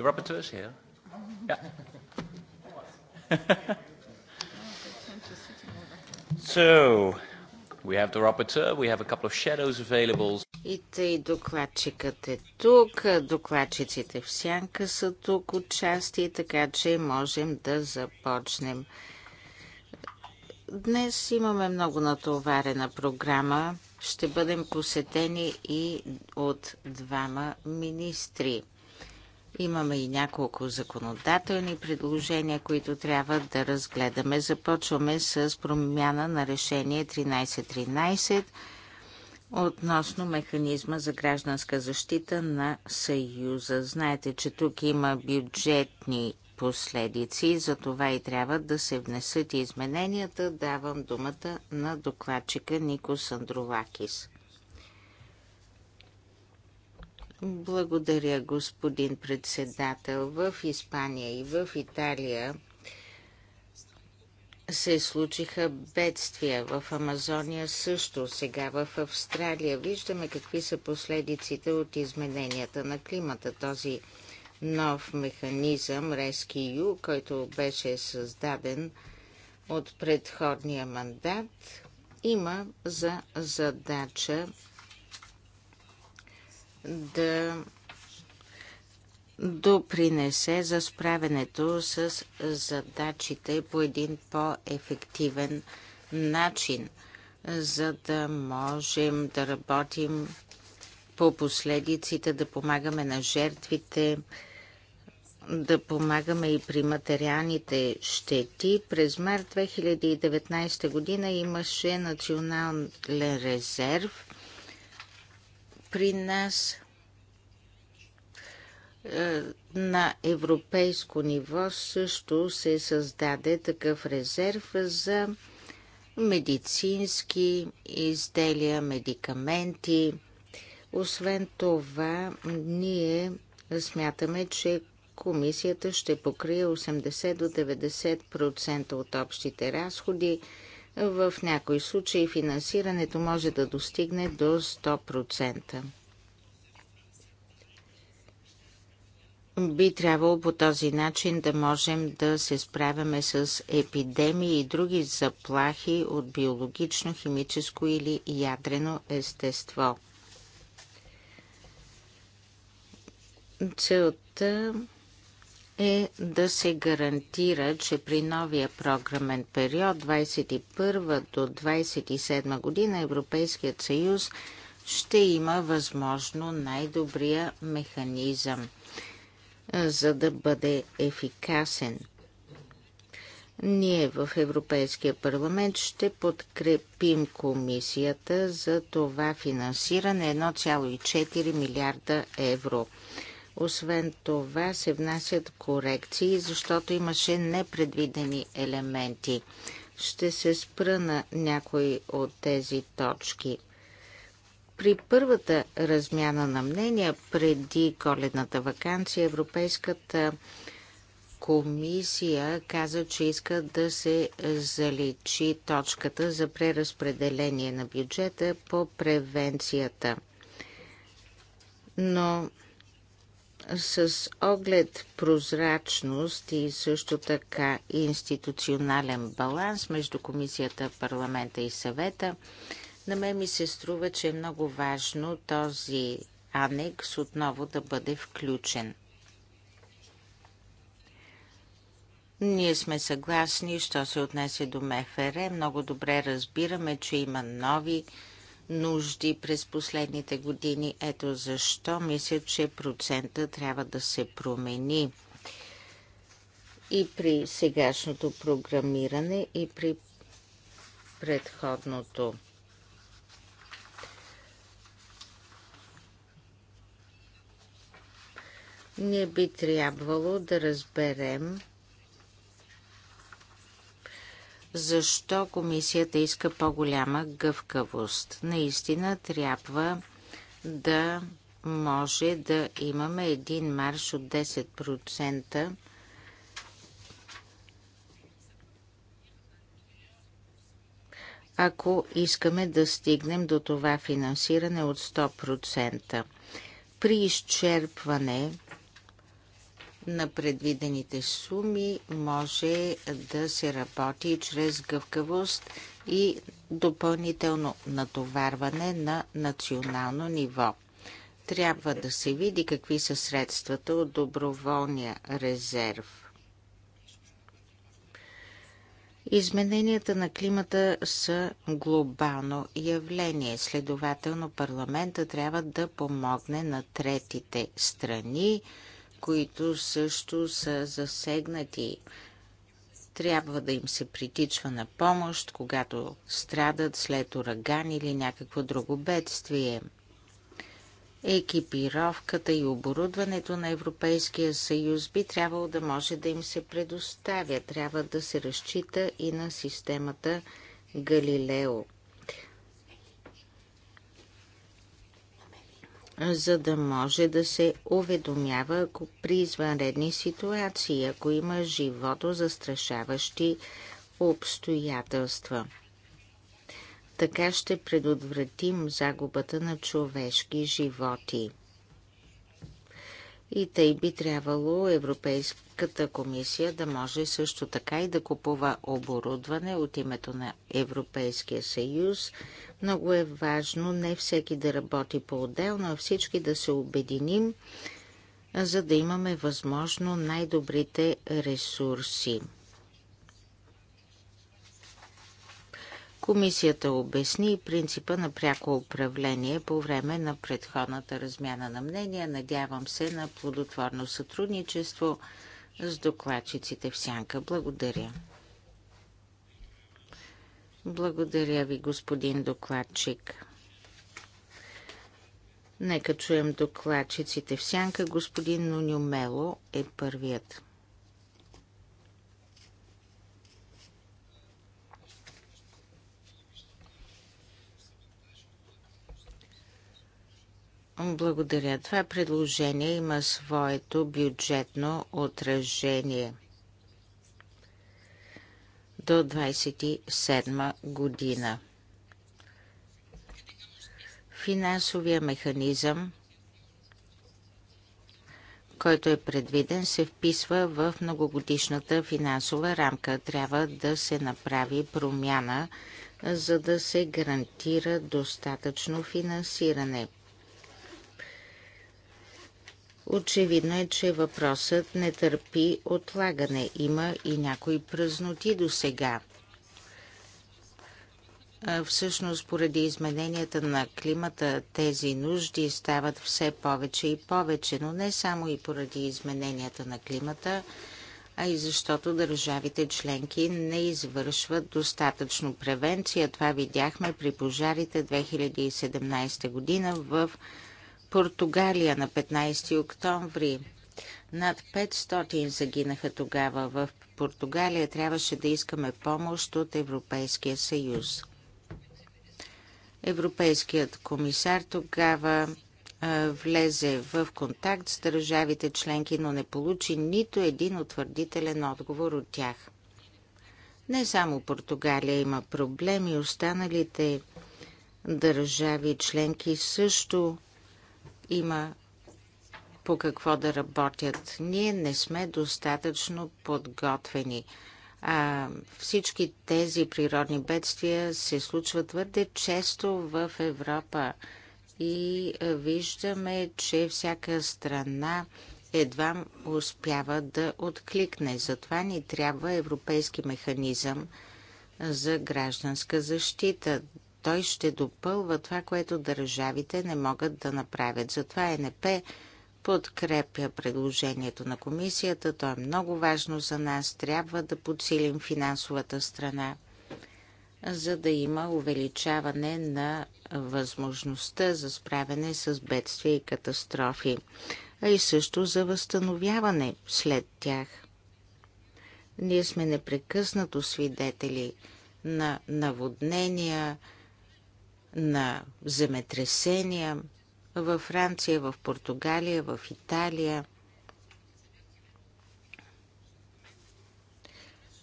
The rapporteur is here. Yeah. so, we have the rapporteur, we have a couple of shadows available. И тъй докладчикът е тук, докладчиците в сянка са тук отчасти, така че можем да започнем. Днес имаме много натоварена програма. Ще бъдем посетени и от двама министри – Имаме и няколко законодателни предложения, които трябва да разгледаме. Започваме с промяна на решение 1313 относно механизма за гражданска защита на Съюза. Знаете, че тук има бюджетни последици, за това и трябва да се внесат измененията. Давам думата на докладчика Нико Сандровакис. Благодаря, господин председател. В Испания и в Италия се случиха бедствия. В Амазония също, сега в Австралия. Виждаме какви са последиците от измененията на климата. Този нов механизъм Rescue, който беше създаден от предходния мандат, има за задача да допринесе за справенето с задачите по един по-ефективен начин, за да можем да работим по последиците, да помагаме на жертвите, да помагаме и при материалните щети. През март 2019 година имаше национален резерв при нас е, на европейско ниво също се създаде такъв резерв за медицински изделия, медикаменти. Освен това, ние смятаме, че комисията ще покрие 80 до 90% от общите разходи в някои случаи финансирането може да достигне до 100%. Би трябвало по този начин да можем да се справяме с епидемии и други заплахи от биологично, химическо или ядрено естество. Целта е да се гарантира, че при новия програмен период 21 до 27 година Европейският съюз ще има възможно най-добрия механизъм, за да бъде ефикасен. Ние в Европейския парламент ще подкрепим комисията за това финансиране 1,4 милиарда евро. Освен това се внасят корекции, защото имаше непредвидени елементи. Ще се спра на някои от тези точки. При първата размяна на мнения преди коледната вакансия Европейската комисия каза, че иска да се заличи точката за преразпределение на бюджета по превенцията. Но с оглед прозрачност и също така институционален баланс между комисията, парламента и съвета, на мен ми се струва, че е много важно този анекс отново да бъде включен. Ние сме съгласни, що се отнесе до МФР. Много добре разбираме, че има нови нужди през последните години. Ето защо мисля, че процента трябва да се промени и при сегашното програмиране, и при предходното. Ние би трябвало да разберем защо комисията иска по-голяма гъвкавост. Наистина трябва да може да имаме един марш от 10% ако искаме да стигнем до това финансиране от 100%. При изчерпване на предвидените суми може да се работи чрез гъвкавост и допълнително натоварване на национално ниво. Трябва да се види какви са средствата от доброволния резерв. Измененията на климата са глобално явление. Следователно парламента трябва да помогне на третите страни, които също са засегнати. Трябва да им се притичва на помощ, когато страдат след ураган или някакво друго бедствие. Екипировката и оборудването на Европейския съюз би трябвало да може да им се предоставя. Трябва да се разчита и на системата Галилео. за да може да се уведомява ако при извънредни ситуации, ако има живото застрашаващи обстоятелства. Така ще предотвратим загубата на човешки животи. И тъй би трябвало Европейската комисия да може също така и да купува оборудване от името на Европейския съюз. Много е важно не всеки да работи по-отделно, а всички да се обединим, за да имаме възможно най-добрите ресурси. Комисията обясни принципа на пряко управление по време на предходната размяна на мнения. Надявам се на плодотворно сътрудничество с докладчиците в сянка. Благодаря. Благодаря ви, господин докладчик. Нека чуем докладчиците в сянка. Господин Нуню е първият. Благодаря. Това предложение има своето бюджетно отражение до 27 година. Финансовия механизъм, който е предвиден, се вписва в многогодишната финансова рамка. Трябва да се направи промяна, за да се гарантира достатъчно финансиране – Очевидно е, че въпросът не търпи отлагане. Има и някои празноти до сега. Всъщност, поради измененията на климата, тези нужди стават все повече и повече, но не само и поради измененията на климата, а и защото държавите членки не извършват достатъчно превенция. Това видяхме при пожарите 2017 година в Португалия на 15 октомври. Над 500 загинаха тогава. В Португалия трябваше да искаме помощ от Европейския съюз. Европейският комисар тогава влезе в контакт с държавите членки, но не получи нито един утвърдителен отговор от тях. Не само Португалия има проблеми, останалите държави членки също има по какво да работят. Ние не сме достатъчно подготвени. А, всички тези природни бедствия се случват твърде често в Европа и виждаме, че всяка страна едва успява да откликне. Затова ни трябва европейски механизъм за гражданска защита. Той ще допълва това, което държавите не могат да направят. Затова ЕНП подкрепя предложението на комисията. То е много важно за нас. Трябва да подсилим финансовата страна, за да има увеличаване на възможността за справяне с бедствия и катастрофи, а и също за възстановяване след тях. Ние сме непрекъснато свидетели на наводнения, на земетресения във Франция, в Португалия, в Италия.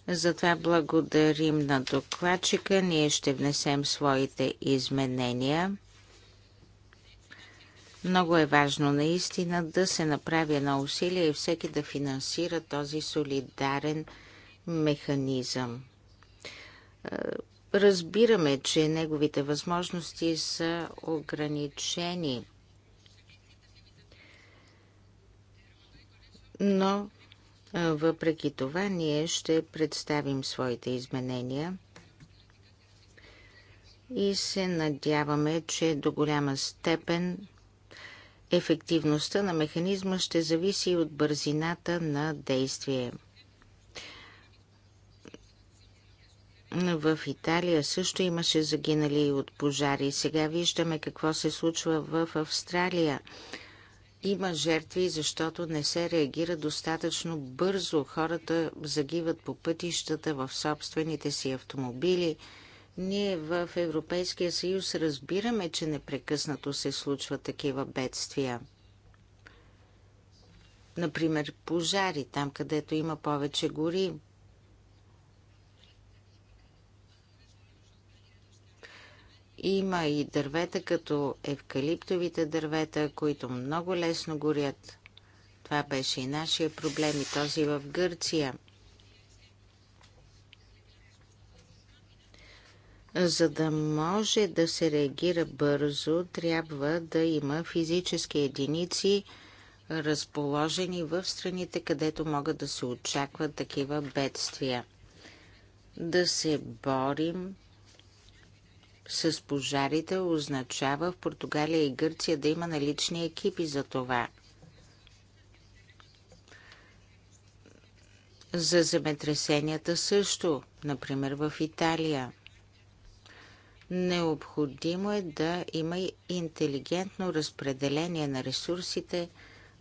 Затова благодарим на докладчика. Ние ще внесем своите изменения. Много е важно наистина да се направи едно усилие и всеки да финансира този солидарен механизъм. Разбираме, че неговите възможности са ограничени, но въпреки това ние ще представим своите изменения и се надяваме, че до голяма степен ефективността на механизма ще зависи от бързината на действие – В Италия също имаше загинали от пожари. Сега виждаме какво се случва в Австралия. Има жертви, защото не се реагира достатъчно бързо. Хората загиват по пътищата в собствените си автомобили. Ние в Европейския съюз разбираме, че непрекъснато се случват такива бедствия. Например, пожари, там където има повече гори, Има и дървета като евкалиптовите дървета, които много лесно горят. Това беше и нашия проблем и този в Гърция. За да може да се реагира бързо, трябва да има физически единици, разположени в страните, където могат да се очакват такива бедствия. Да се борим с пожарите означава в Португалия и Гърция да има налични екипи за това. За земетресенията също, например в Италия. Необходимо е да има и интелигентно разпределение на ресурсите,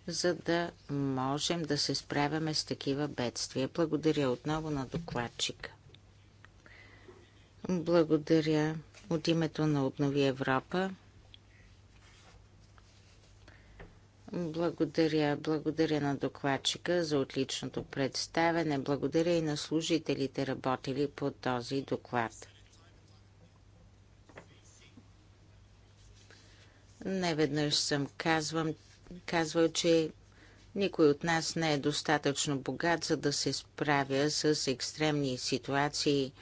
за да можем да се справяме с такива бедствия. Благодаря отново на докладчика. Благодаря. От името на Обнови Европа. Благодаря, благодаря на докладчика за отличното представяне. Благодаря и на служителите, работили по този доклад. Неведнъж съм казвам, казвал, че никой от нас не е достатъчно богат, за да се справя с екстремни ситуации –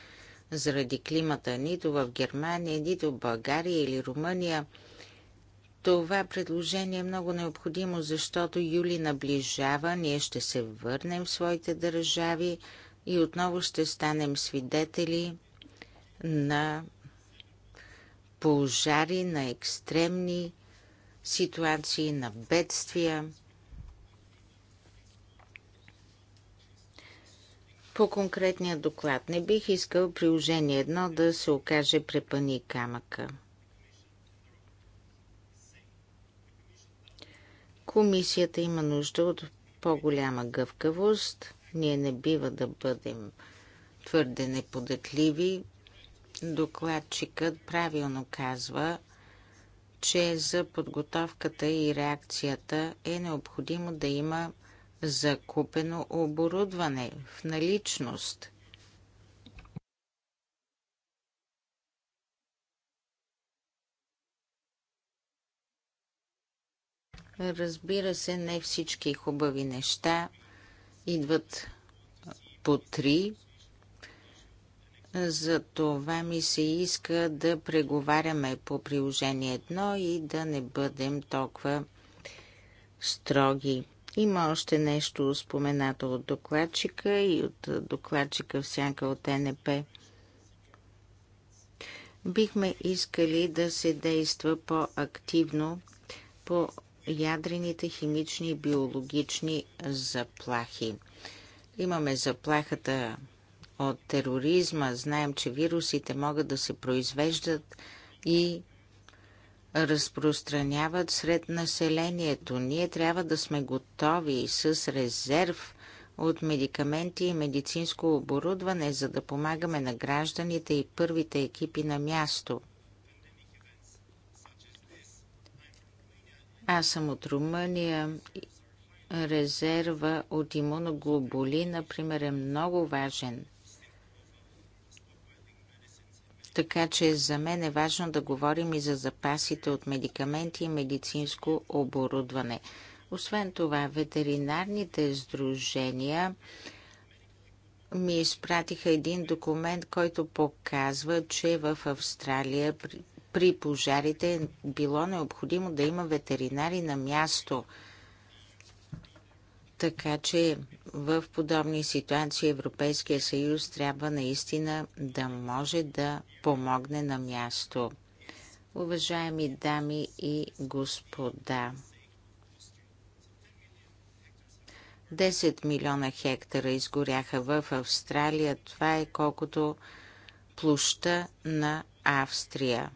заради климата, нито в Германия, нито в България или Румъния. Това предложение е много необходимо, защото юли наближава, ние ще се върнем в своите държави и отново ще станем свидетели на пожари, на екстремни ситуации, на бедствия. По конкретния доклад не бих искал приложение едно да се окаже препани камъка. Комисията има нужда от по-голяма гъвкавост. Ние не бива да бъдем твърде неподатливи. Докладчикът правилно казва, че за подготовката и реакцията е необходимо да има закупено оборудване в наличност. Разбира се, не всички хубави неща идват по три. За това ми се иска да преговаряме по приложение 1 и да не бъдем толкова строги. Има още нещо споменато от докладчика и от докладчика всяка от НП. Бихме искали да се действа по-активно по ядрените, химични и биологични заплахи. Имаме заплахата от тероризма. Знаем, че вирусите могат да се произвеждат и разпространяват сред населението. Ние трябва да сме готови с резерв от медикаменти и медицинско оборудване, за да помагаме на гражданите и първите екипи на място. Аз съм от Румъния. Резерва от имуноглобули, например, е много важен – така че за мен е важно да говорим и за запасите от медикаменти и медицинско оборудване. Освен това, ветеринарните сдружения ми изпратиха един документ, който показва, че в Австралия при, пожарите е било необходимо да има ветеринари на място – така че в подобни ситуации Европейския съюз трябва наистина да може да помогне на място. Уважаеми дами и господа, 10 милиона хектара изгоряха в Австралия. Това е колкото площа на Австрия.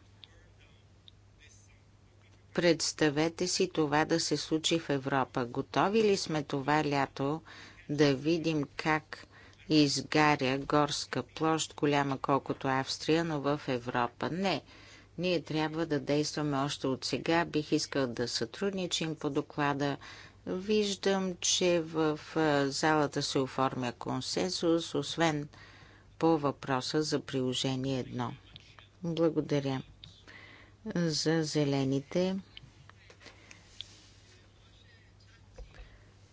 Представете си това да се случи в Европа. Готови ли сме това лято да видим как изгаря горска площ, голяма колкото Австрия, но в Европа? Не. Ние трябва да действаме още от сега. Бих искал да сътрудничим по доклада. Виждам, че в залата се оформя консенсус, освен по въпроса за приложение 1. Благодаря. За зелените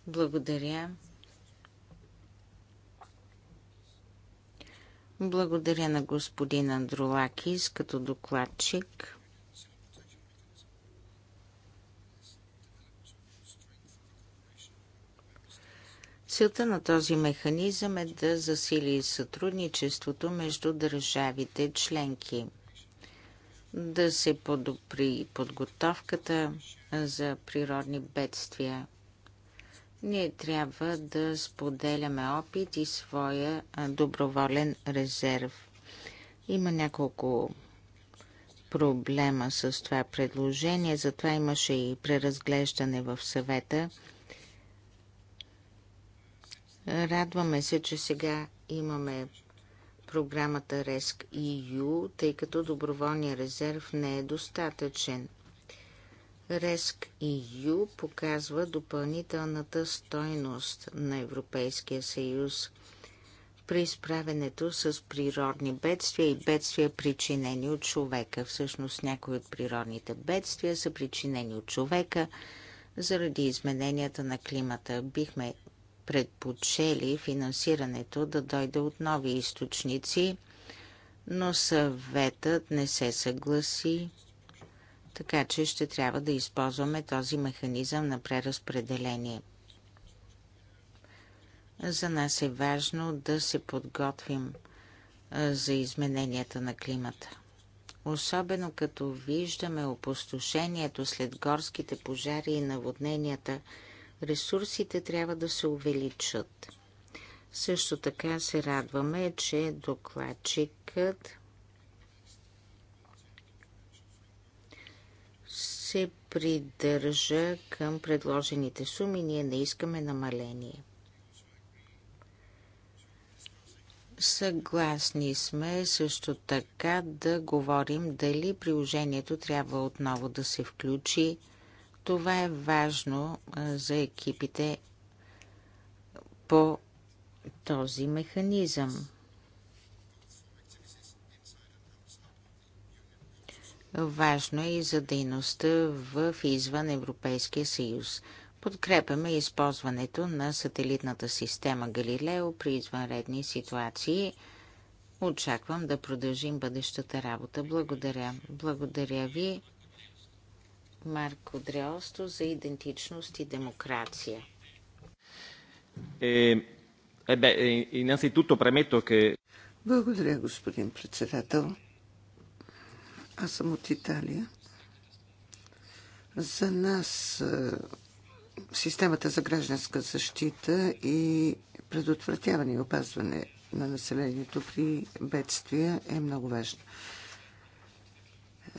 Благодаря. Благодаря на господин Андролакис като докладчик. Целта на този механизъм е да засили сътрудничеството между държавите членки, да се подобри подготовката за природни бедствия, ние трябва да споделяме опит и своя доброволен резерв. Има няколко проблема с това предложение, затова имаше и преразглеждане в съвета. Радваме се, че сега имаме програмата RESC EU, тъй като доброволният резерв не е достатъчен. Реск ю показва допълнителната стойност на Европейския съюз при справенето с природни бедствия и бедствия причинени от човека. Всъщност някои от природните бедствия са причинени от човека заради измененията на климата. Бихме предпочели финансирането да дойде от нови източници, но съветът не се съгласи така че ще трябва да използваме този механизъм на преразпределение. За нас е важно да се подготвим за измененията на климата. Особено като виждаме опустошението след горските пожари и наводненията, ресурсите трябва да се увеличат. Също така се радваме, че докладчикът се придържа към предложените суми. Ние не искаме намаление. Съгласни сме също така да говорим дали приложението трябва отново да се включи. Това е важно за екипите по този механизъм. Важно е и за дейността в извън Европейския съюз. Подкрепяме използването на сателитната система Галилео при извънредни ситуации. Очаквам да продължим бъдещата работа. Благодаря. Благодаря ви, Марко Дреосто, за идентичност и демокрация. Е, е, бе, е, е, е, е, Благодаря, господин председател. Аз съм от Италия. За нас е, системата за гражданска защита и предотвратяване и опазване на населението при бедствия е много важна.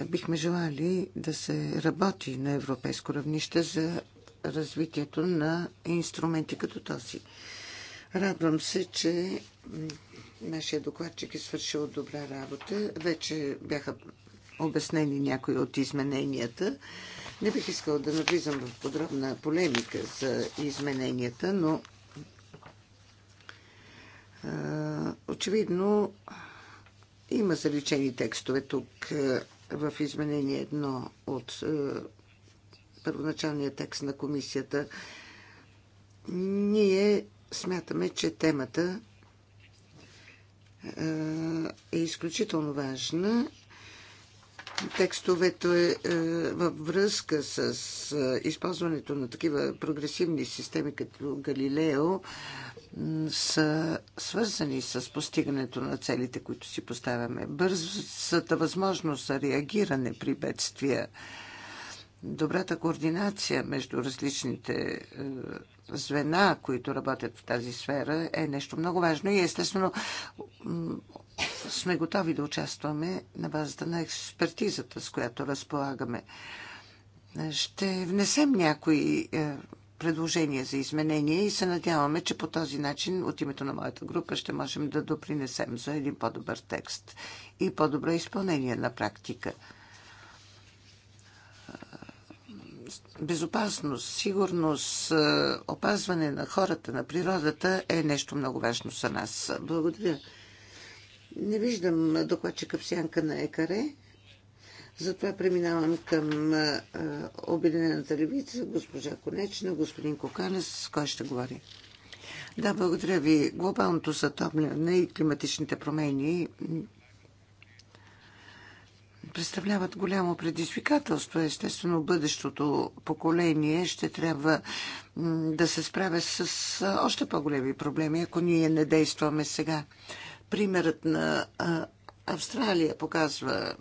Бихме желали да се работи на европейско равнище за развитието на инструменти като този. Радвам се, че нашия докладчик е свършил добра работа. Вече бяха обяснени някои от измененията. Не бих искала да навлизам в подробна полемика за измененията, но очевидно има заличени текстове тук в изменение едно от първоначалния текст на комисията. Ние смятаме, че темата е изключително важна текстовете е, във връзка с е, използването на такива прогресивни системи като Галилео са свързани с постигането на целите, които си поставяме. Бързата възможност за реагиране при бедствия добрата координация между различните е, звена, които работят в тази сфера, е нещо много важно и естествено сме готови да участваме на базата на експертизата, с която разполагаме. Ще внесем някои е, предложения за изменения и се надяваме, че по този начин от името на моята група ще можем да допринесем за един по-добър текст и по-добро изпълнение на практика. безопасност, сигурност, е, опазване на хората, на природата е нещо много важно за нас. Благодаря. Не виждам докладчика в сянка на Екаре. Затова преминавам към е, Обединената левица, госпожа Конечна, господин Коканес, кой ще говори. Да, благодаря ви. Глобалното затопляне и климатичните промени представляват голямо предизвикателство. Естествено, бъдещото поколение ще трябва да се справя с още по-големи проблеми, ако ние не действаме сега. Примерът на Австралия показва,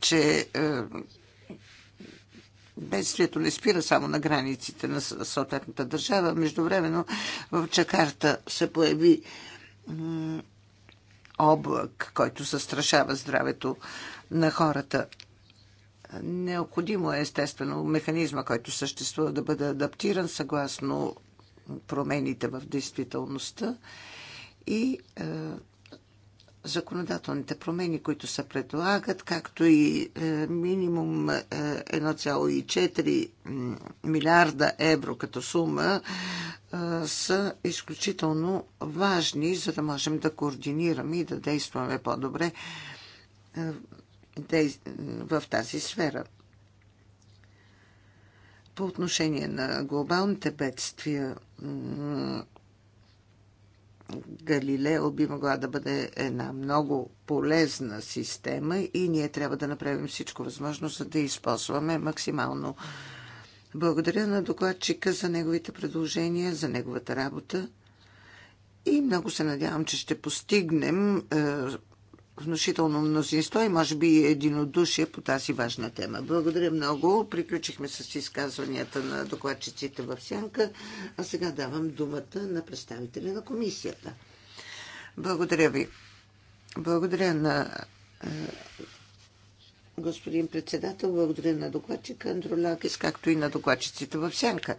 че бедствието не спира само на границите на съответната държава. Междувременно в Чакарта се появи облак, който застрашава здравето на хората. Необходимо е, естествено, механизма, който съществува, да бъде адаптиран съгласно промените в действителността и е, законодателните промени, които се предлагат, както и е, минимум е, 1,4 милиарда евро като сума, е, са изключително важни, за да можем да координираме и да действаме по-добре е, в тази сфера. По отношение на глобалните бедствия, Галилео би могла да бъде една много полезна система и ние трябва да направим всичко възможно, за да използваме максимално. Благодаря на докладчика за неговите предложения, за неговата работа и много се надявам, че ще постигнем е, внушително мнозинство и може би единодушие по тази важна тема. Благодаря много. Приключихме с изказванията на докладчиците в Сянка, а сега давам думата на представителя на комисията. Благодаря ви. Благодаря на е, господин председател, благодаря на докладчика Лакис, както и на докладчиците в Сянка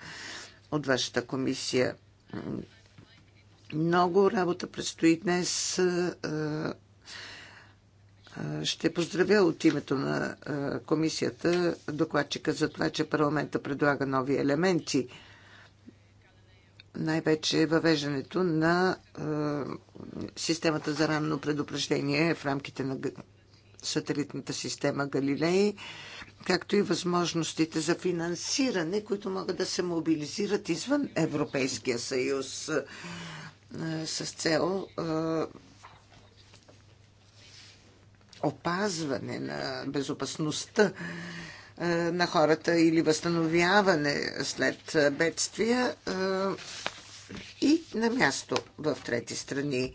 от вашата комисия. Много работа предстои днес. Е, ще поздравя от името на комисията докладчика за това, че парламента предлага нови елементи. Най-вече въвеждането на системата за ранно предупреждение в рамките на сателитната система Галилей, както и възможностите за финансиране, които могат да се мобилизират извън Европейския съюз с цел опазване на безопасността на хората или възстановяване след бедствия и на място в трети страни.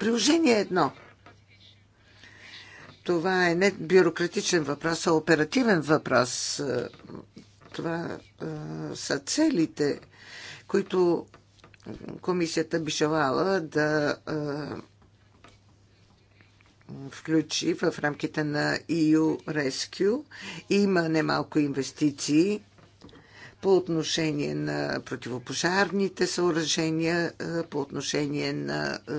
Приложение едно. Това е не бюрократичен въпрос, а оперативен въпрос. Това са целите, които комисията би желала да включи в рамките на EU Rescue. Има немалко инвестиции по отношение на противопожарните съоръжения, е, по отношение на е,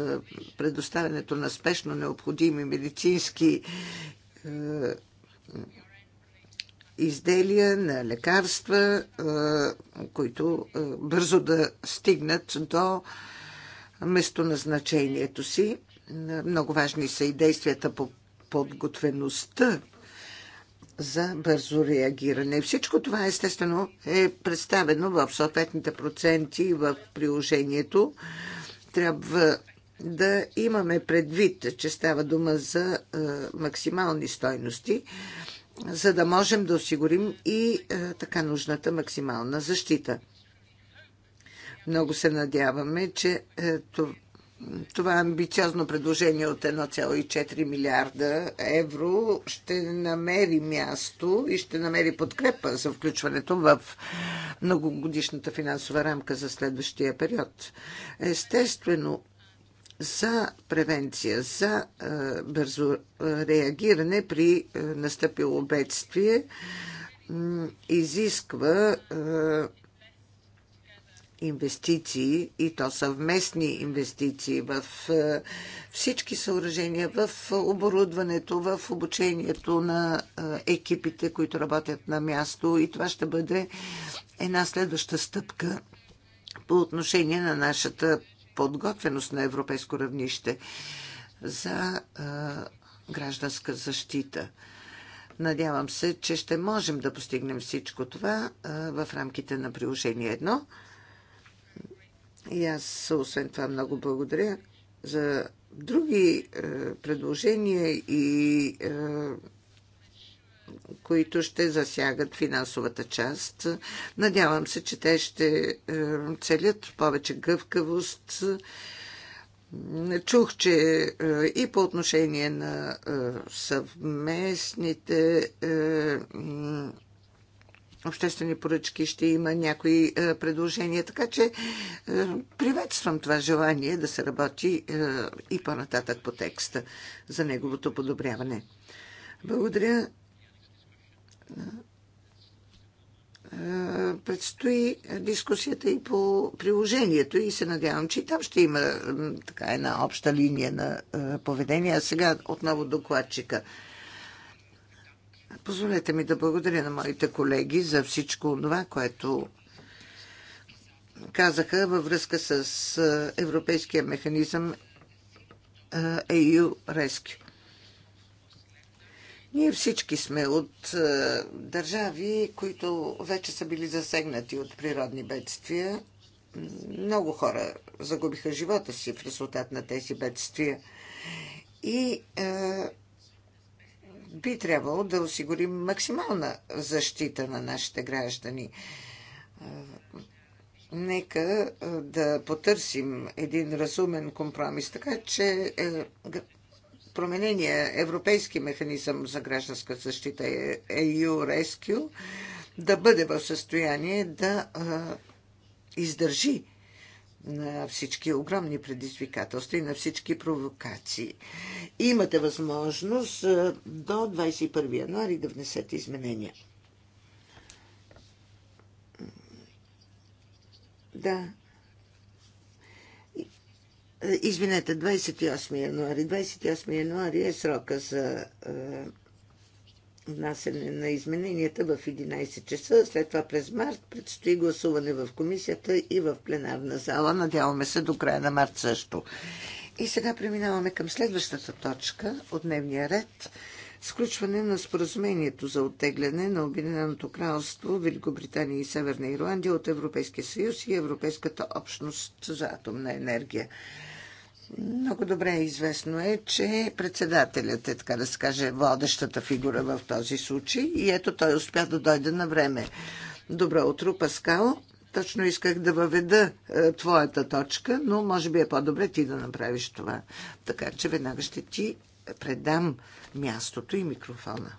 предоставянето на спешно необходими медицински е, изделия, на лекарства, които бързо да стигнат до местоназначението си. Много важни са и действията по подготвеността за бързо реагиране. Всичко това естествено е представено в съответните проценти в приложението. Трябва да имаме предвид, че става дума за е, максимални стойности, за да можем да осигурим и е, така нужната максимална защита. Много се надяваме, че е, това това амбициозно предложение от 1,4 милиарда евро ще намери място и ще намери подкрепа за включването в многогодишната финансова рамка за следващия период. Естествено, за превенция, за е, бързо реагиране при е, настъпило бедствие изисква е, инвестиции и то съвместни инвестиции в е, всички съоръжения, в оборудването, в обучението на е, екипите, които работят на място и това ще бъде една следваща стъпка по отношение на нашата подготвеност на европейско равнище за е, гражданска защита. Надявам се, че ще можем да постигнем всичко това в рамките на приложение 1. И аз, освен това, много благодаря за други е, предложения и е, които ще засягат финансовата част. Надявам се, че те ще е, целят повече гъвкавост. Чух, че е, и по отношение на е, съвместните обществени поръчки, ще има някои е, предложения. Така че е, приветствам това желание да се работи е, и по-нататък по текста за неговото подобряване. Благодаря. Предстои дискусията и по приложението и се надявам, че и там ще има така една обща линия на поведение. А сега отново докладчика. Позволете ми да благодаря на моите колеги за всичко това, което казаха във връзка с европейския механизъм EU Rescue. Ние всички сме от е, държави, които вече са били засегнати от природни бедствия. Много хора загубиха живота си в резултат на тези бедствия. И е, би трябвало да осигурим максимална защита на нашите граждани. Е, нека е, да потърсим един разумен компромис, така че е, променения европейски механизъм за гражданска защита EU Rescue да бъде в състояние да издържи на всички огромни предизвикателства и на всички провокации. Имате възможност е, до 21 януари да внесете изменения. Да. Извинете, 28 януари. 28 януари е срока за е, внасене на измененията в 11 часа. След това през март предстои гласуване в комисията и в пленарна зала. Надяваме се до края на март също. И сега преминаваме към следващата точка от дневния ред. Сключване на споразумението за оттегляне на Обединеното кралство, Великобритания и Северна Ирландия от Европейския съюз и Европейската общност за атомна енергия. Много добре известно е, че председателят е, така да се каже, водещата фигура в този случай. И ето той успя да дойде на време. Добро утро, Паскал. Точно исках да въведа е, твоята точка, но може би е по-добре ти да направиш това. Така че веднага ще ти предам мястото и микрофона.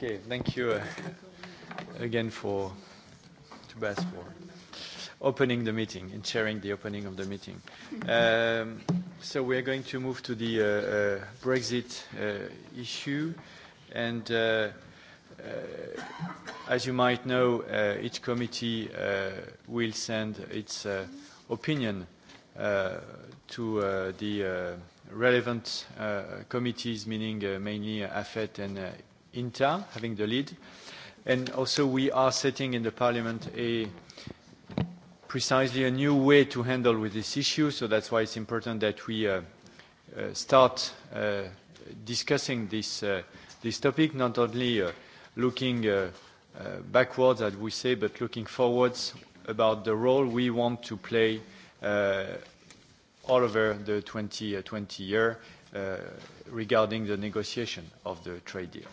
Okay, thank you uh, again for to Bas for opening the meeting and sharing the opening of the meeting. Um, so we are going to move to the uh, uh, Brexit uh, issue, and uh, uh, as you might know, uh, each committee uh, will send its uh, opinion uh, to uh, the uh, relevant uh, committees, meaning uh, mainly AFET and INTA, having the lead. And also we are setting in the Parliament a precisely a new way to handle with this issue, so that's why it's important that we uh, uh, start uh, discussing this, uh, this topic, not only uh, looking uh, uh, backwards, as we say, but looking forwards about the role we want to play uh, all over the 2020 year regarding the negotiation of the trade deal.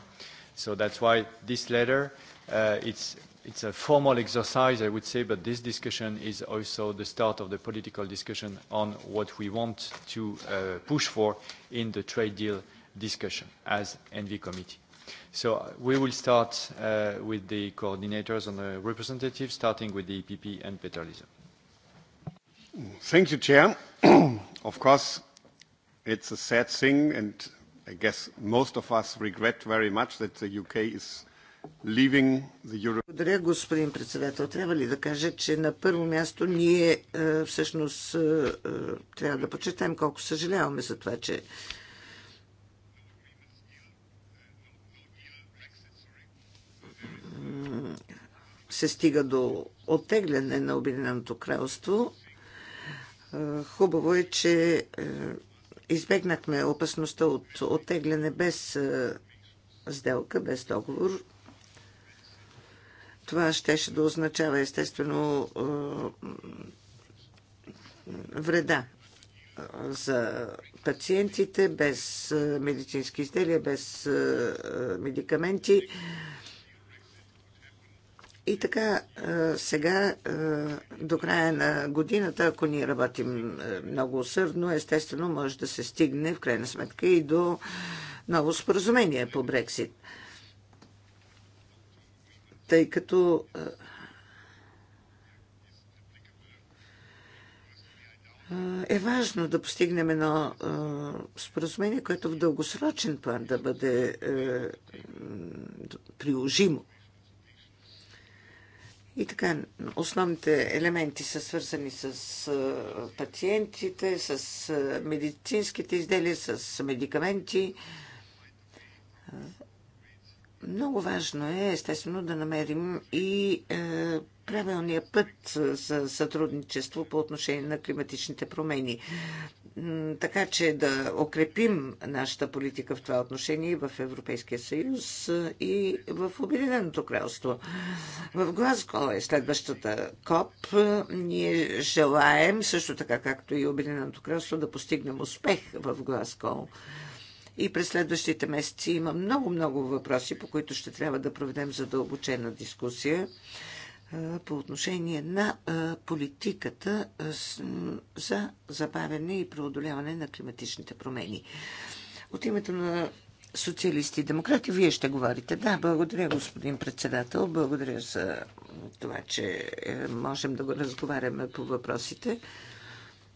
So that's why this letter, uh, it's, it's a formal exercise, I would say, but this discussion is also the start of the political discussion on what we want to uh, push for in the trade deal discussion as ENVI committee. So we will start uh, with the coordinators and the representatives, starting with the EPP and Peter Lisa. Thank you, Chair. of course, It's a sad thing, and I guess most of us regret very much that the UK is leaving the Euro... Благодаря, господин председател. Трябва ли да кажа, че на първо място ние е, всъщност е, е, трябва да почетаем колко съжаляваме за това, че се стига до оттегляне на Обединеното кралство. Хубаво е, че избегнахме опасността от оттегляне без е, сделка, без договор. Това щеше да означава естествено е, вреда е, за пациентите, без медицински изделия, без медикаменти. И така, сега, до края на годината, ако ние работим много усърдно, естествено може да се стигне, в крайна сметка, и до ново споразумение по Брексит. Тъй като е важно да постигнем едно споразумение, което в дългосрочен план да бъде приложимо и така, основните елементи са свързани с пациентите, с медицинските изделия, с медикаменти. Много важно е, естествено, да намерим и правилния път за сътрудничество по отношение на климатичните промени така че да укрепим нашата политика в това отношение и в Европейския съюз и в Обединеното кралство. В Глазго е следващата КОП. Ние желаем, също така както и Обединеното кралство, да постигнем успех в Глазго. И през следващите месеци има много-много въпроси, по които ще трябва да проведем задълбочена дискусия по отношение на политиката за забавяне и преодоляване на климатичните промени. От името на социалисти и демократи, вие ще говорите. Да, благодаря, господин председател. Благодаря за това, че е, можем да го разговаряме по въпросите.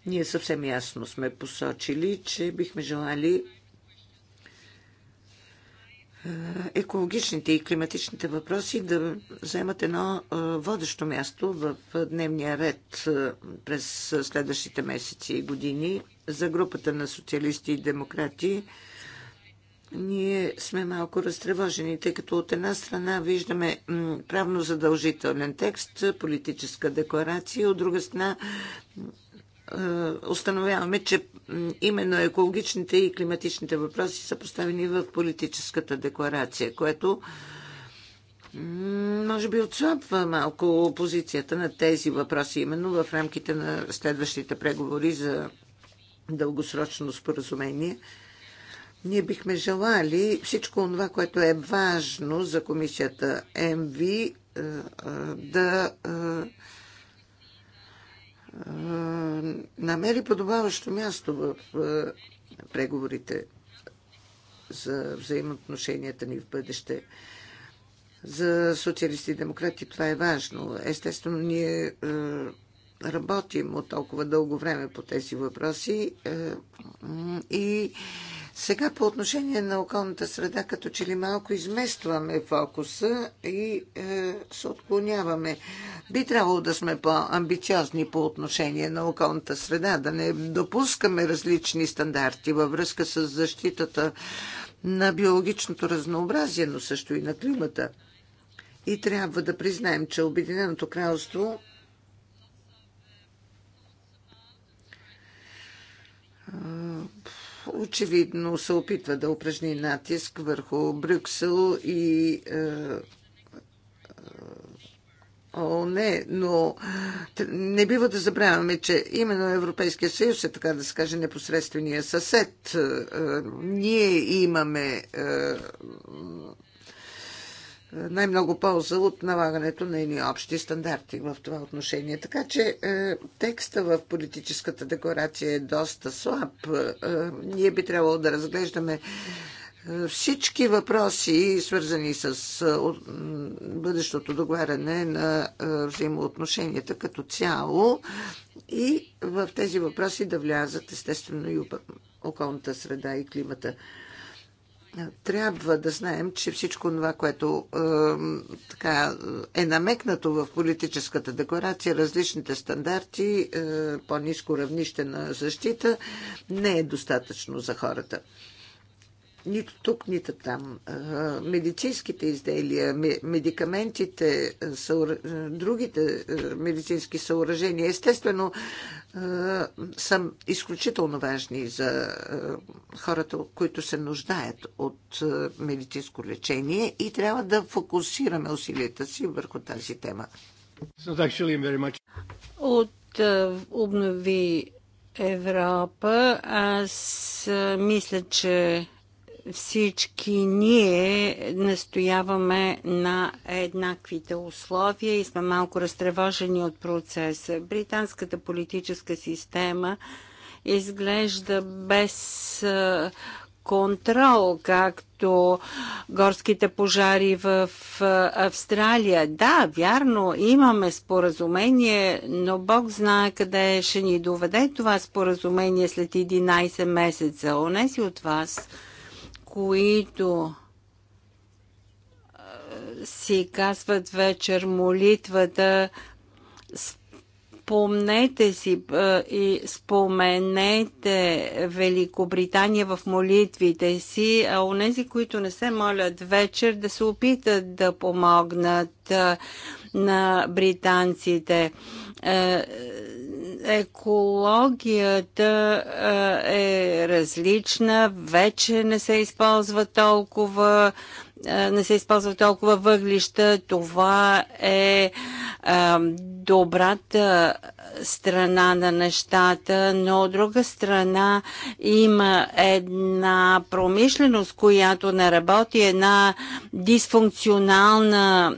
Ние съвсем ясно сме посочили, че бихме желали е, екологичните и климатичните въпроси да вземат едно е, водещо място в е, дневния ред през следващите месеци и години. За групата на социалисти и демократи ние сме малко разтревожени, тъй като от една страна виждаме правно задължителен текст, политическа декларация, от друга страна е, установяваме, че именно екологичните и климатичните въпроси са поставени в политическата декларация, което може би отслабва малко позицията на тези въпроси, именно в рамките на следващите преговори за дългосрочно споразумение. Ние бихме желали всичко това, което е важно за комисията МВ е, е, да намери подобаващо място в преговорите за взаимоотношенията ни в бъдеще. За социалисти и демократи това е важно. Естествено, ние работим от толкова дълго време по тези въпроси и сега по отношение на околната среда, като че ли малко изместваме фокуса и е, се отклоняваме. Би трябвало да сме по-амбициозни по отношение на околната среда, да не допускаме различни стандарти във връзка с защитата на биологичното разнообразие, но също и на климата. И трябва да признаем, че Обединеното кралство е, очевидно се опитва да упражни натиск върху Брюксел и е, е, О, не, но не бива да забравяме, че именно Европейския съюз е, така да се каже, непосредствения съсед. Е, ние имаме най-много полза от налагането на едни общи стандарти в това отношение. Така че е, текста в политическата декларация е доста слаб. Е, ние би трябвало да разглеждаме е, всички въпроси, свързани с е, бъдещото договаряне на е, взаимоотношенията като цяло и в тези въпроси да влязат естествено и околната среда и климата трябва да знаем, че всичко това, което е, така, е намекнато в политическата декларация, различните стандарти, е, по-низко равнище на защита, не е достатъчно за хората нито тук, нито там. Медицинските изделия, медикаментите, другите медицински съоръжения, естествено, са изключително важни за хората, които се нуждаят от медицинско лечение и трябва да фокусираме усилията си върху тази тема. От обнови Европа, аз мисля, че всички ние настояваме на еднаквите условия и сме малко разтревожени от процеса. Британската политическа система изглежда без контрол, както горските пожари в Австралия. Да, вярно, имаме споразумение, но Бог знае къде ще ни доведе това споразумение след 11 месеца. Онези от вас, които си казват вечер молитвата, спомнете си и споменете Великобритания в молитвите си, а онези, които не се молят вечер, да се опитат да помогнат на британците. Е, екологията е различна, вече не се използва толкова не се използва толкова въглища. Това е добрата страна на нещата, но от друга страна има една промишленост, която не работи, една дисфункционална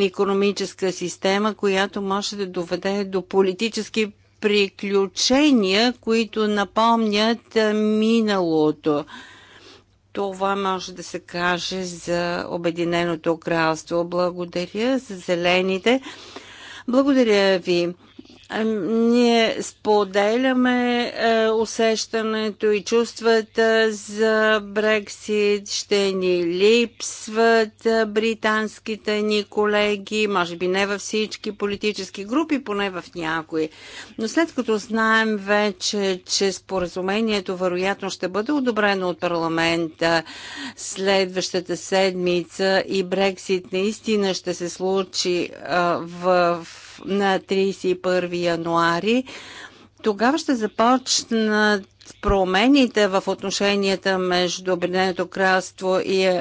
економическа система, която може да доведе до политически приключения, които напомнят миналото. Това може да се каже за Обединеното кралство. Благодаря за зелените. Благодаря ви ние споделяме е, усещането и чувствата за Брексит. Ще ни липсват е, британските ни колеги, може би не във всички политически групи, поне в някои. Но след като знаем вече, че споразумението вероятно ще бъде одобрено от парламента следващата седмица и Брексит наистина ще се случи е, в на 31 януари. Тогава ще започнат промените в отношенията между Обединеното кралство и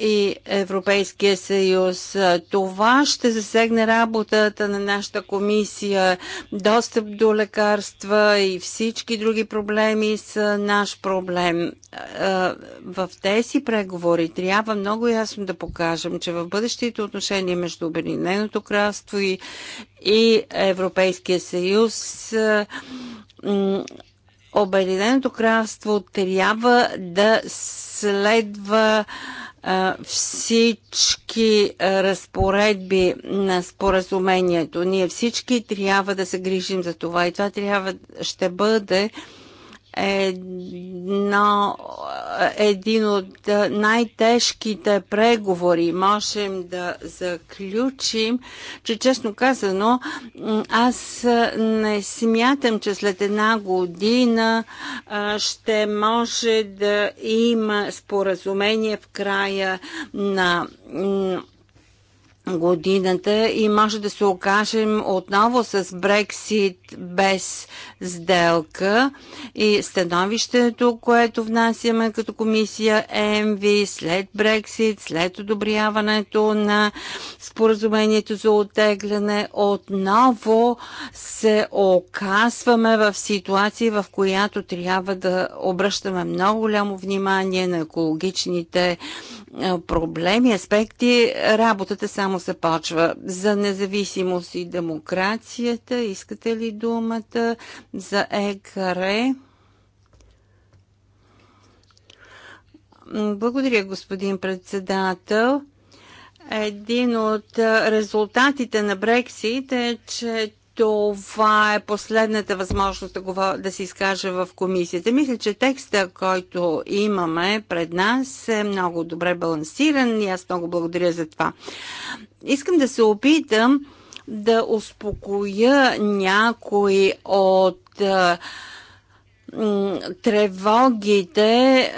и Европейския съюз. Това ще засегне работата на нашата комисия. Достъп до лекарства и всички други проблеми са наш проблем. В тези преговори трябва много ясно да покажем, че в бъдещите отношения между Обединеното кралство и, и Европейския съюз Обединеното кралство трябва да следва всички разпоредби на споразумението. Ние всички трябва да се грижим за това и това трябва ще бъде едно, един от най-тежките преговори. Можем да заключим, че честно казано, аз не смятам, че след една година ще може да има споразумение в края на годината и може да се окажем отново с Брексит без сделка и становището, което внасяме като комисия МВ след Брексит, след одобряването на споразумението за отегляне, отново се оказваме в ситуация, в която трябва да обръщаме много голямо внимание на екологичните проблеми, аспекти, работата само се почва. За независимост и демокрацията, искате ли думата? За ЕКРЕ? Благодаря, господин председател. Един от резултатите на Брексит е, че това е последната възможност да, говор... да се изкаже в комисията. Мисля, че текста, който имаме пред нас е много добре балансиран и аз много благодаря за това. Искам да се опитам да успокоя някои от тревогите е,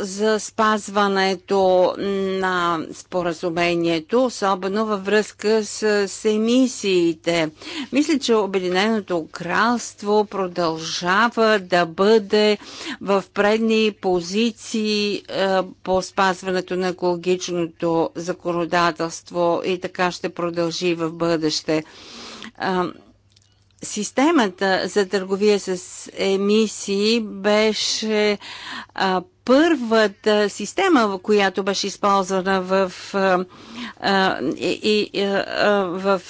за спазването на споразумението, особено във връзка с, емисиите. Мисля, че Обединеното кралство продължава да бъде в предни позиции е, по спазването на екологичното законодателство и така ще продължи в бъдеще Системата за търговия с емисии беше а, първата система, която беше използвана в, а, и, и, а, в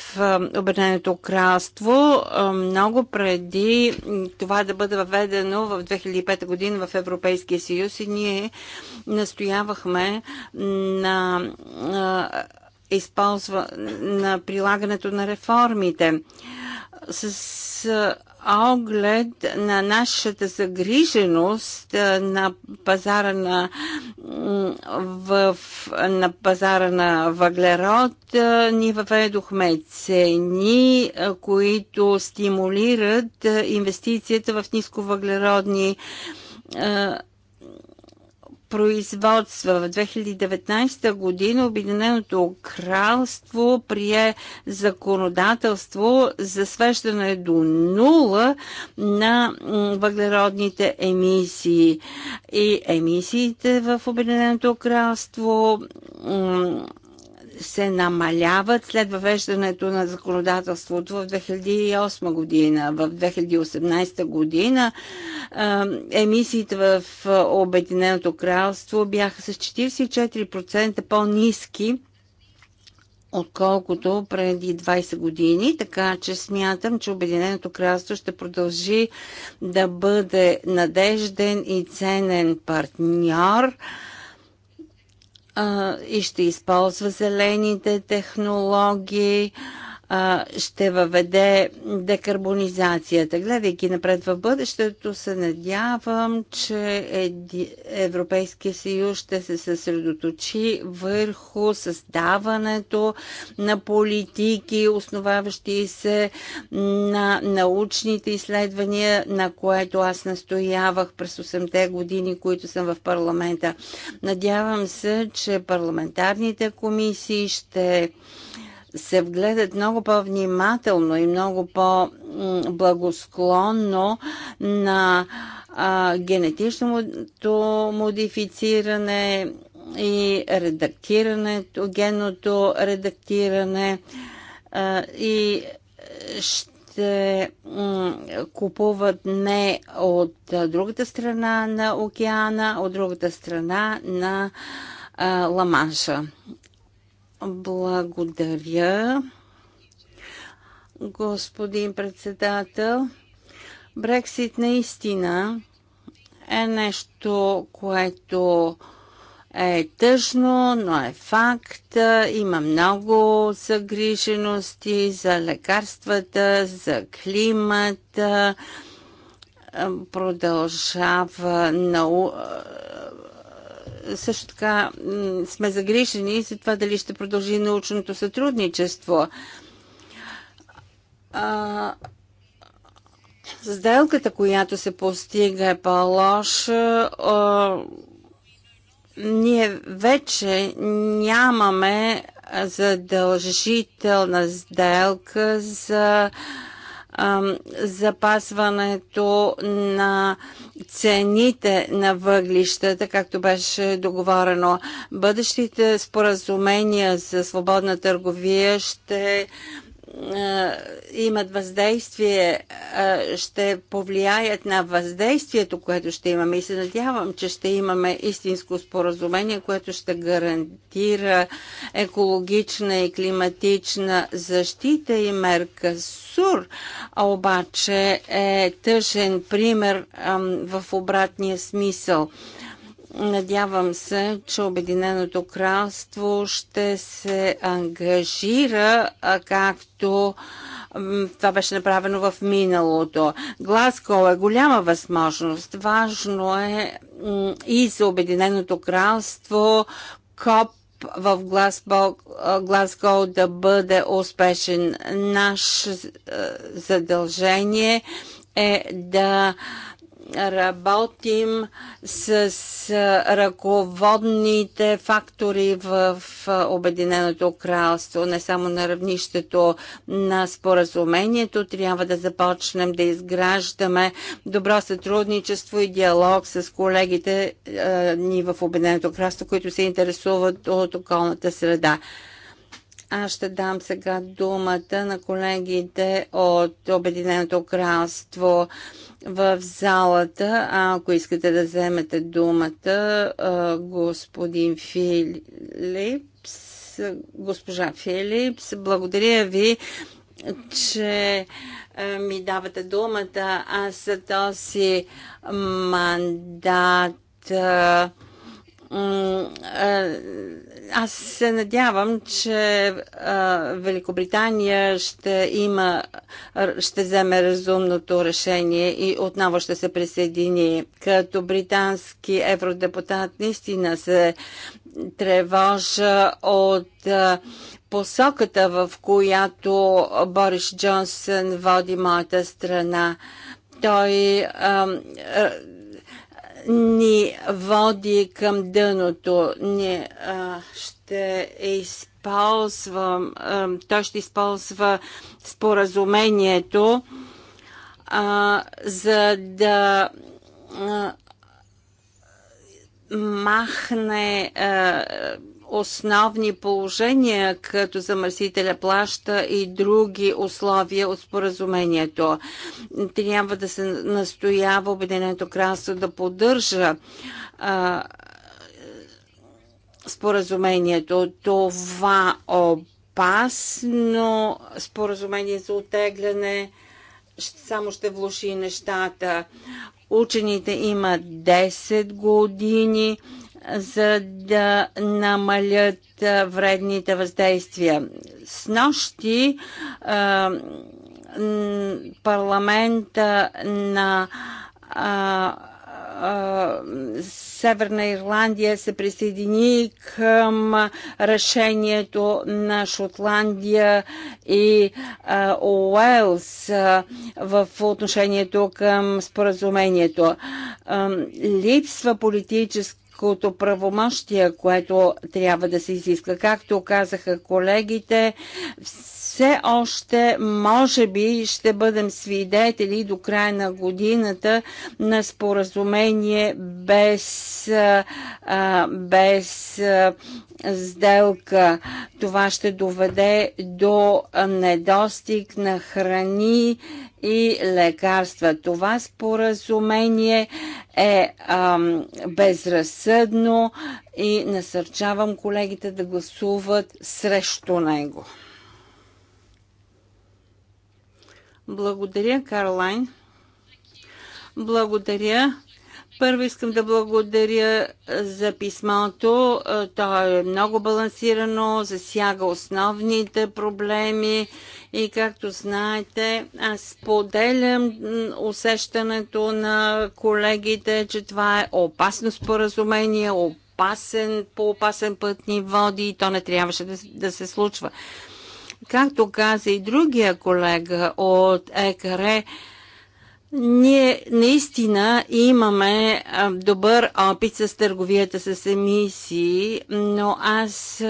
Обединеното кралство много преди това да бъде въведено в 2005 година в Европейския съюз и ние настоявахме на използва, на прилагането на реформите. С оглед на нашата загриженост на пазара на, в, на пазара на въглерод, ние въведохме цени, които стимулират инвестицията в нисковъглеродни производства. В 2019 година Обединеното кралство прие законодателство за свеждане до нула на въглеродните емисии. И емисиите в Обединеното кралство се намаляват след въвеждането на законодателството в 2008 година. В 2018 година емисиите в Обединеното кралство бяха с 44% по-низки отколкото преди 20 години, така че смятам, че Обединеното кралство ще продължи да бъде надежден и ценен партньор и ще използва зелените технологии. А, а, ще въведе декарбонизацията. Гледайки напред в бъдещето, се надявам, че Европейския съюз ще се съсредоточи върху създаването на политики, основаващи се на научните изследвания, на което аз настоявах през 8-те години, които съм в парламента. Надявам се, че парламентарните комисии ще се вгледат много по-внимателно и много по-благосклонно на а, генетичното модифициране и редактирането, генното редактиране а, и ще купуват не от другата страна на океана, от другата страна на Ламанша. Благодаря, господин председател. Брексит наистина е нещо, което е тъжно, но е факт. Има много загрижености за лекарствата, за климата. Продължава нау също така сме загрижени за това дали ще продължи научното сътрудничество. сделката, която се постига е по-лоша. Ние вече нямаме задължителна сделка за а, запазването на цените на въглищата, както беше договорено. Бъдещите споразумения за свободна търговия ще имат въздействие, ще повлияят на въздействието, което ще имаме. И се надявам, че ще имаме истинско споразумение, което ще гарантира екологична и климатична защита и мерка СУР, а обаче е тъжен пример в обратния смисъл. Надявам се, че Обединеното кралство ще се ангажира, както това беше направено в миналото. Глазго е голяма възможност. Важно е и за Обединеното кралство КОП в Глазго, да бъде успешен. Наше задължение е да работим с ръководните фактори в Обединеното кралство, не само на равнището на споразумението. Трябва да започнем да изграждаме добро сътрудничество и диалог с колегите ни в Обединеното кралство, които се интересуват от околната среда. Аз ще дам сега думата на колегите от Обединеното кралство в залата. А ако искате да вземете думата, господин Филипс, госпожа Филипс, благодаря ви, че ми давате думата. Аз за този мандат аз се надявам, че а, Великобритания ще има, ще вземе разумното решение и отново ще се присъедини. Като британски евродепутат наистина се тревожа от а, посоката, в която Борис Джонсън води моята страна. Той а, ни води към дъното. Ние а, ще използвам, а, той ще използва споразумението, а, за да а, махне а, основни положения, като замърсителя плаща и други условия от споразумението. Трябва да се настоява Обединеното кралство да поддържа а, споразумението. Това опасно споразумение за отегляне само ще влуши нещата. Учените имат 10 години за да намалят вредните въздействия. С нощи парламента на Северна Ирландия се присъедини към решението на Шотландия и Уелс в отношението към споразумението. Липсва политическа политическото правомощие, което трябва да се изиска. Както казаха колегите, все още може би ще бъдем свидетели до края на годината на споразумение без, без сделка. Това ще доведе до недостиг на храни и лекарства. Това споразумение е ам, безразсъдно и насърчавам колегите да гласуват срещу него. Благодаря, Карлайн. Благодаря. Първо искам да благодаря за писмото. Е, то е много балансирано, засяга основните проблеми и както знаете, аз споделям усещането на колегите, че това е опасно споразумение, опасен, по опасен път ни води и то не трябваше да, да се случва както каза и другия колега от ЕКРЕ, ние наистина имаме добър опит с търговията с емисии, но аз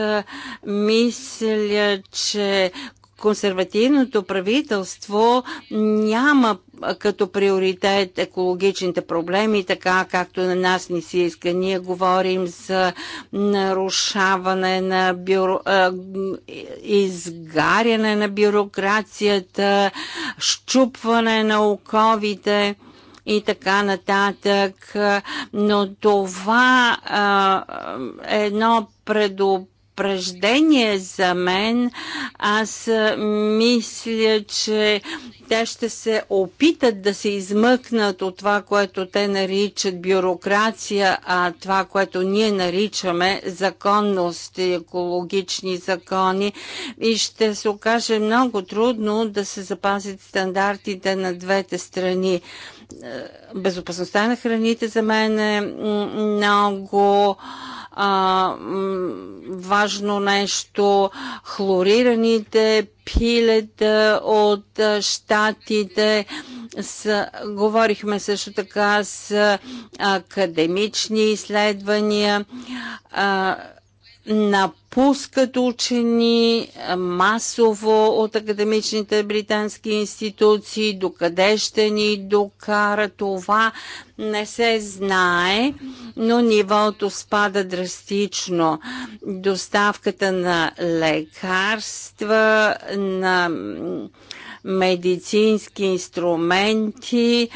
мисля, че консервативното правителство няма като приоритет екологичните проблеми, така както на нас ни се иска. Ние говорим за нарушаване на бюро... изгаряне на бюрокрацията, щупване на оковите и така нататък. Но това е едно предупреждение предупреждение за мен. Аз мисля, че те ще се опитат да се измъкнат от това, което те наричат бюрокрация, а това, което ние наричаме законност и екологични закони. И ще се окаже много трудно да се запазят стандартите на двете страни. Е, безопасността на храните за мен е много а, важно нещо, хлорираните пилета от щатите. С, говорихме също така с академични изследвания. А, напускат учени масово от академичните британски институции, докъде ще ни докара това, не се знае, но нивото спада драстично. Доставката на лекарства, на медицински инструменти,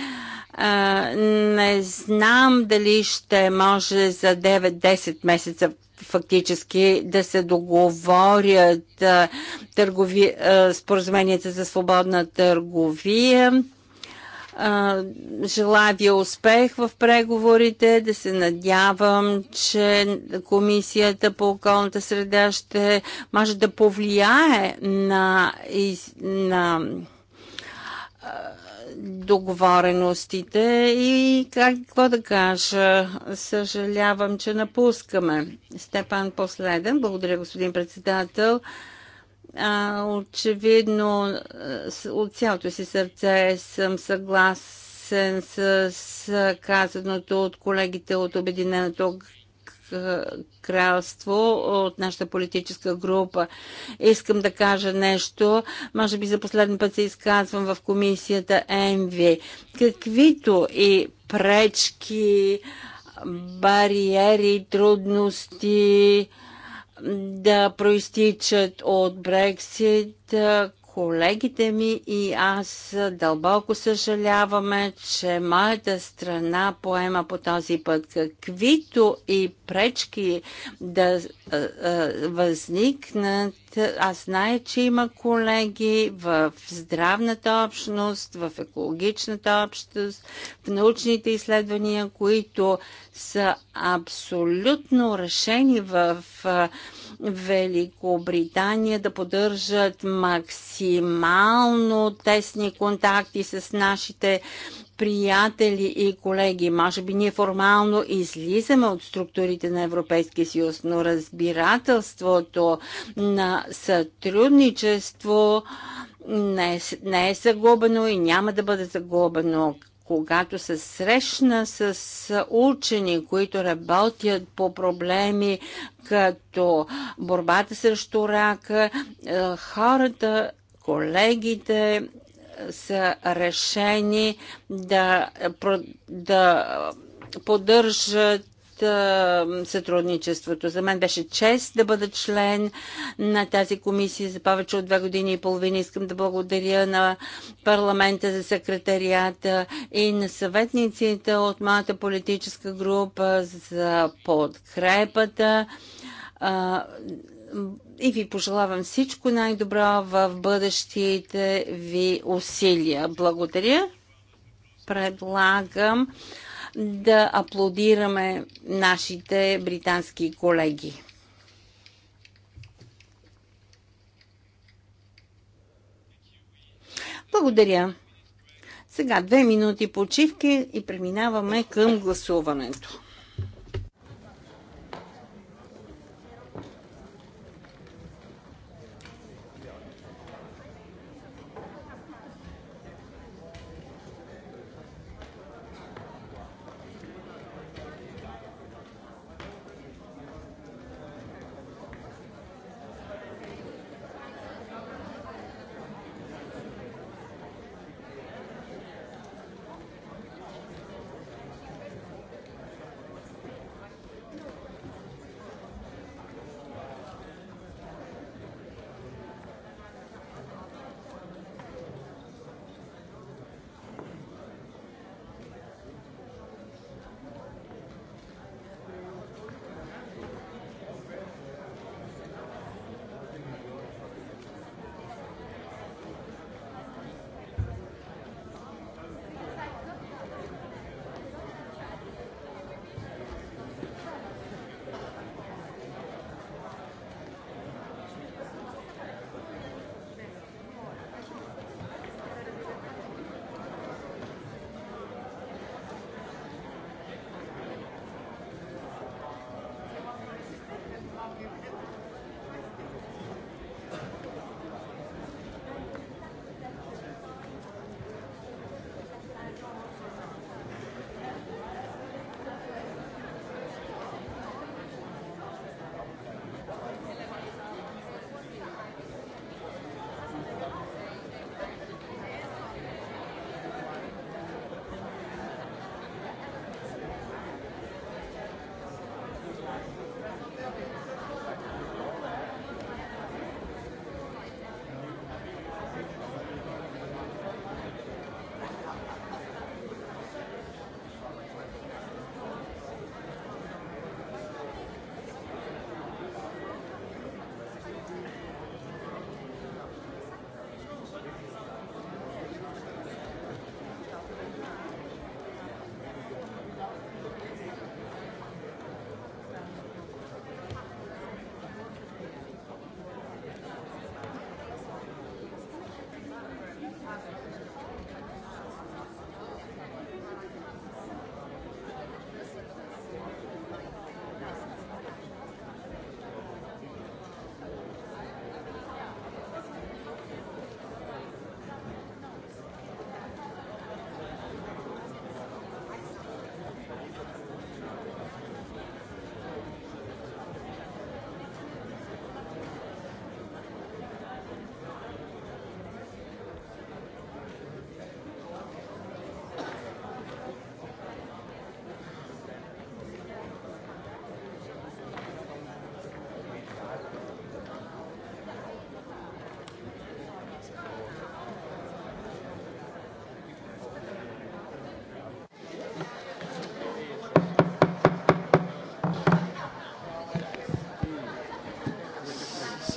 не знам дали ще може за 9-10 месеца фактически да се договорят търгови, споразуменията за свободна търговия. желая ви успех в преговорите, да се надявам, че Комисията по околната среда ще може да повлияе на, на договореностите и какво да кажа. Съжалявам, че напускаме. Степан последен. Благодаря, господин председател. А, очевидно, от цялото си сърце съм съгласен с казаното от колегите от Обединеното е, кралство от нашата политическа група. Искам да кажа нещо, може би за последен път се изказвам в комисията ЕМВИ. Каквито и пречки, бариери, трудности да проистичат от Брексит, Колегите ми и аз дълбоко съжаляваме, че моята страна поема по този път каквито и пречки да а, а, възникнат. Аз знае, че има колеги в здравната общност, в екологичната общност, в научните изследвания, които са абсолютно решени в а, Великобритания да поддържат максимално тесни контакти с нашите приятели и колеги. Може би ние формално излизаме от структурите на Европейския съюз, но разбирателството на сътрудничество не е, не е загубено и няма да бъде загубено когато се срещна с учени, които работят по проблеми като борбата срещу рака, е, хората, колегите са решени да, да поддържат сътрудничеството. За мен беше чест да бъда член на тази комисия за повече от две години и половина. Искам да благодаря на парламента за секретарията и на съветниците от моята политическа група за подкрепата и ви пожелавам всичко най-добро в бъдещите ви усилия. Благодаря. Предлагам да аплодираме нашите британски колеги. Благодаря. Сега две минути почивки и преминаваме към гласуването.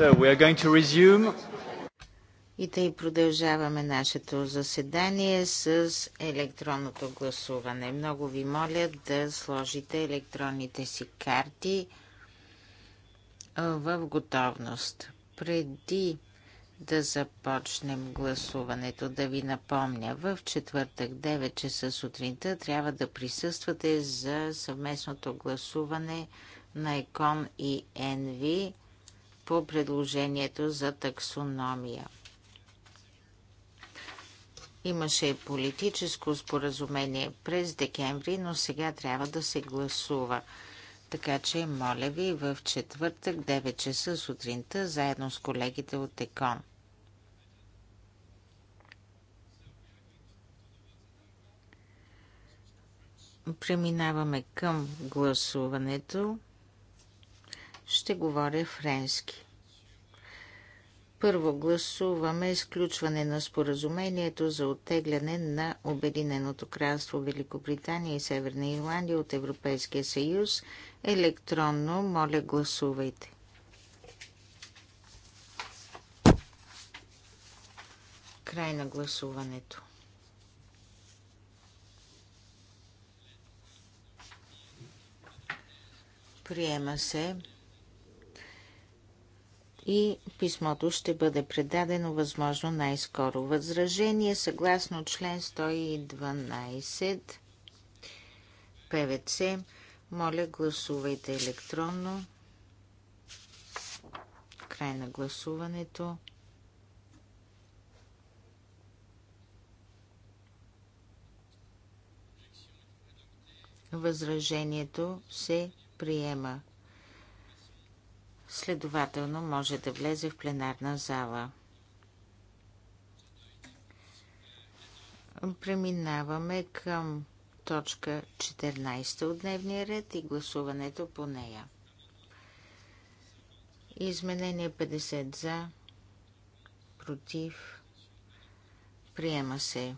So we are going to resume. И тъй продължаваме нашето заседание с електронното гласуване. Много ви моля да сложите електронните си карти в готовност. Преди да започнем гласуването, да ви напомня, в четвъртък 9 часа сутринта трябва да присъствате за съвместното гласуване на ЕКОН и ЕНВИ по предложението за таксономия. Имаше политическо споразумение през декември, но сега трябва да се гласува. Така че, моля ви, в четвъртък, 9 часа сутринта, заедно с колегите от ЕКОН. Преминаваме към гласуването ще говоря френски. Първо гласуваме изключване на споразумението за оттегляне на Обединеното кралство Великобритания и Северна Ирландия от Европейския съюз. Електронно, моля, гласувайте. Край на гласуването. Приема се и писмото ще бъде предадено възможно най-скоро. Възражение съгласно член 112 ПВЦ. Моля, гласувайте електронно. Край на гласуването. Възражението се приема следователно може да влезе в пленарна зала. Преминаваме към точка 14 от дневния ред и гласуването по нея. Изменение 50 за, против, приема се.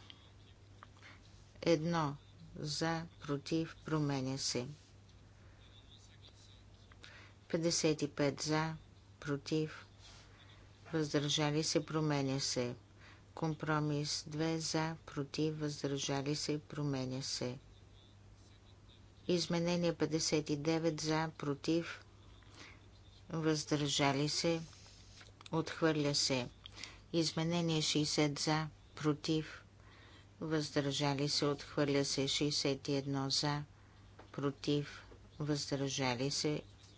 Едно за, против, променя се. 55 за, против, въздържали се, променя се. Компромис 2 за, против, въздържали се, променя се. Изменение 59 за, против, въздържали се, отхвърля се. Изменение 60 за, против, въздържали се, отхвърля се 61 за, против, въздържали се,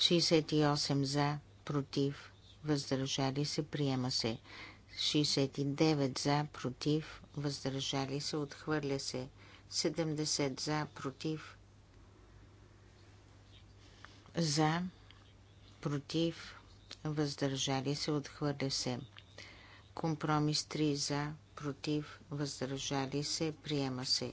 68 за, против, въздържали се, приема се. 69 за, против, въздържали се, отхвърля се. 70 за, против, за, против, въздържали се, отхвърля се. Компромис 3 за, против, въздържали се, приема се.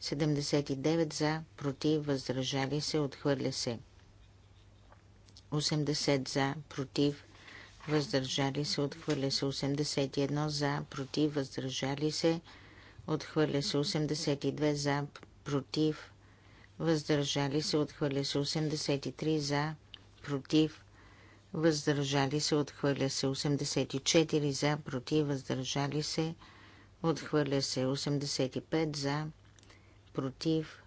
79 за, против, въздържали се, отхвърля се. 80 за, против, въздържали се, отхвърля се. 81 за, против, въздържали се, отхвърля се. 82 за, против, въздържали се, отхвърля се. 83 за, против, въздържали се, отхвърля се. 84 за, против, въздържали се, отхвърля се. 85 за, против, против,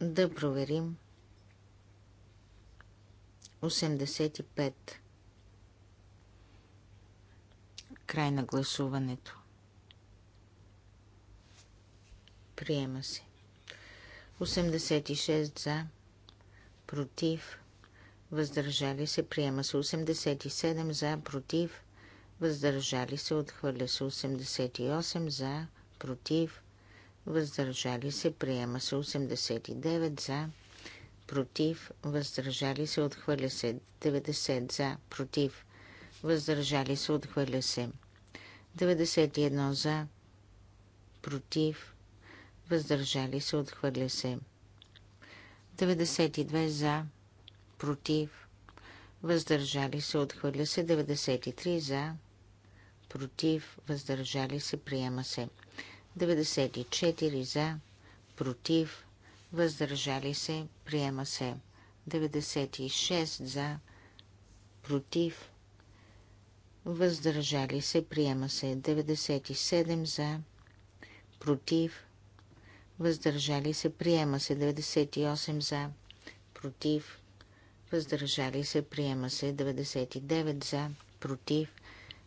да проверим. 85. Край на гласуването. Приема се. 86 за, против, въздържали се, приема се 87 за, против, въздържали се, отхвърля се 88 за, против, въздържали се, приема се 89 за, против, въздържали се, отхвърля се 90 за, против, въздържали се, отхвърля се 91 за, против, въздържали се, отхвърля се 92 за, против, въздържали се, отхвърля се 93 за, против, въздържали се, приема се 94 94 за, против, въздържали се, приема се. 96 за, против, въздържали се, приема се. 97 за, против, въздържали се, приема се. 98 за, против, въздържали се, приема се. 99 за, против,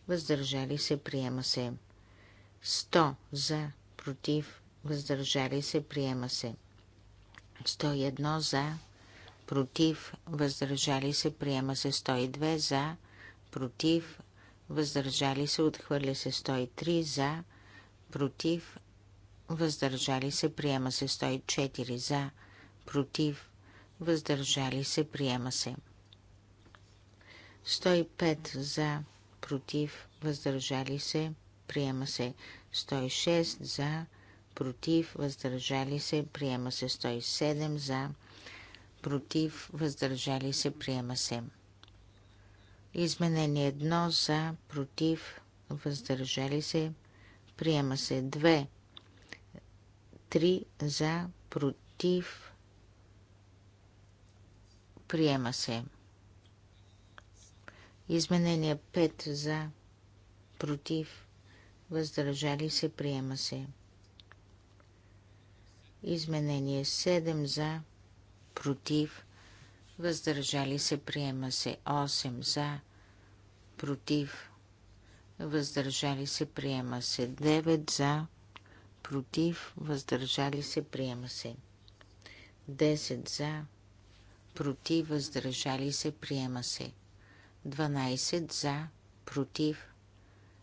въздържали се, приема се. 100 за, против, въздържали се, приема се. 101 за, против, въздържали се, приема се. 102 за, против, въздържали се, отхвърля се. 103 за, против, въздържали се, приема се. 104 за, против, въздържали се, приема се. 105 за, против, въздържали се, приема се 106 за, против, въздържали се, приема се 107 за, против, въздържали се, приема се. Изменение 1 за, против, въздържали се, приема се 2, 3 за, против, приема се. Изменение 5 за, против, въздържали се, приема се. Изменение 7 за, против, въздържали се, приема се. 8 за, против, въздържали се, приема се. 9 за, против, въздържали се, приема се. 10 за, против, въздържали се, приема се. 12 за, против,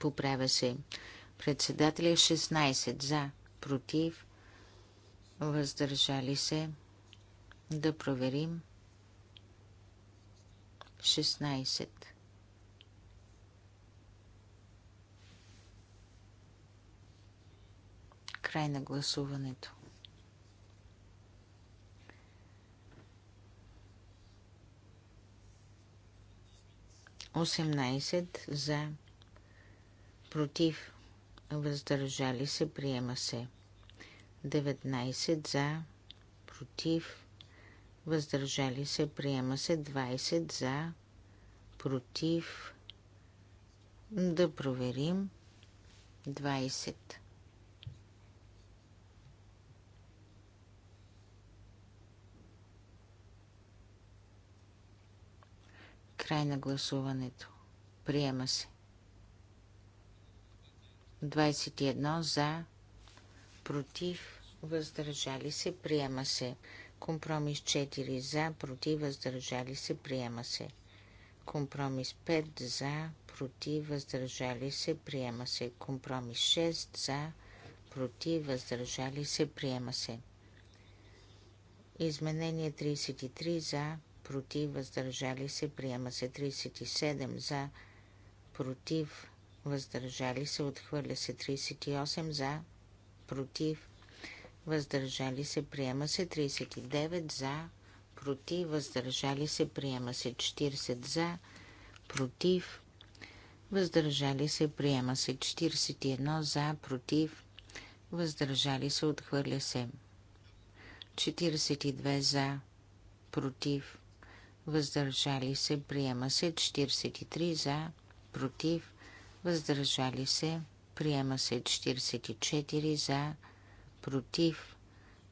поправя се. Председателя 16 за, против, въздържали се. Да проверим. 16. Край на гласуването. Осемнайсет за против, въздържали се, приема се. 19 за, против, въздържали се, приема се. 20 за, против, да проверим. 20. Край на гласуването. Приема се. 21 за, против, въздържали се, приема се. Компромис 4 за, против, въздържали се, приема се. Компромис 5 за, против, въздържали се, приема се. Компромис 6 за, против, въздържали се, приема се. Изменение 33 за, против, въздържали се, приема се. 37 за, против, въздържали се, отхвърля се 38 за, против, въздържали се, приема се 39 за, против, въздържали се, приема се 40 за, против, въздържали се, приема се 41 за, против, въздържали се, отхвърля се 42 за, против, въздържали се, приема се 43 за, против, въздържали се, приема се 44 за, против,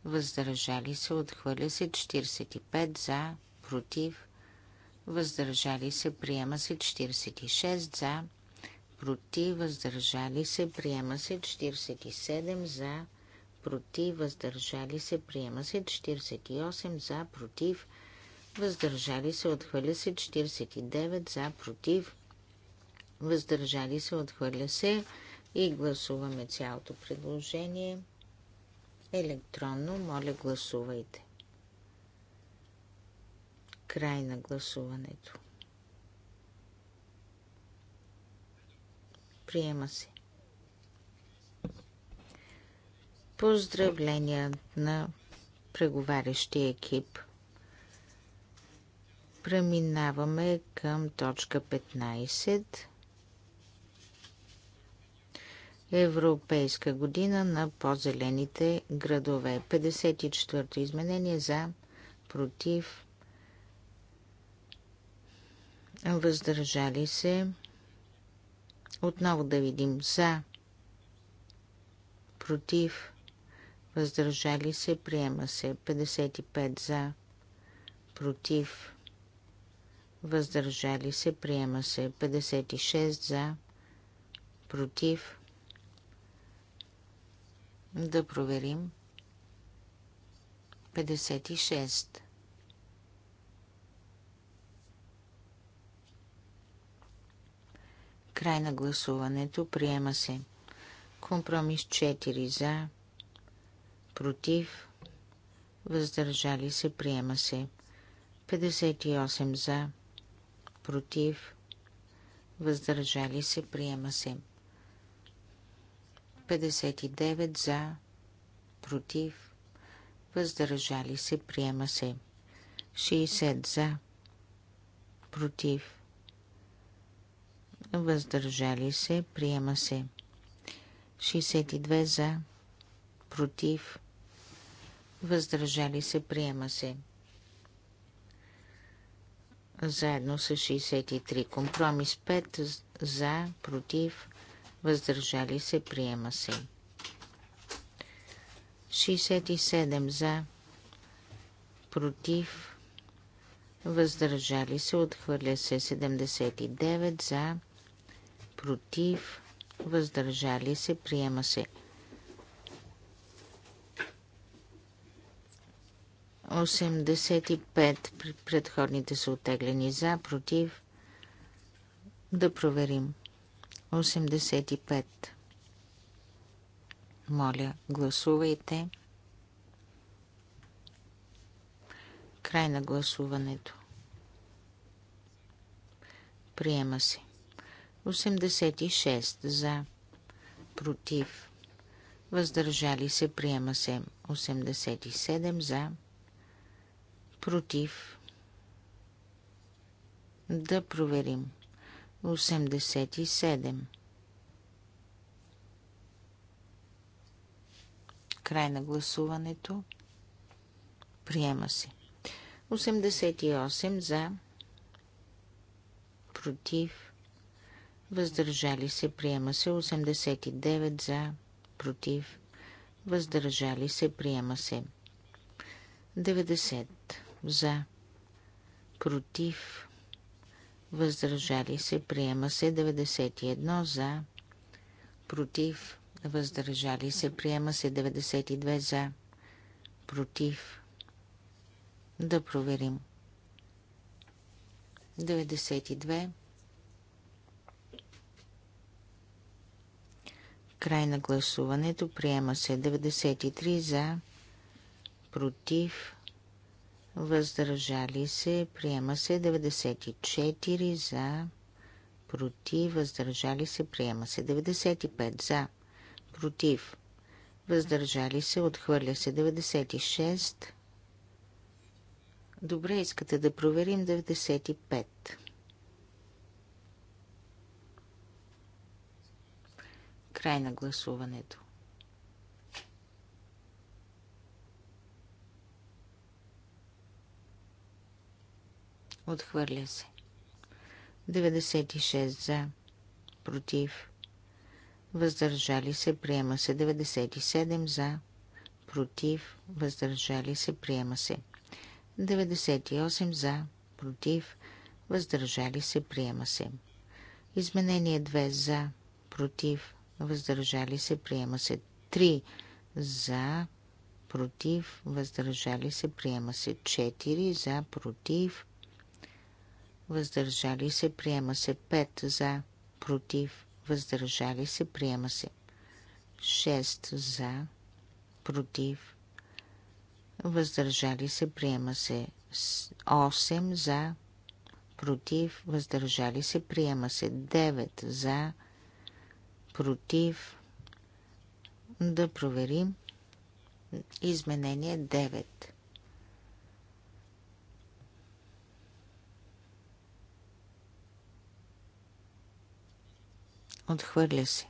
въздържали се, отхвърля се 45 за, против, въздържали се, приема се 46 за, против, въздържали се, приема се 47 за, против, въздържали се, приема се 48 за, против, въздържали се, отхвърля се 49 за, против, въздържали се, отхвърля се и гласуваме цялото предложение електронно. Моля, гласувайте. Край на гласуването. Приема се. Поздравления на преговарящия екип. Преминаваме към точка 15. Европейска година на по-зелените градове. 54-то изменение за, против, въздържали се. Отново да видим за, против, въздържали се, приема се. 55 за, против, въздържали се, приема се. 56 за, против, да проверим. 56. Край на гласуването. Приема се. Компромис 4 за. Против. Въздържали се. Приема се. 58 за. Против. Въздържали се. Приема се. 59 за, против, въздържали се, приема се. 60 за, против, въздържали се, приема се. 62 за, против, въздържали се, приема се. Заедно с 63. Компромис 5 за, против, въздържали се, приема се. 67 за, против, въздържали се, отхвърля се 79 за, против, въздържали се, приема се. 85 предходните са отеглени за, против. Да проверим. 85. Моля, гласувайте. Край на гласуването. Приема се. 86 за. Против. Въздържали се. Приема се. 87 за. Против. Да проверим. 86. 87. Край на гласуването. Приема се. 88 за. Против. Въздържали се. Приема се. 89 за. Против. Въздържали се. Приема се. 90 за. Против въздържали се, приема се 91 за, против, въздържали се, приема се 92 за, против. Да проверим. 92. Край на гласуването приема се 93 за, против, въздържали се, приема се 94 за, против, въздържали се, приема се 95 за, против, въздържали се, отхвърля се 96. Добре, искате да проверим 95. Край на гласуването. Отхвърля се. 96 за. Против. Въздържали се. Приема се. 97 за. Против. Въздържали се. Приема се. 98 за. Против. Въздържали се. Приема се. Изменение 2 за. Против. Въздържали се. Приема се. 3 за против, въздържали се, приема се 4, за, против, въздържали се, приема се. 5 за, против, въздържали се, приема се. 6 за, против, въздържали се, приема се. 8 за, против, въздържали се, приема се. 9 за, против, да проверим. Изменение 9. Отхвърля се.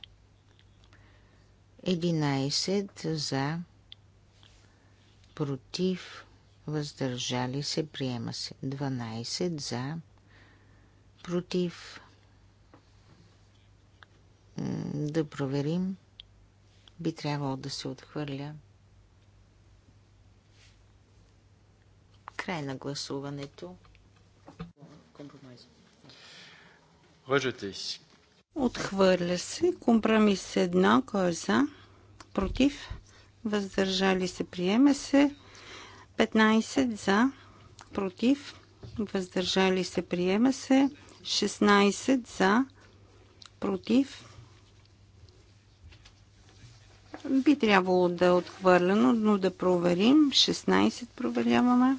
11 за, против, въздържали се, приема се. 12 за, против. Да проверим. Би трябвало да се отхвърля. Край на гласуването. Ръжете си. Отхвърля се. Компромис 1. Кой е за? Против. Въздържали се. Приема се. 15 за. Против. Въздържали се. Приема се. 16 за. Против. Би трябвало да е отхвърлено, но да проверим. 16 проверяваме.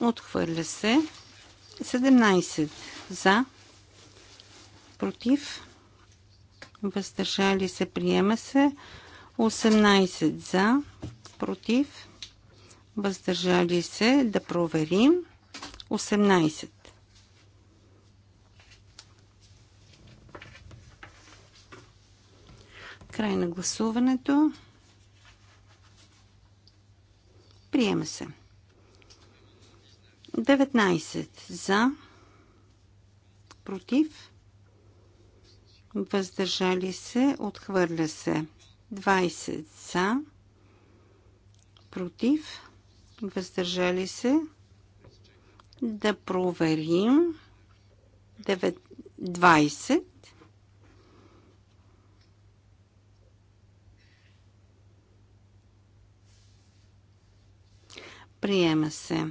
Отхвърля се. 17 за. Против. Въздържали се. Приема се. 18 за. Против. Въздържали се. Да проверим. 18. Край на гласуването. Приема се. 19 за, против, въздържали се, отхвърля се. 20 за, против, въздържали се. Да проверим. 20. Приема се.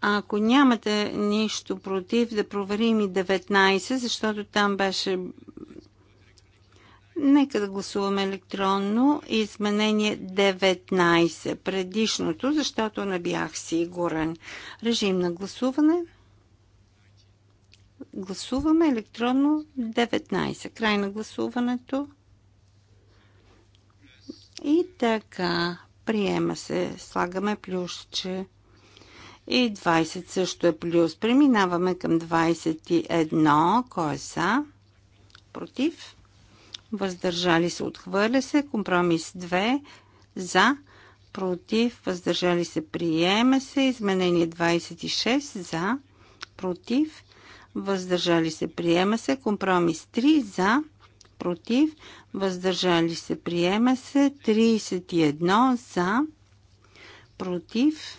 Ако нямате нищо против, да проверим и 19, защото там беше... Нека да гласуваме електронно изменение 19, предишното, защото не бях сигурен. Режим на гласуване. Гласуваме електронно 19. Край на гласуването. И така, приема се. Слагаме плюсче и 20 също е плюс. Преминаваме към 21. Кой е за? Против? Въздържали се, отхвърля се. Компромис 2. За? Против? Въздържали се, приема се. Изменение 26. За? Против? Въздържали се, приема се. Компромис 3. За? Против? Въздържали се, приема се. 31. За? Против?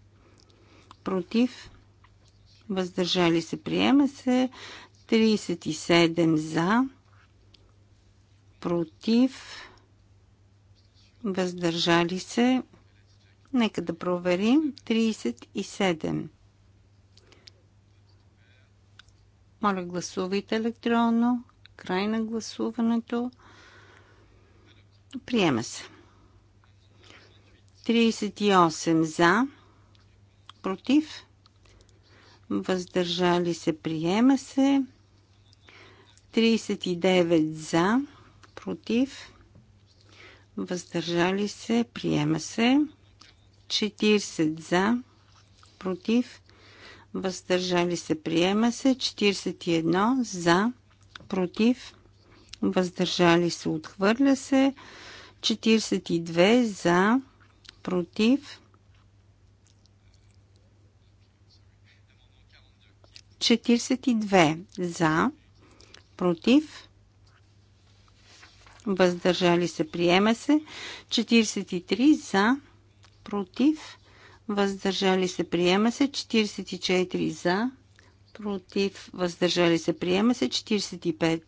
против, въздържали се, приема се. 37 за, против, въздържали се. Нека да проверим. 37. Моля, гласувайте електронно. Край на гласуването. Приема се. 38 за против, въздържали се, приема се. 39 за, против, въздържали се, приема се. 40 за, против, въздържали се, приема се. 41 за, против, въздържали се, отхвърля се. 42 за, против, 42 за, против, въздържали се, приема се. 43 за, против, въздържали се, приема се. 44 за, против, въздържали се, приема се. 45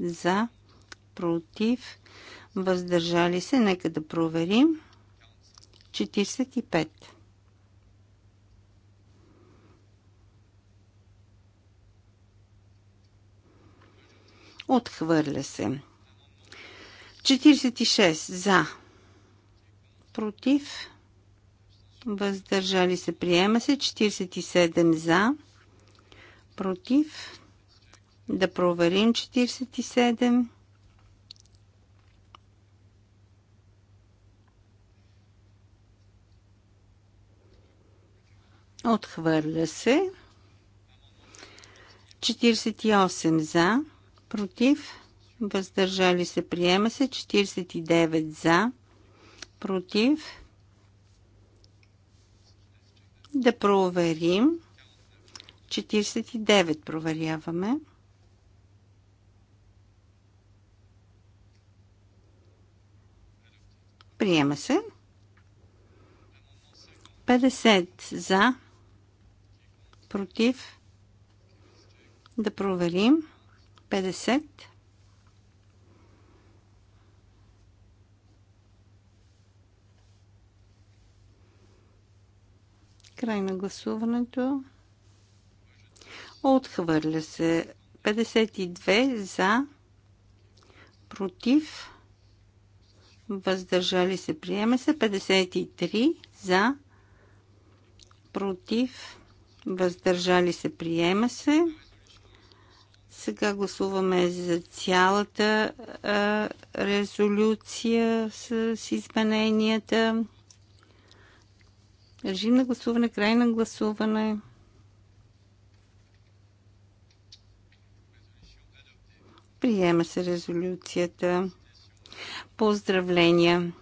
за, против, въздържали се. Нека да проверим. 45. Отхвърля се. 46 за. Против. Въздържали се. Приема се. 47 за. Против. Да проверим 47. Отхвърля се. 48 за против, въздържали се, приема се 49 за, против. Да проверим. 49 проверяваме. Приема се. 50 за, против. Да проверим. 50. Край на гласуването. Отхвърля се 52 за, против, въздържали се, приема се 53 за, против, въздържали се, приема се. Сега гласуваме за цялата а, резолюция с, с измененията. Режим на гласуване, край на гласуване. Приема се резолюцията. Поздравления!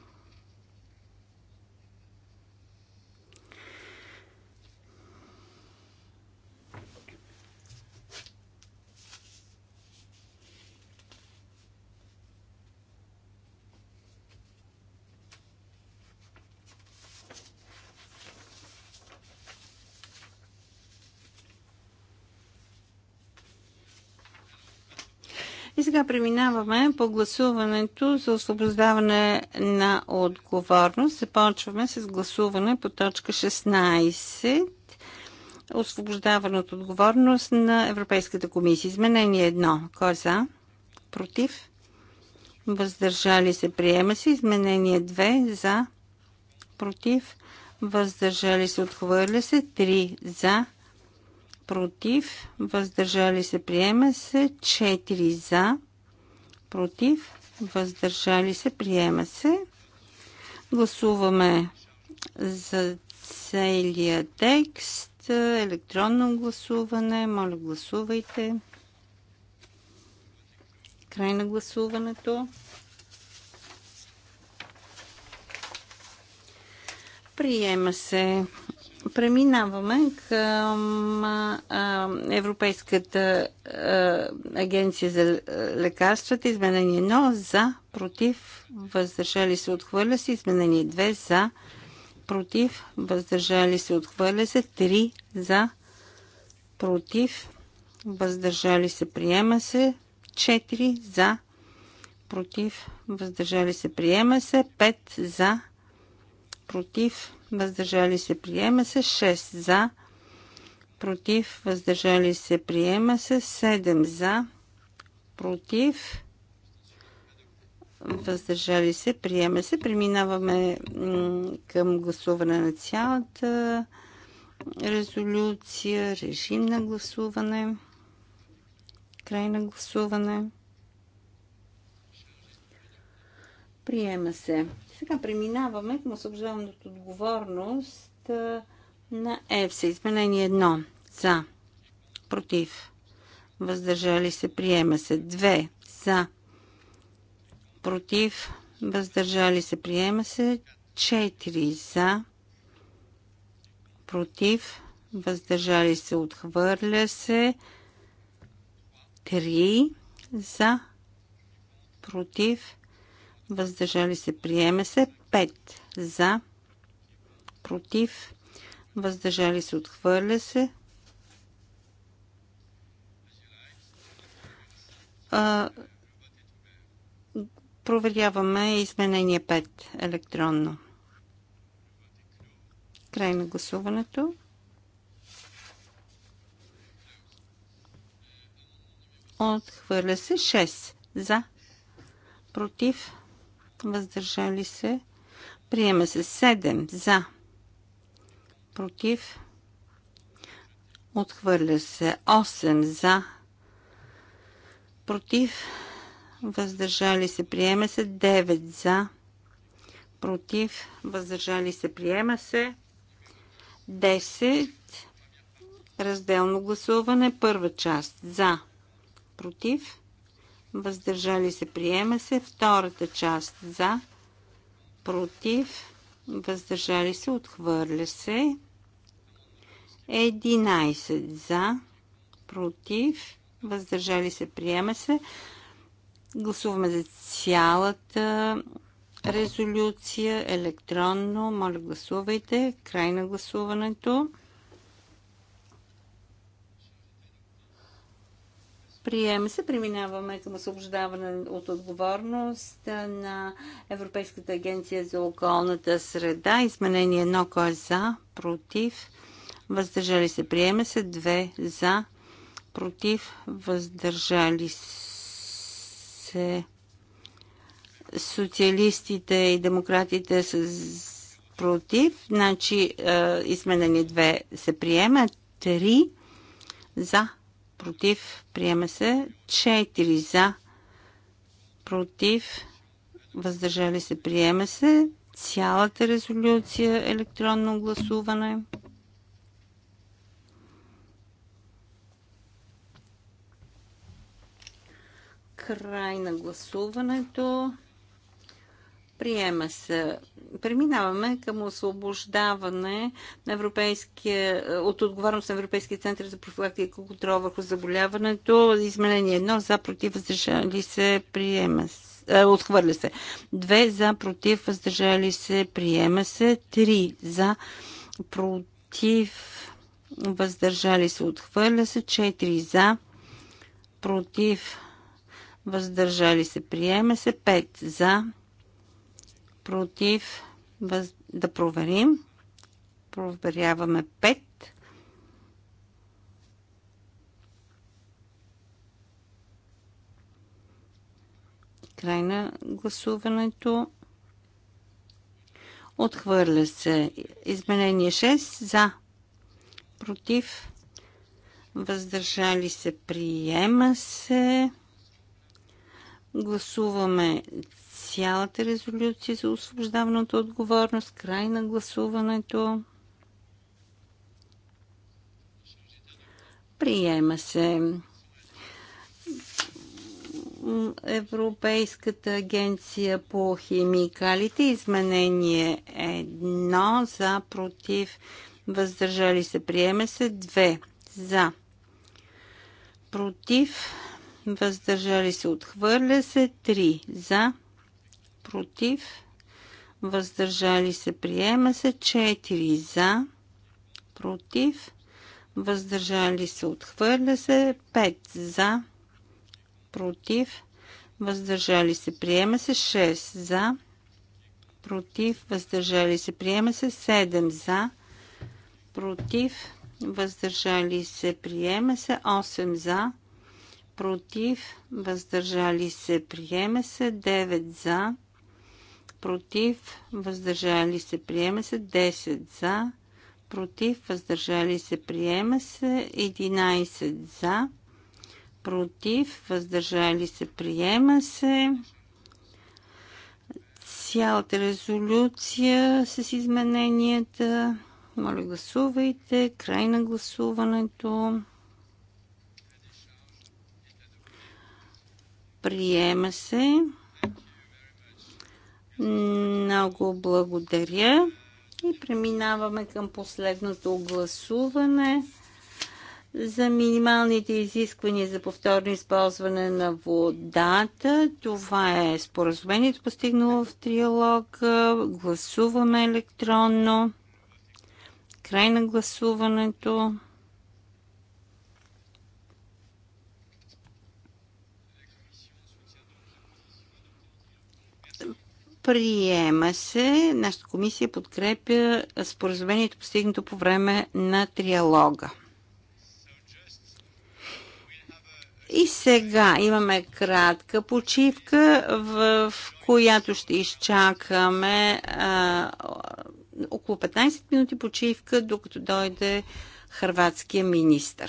Сега преминаваме по гласуването за освобождаване на отговорност. Започваме с гласуване по точка 16. Освобождаване от отговорност на Европейската комисия. Изменение 1. Кой е за? Против? Въздържали се. Приема се. Изменение 2. За? Против? Въздържали се. Отхвърля се. 3. За? против, въздържали се, приема се, 4 за, против, въздържали се, приема се. Гласуваме за целия текст, електронно гласуване, моля гласувайте. Край на гласуването. Приема се Преминаваме към Европейската агенция за лекарствата. Изменение 1 за, против, въздържали се, отхвърля се. Изменение 2 за, против, въздържали се, отхвърля се. 3 за, против, въздържали се, приема се. 4 за, против, въздържали се, приема се. 5 за, против, въздържали се, приема се. 6 за, против, въздържали се, приема се. 7 за, против, въздържали се, приема се. Преминаваме към гласуване на цялата резолюция, режим на гласуване, край на гласуване. Приема се. Сега преминаваме към освобождаването отговорност на ЕФСА. Изменение 1. За. Против. Въздържали се. Приема се. 2. За. Против. Въздържали се. Приема се. 4. За. Против. Въздържали се. Отхвърля се. 3. За. Против въздържали се, приеме се. 5 за, против, въздържали се, отхвърля се. А, проверяваме изменение 5 електронно. Край на гласуването. Отхвърля се 6 за, против, въздържали се. Приема се 7 за, против, отхвърля се 8 за, против, въздържали се, приема се 9 за, против, въздържали се, приема се 10 разделно гласуване, първа част за, против, въздържали се, приема се. Втората част за, против, въздържали се, отхвърля се. 11 за, против, въздържали се, приема се. Гласуваме за цялата резолюция електронно. Моля, гласувайте. Край на гласуването. Приема се, преминаваме към освобождаване от отговорност на Европейската агенция за околната среда. Изменение 1, кой е за, против, въздържали се. Приема се 2 за, против, въздържали се. Социалистите и демократите са против, значи е, изменение 2 се приема, 3 за, против, приема се. 4 за, против, въздържали се, приема се. Цялата резолюция електронно гласуване. Край на гласуването. Приема се. Преминаваме към освобождаване на европейския, от отговорност на Европейския център за профилактика и контрол върху заболяването. Изменение 1 е, за против въздържали се. Приема се. Отхвърля се. 2 за против въздържали се. Приема се. 3 за против въздържали се. Отхвърля се. 4 за против въздържали се. Приема се. 5 за против, въз... да проверим. Проверяваме 5. Край на гласуването. Отхвърля се. Изменение 6. За. Против. Въздържали се. Приема се. Гласуваме цялата резолюция за освобождаването отговорност, край на гласуването. Приема се Европейската агенция по химикалите. Изменение едно за против въздържали се. Приема се две за против въздържали се. Отхвърля се три за против, въздържали се, приема се 4 за, против, въздържали се, отхвърля се 5 за, против, въздържали се, приема се 6 за, против, въздържали се, приема се 7 за, против, въздържали се, приема се 8 за, против, въздържали се, приема се 9 за, против, въздържали се, приема се 10 за, против, въздържали се, приема се 11 за, против, въздържали се, приема се цялата резолюция с измененията. Моля, гласувайте. Край на гласуването. Приема се. Много благодаря. И преминаваме към последното гласуване за минималните изисквания за повторно използване на водата. Това е споразумението постигнало в триалог. Гласуваме електронно. Край на гласуването. Приема се. Нашата комисия подкрепя споразумението, постигнато по време на триалога. И сега имаме кратка почивка, в която ще изчакаме а, около 15 минути почивка, докато дойде хрватския министр.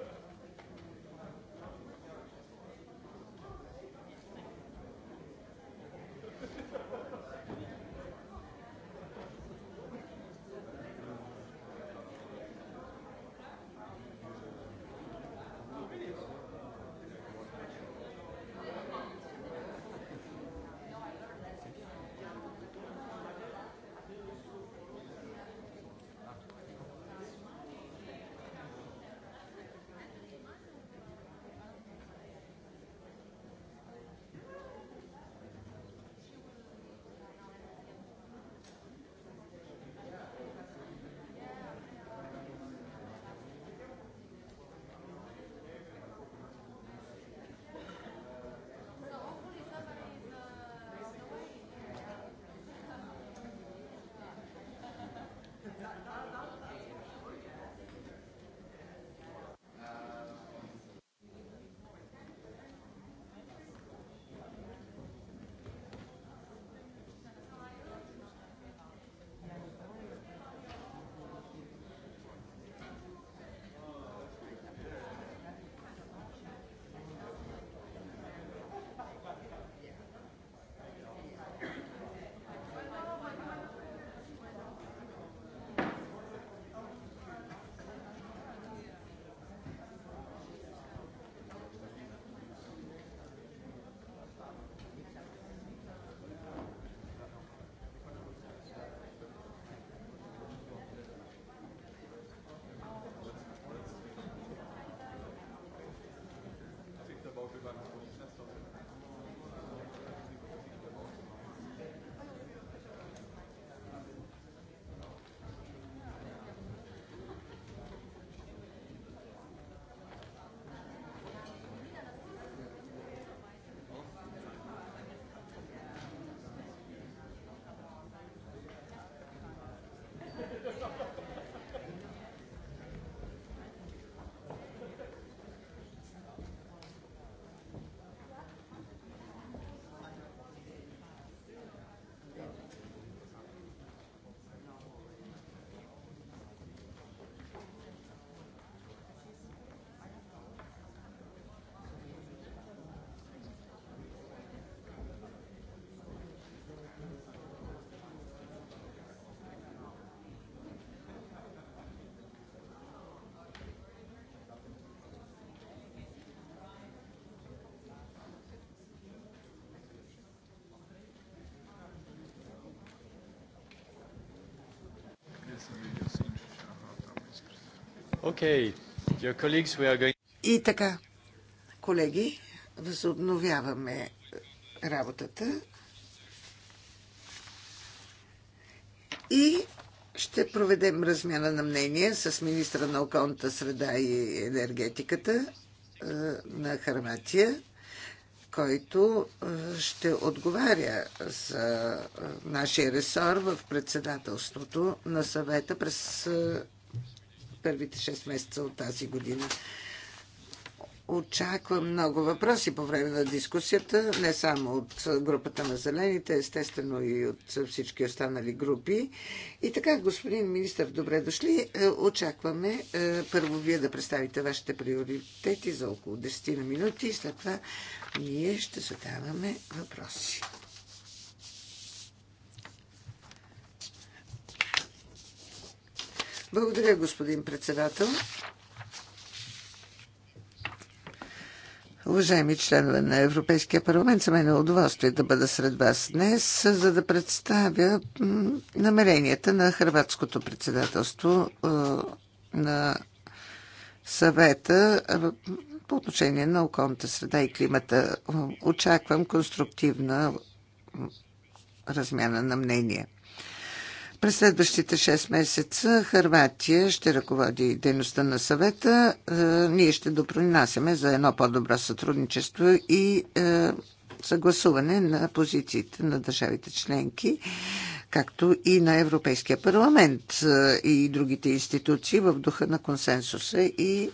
Okay. И така, колеги, възобновяваме работата и ще проведем размяна на мнение с министра на околната среда и енергетиката на Харватия който ще отговаря за нашия ресор в председателството на съвета през първите 6 месеца от тази година очаквам много въпроси по време на дискусията, не само от групата на зелените, естествено и от всички останали групи. И така, господин министр, добре дошли. Е, очакваме е, първо вие да представите вашите приоритети за около 10 на минути и след това ние ще задаваме въпроси. Благодаря, господин председател. Уважаеми членове на Европейския парламент, за мен е удоволствие да бъда сред вас днес, за да представя намеренията на хрватското председателство е, на съвета е, по отношение на околната среда и климата. Очаквам конструктивна размяна на мнение. През следващите 6 месеца Харватия ще ръководи дейността на съвета. Е, ние ще допринасяме за едно по-добро сътрудничество и е, съгласуване на позициите на държавите членки, както и на Европейския парламент е, и другите институции в духа на консенсуса и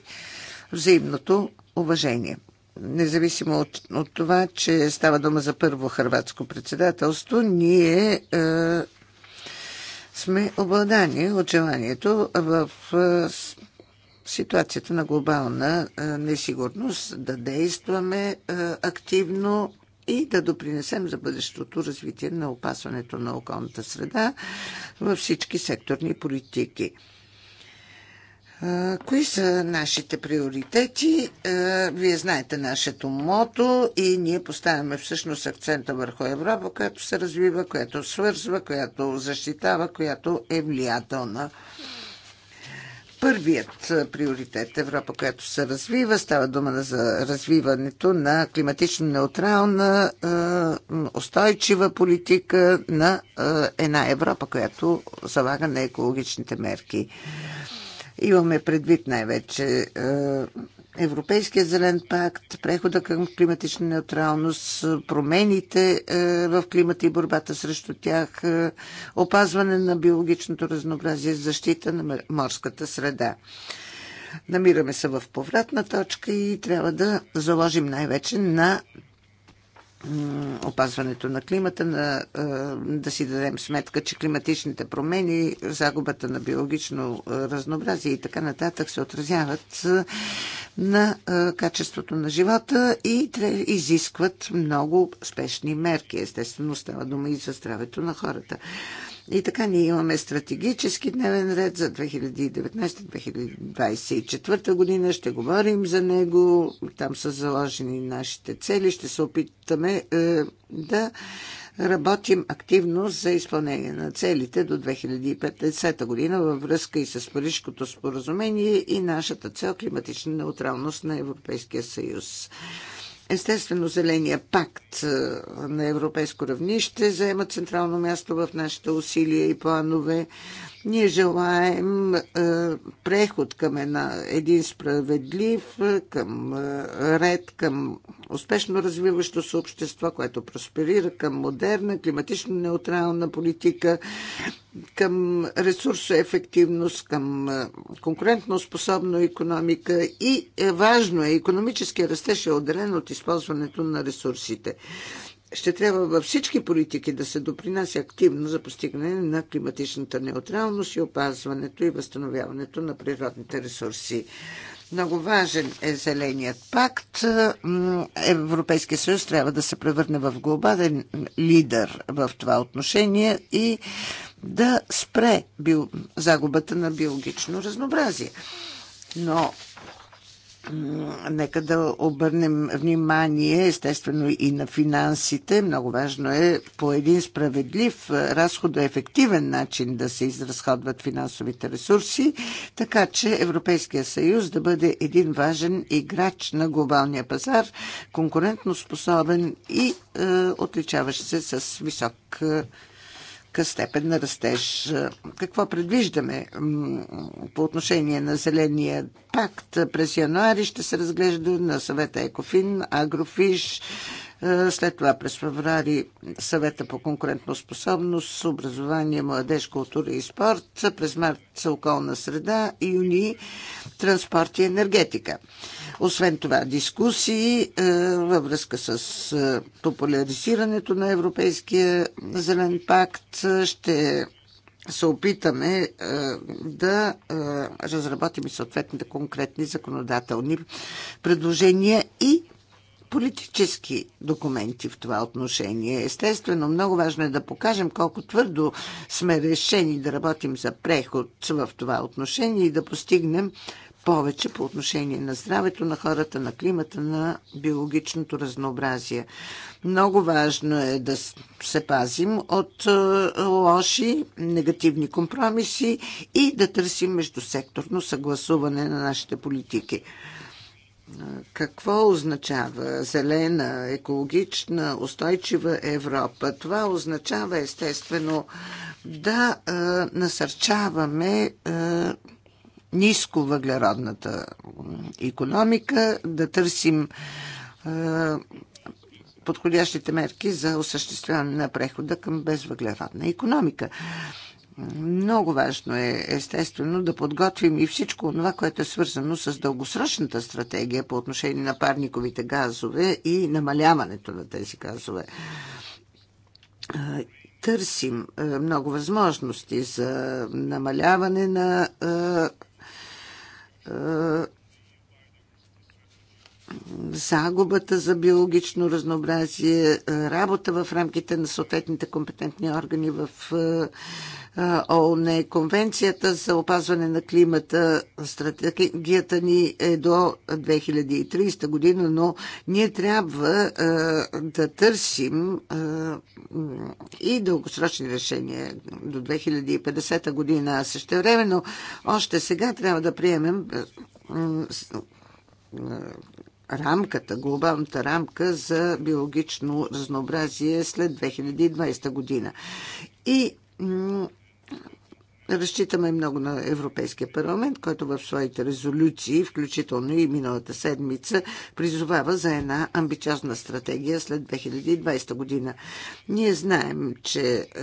взаимното уважение независимо от, от това, че става дума за първо хрватско председателство, ние е, сме обладани от желанието в е, ситуацията на глобална е, несигурност да действаме е, активно и да допринесем за бъдещото развитие на опасването на околната среда във всички секторни политики. Кои са нашите приоритети? Вие знаете нашето мото и ние поставяме всъщност акцента върху Европа, която се развива, която свързва, която защитава, която е влиятелна. Първият приоритет е Европа, която се развива, става дума за развиването на климатично неутрална, устойчива политика на една Европа, която залага на екологичните мерки. Имаме предвид най-вече е, Европейския зелен пакт, прехода към климатична неутралност, промените е, в климата и борбата срещу тях, е, опазване на биологичното разнообразие, защита на морската среда. Намираме се в повратна точка и трябва да заложим най-вече на опазването на климата, на, да си дадем сметка, че климатичните промени, загубата на биологично разнообразие и така нататък се отразяват на качеството на живота и изискват много спешни мерки. Естествено, става дума и за здравето на хората. И така ние имаме стратегически дневен ред за 2019-2024 година. Ще говорим за него. Там са заложени нашите цели. Ще се опитаме е, да работим активно за изпълнение на целите до 2050 година във връзка и с Парижското споразумение и нашата цел климатична неутралност на Европейския съюз. Естествено, Зеления пакт е, на европейско равнище заема централно място в нашите усилия и планове. Ние желаем е, преход към една, един справедлив, е, към е, ред, към успешно развиващо се общество, което просперира, към модерна, климатично неутрална политика, към ресурсоефективност, към е, конкурентно способна економика и е, важно е, економическия растеж е отделен от използването на ресурсите ще трябва във всички политики да се допринася активно за постигане на климатичната неутралност и опазването и възстановяването на природните ресурси. Много важен е Зеленият пакт. Европейския съюз трябва да се превърне в глобален лидер в това отношение и да спре загубата на биологично разнообразие. Но Нека да обърнем внимание, естествено, и на финансите. Много важно е по един справедлив, разходоефективен начин да се изразходват финансовите ресурси, така че Европейския съюз да бъде един важен играч на глобалния пазар, конкурентно способен и е, отличаващ се с висок ниска степен на растеж. Какво предвиждаме по отношение на Зеления пакт? През януари ще се разглежда на съвета Екофин, Агрофиш, е, след това през феврари съвета по способност, образование, младеж, култура и спорт. През март са околна среда, юни транспорт и енергетика. Освен това, дискусии е, във връзка с е, популяризирането на Европейския зелен пакт ще се опитаме да разработим съответните конкретни законодателни предложения и политически документи в това отношение. Естествено, много важно е да покажем колко твърдо сме решени да работим за преход в това отношение и да постигнем повече по отношение на здравето на хората, на климата, на биологичното разнообразие. Много важно е да се пазим от е, лоши, негативни компромиси и да търсим междусекторно съгласуване на нашите политики. Какво означава зелена, екологична, устойчива Европа? Това означава естествено да насърчаваме ниско въглеродната економика, да търсим подходящите мерки за осъществяване на прехода към безвъглеродна економика. Много важно е, естествено, да подготвим и всичко това, което е свързано с дългосрочната стратегия по отношение на парниковите газове и намаляването на тези газове. Търсим много възможности за намаляване на загубата за биологично разнообразие, работа в рамките на съответните компетентни органи в ООН, е Конвенцията за опазване на климата, стратегията ни е до 2030 година, но ние трябва да търсим и дългосрочни решения до 2050 година. А също но още сега трябва да приемем рамката, глобалната рамка за биологично разнообразие след 2020 година. И Разчитаме много на Европейския парламент, който в своите резолюции, включително и миналата седмица, призовава за една амбициозна стратегия след 2020 година. Ние знаем, че е,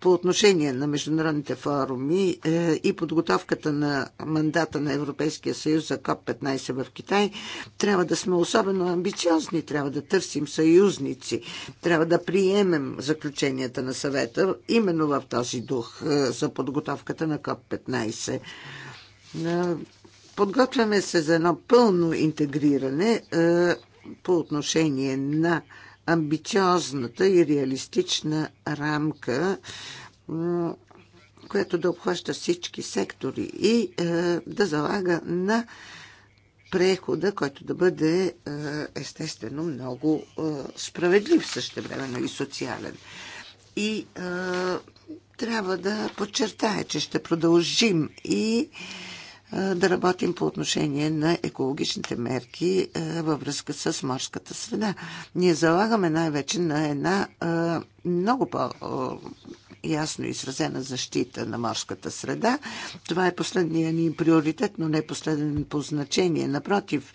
по отношение на международните форуми е, и подготовката на мандата на Европейския съюз за КОП-15 в Китай, трябва да сме особено амбициозни, трябва да търсим съюзници, трябва да приемем заключенията на съвета именно в този дух е, за подготовката на КОП-15. Подготвяме се за едно пълно интегриране по отношение на амбициозната и реалистична рамка, която да обхваща всички сектори и да залага на прехода, който да бъде естествено много справедлив същевременно и социален. И трябва да подчертая, че ще продължим и да работим по отношение на екологичните мерки във връзка с морската среда. Ние залагаме най-вече на една много по-ясно изразена защита на морската среда. Това е последния ни приоритет, но не последен по значение. Напротив,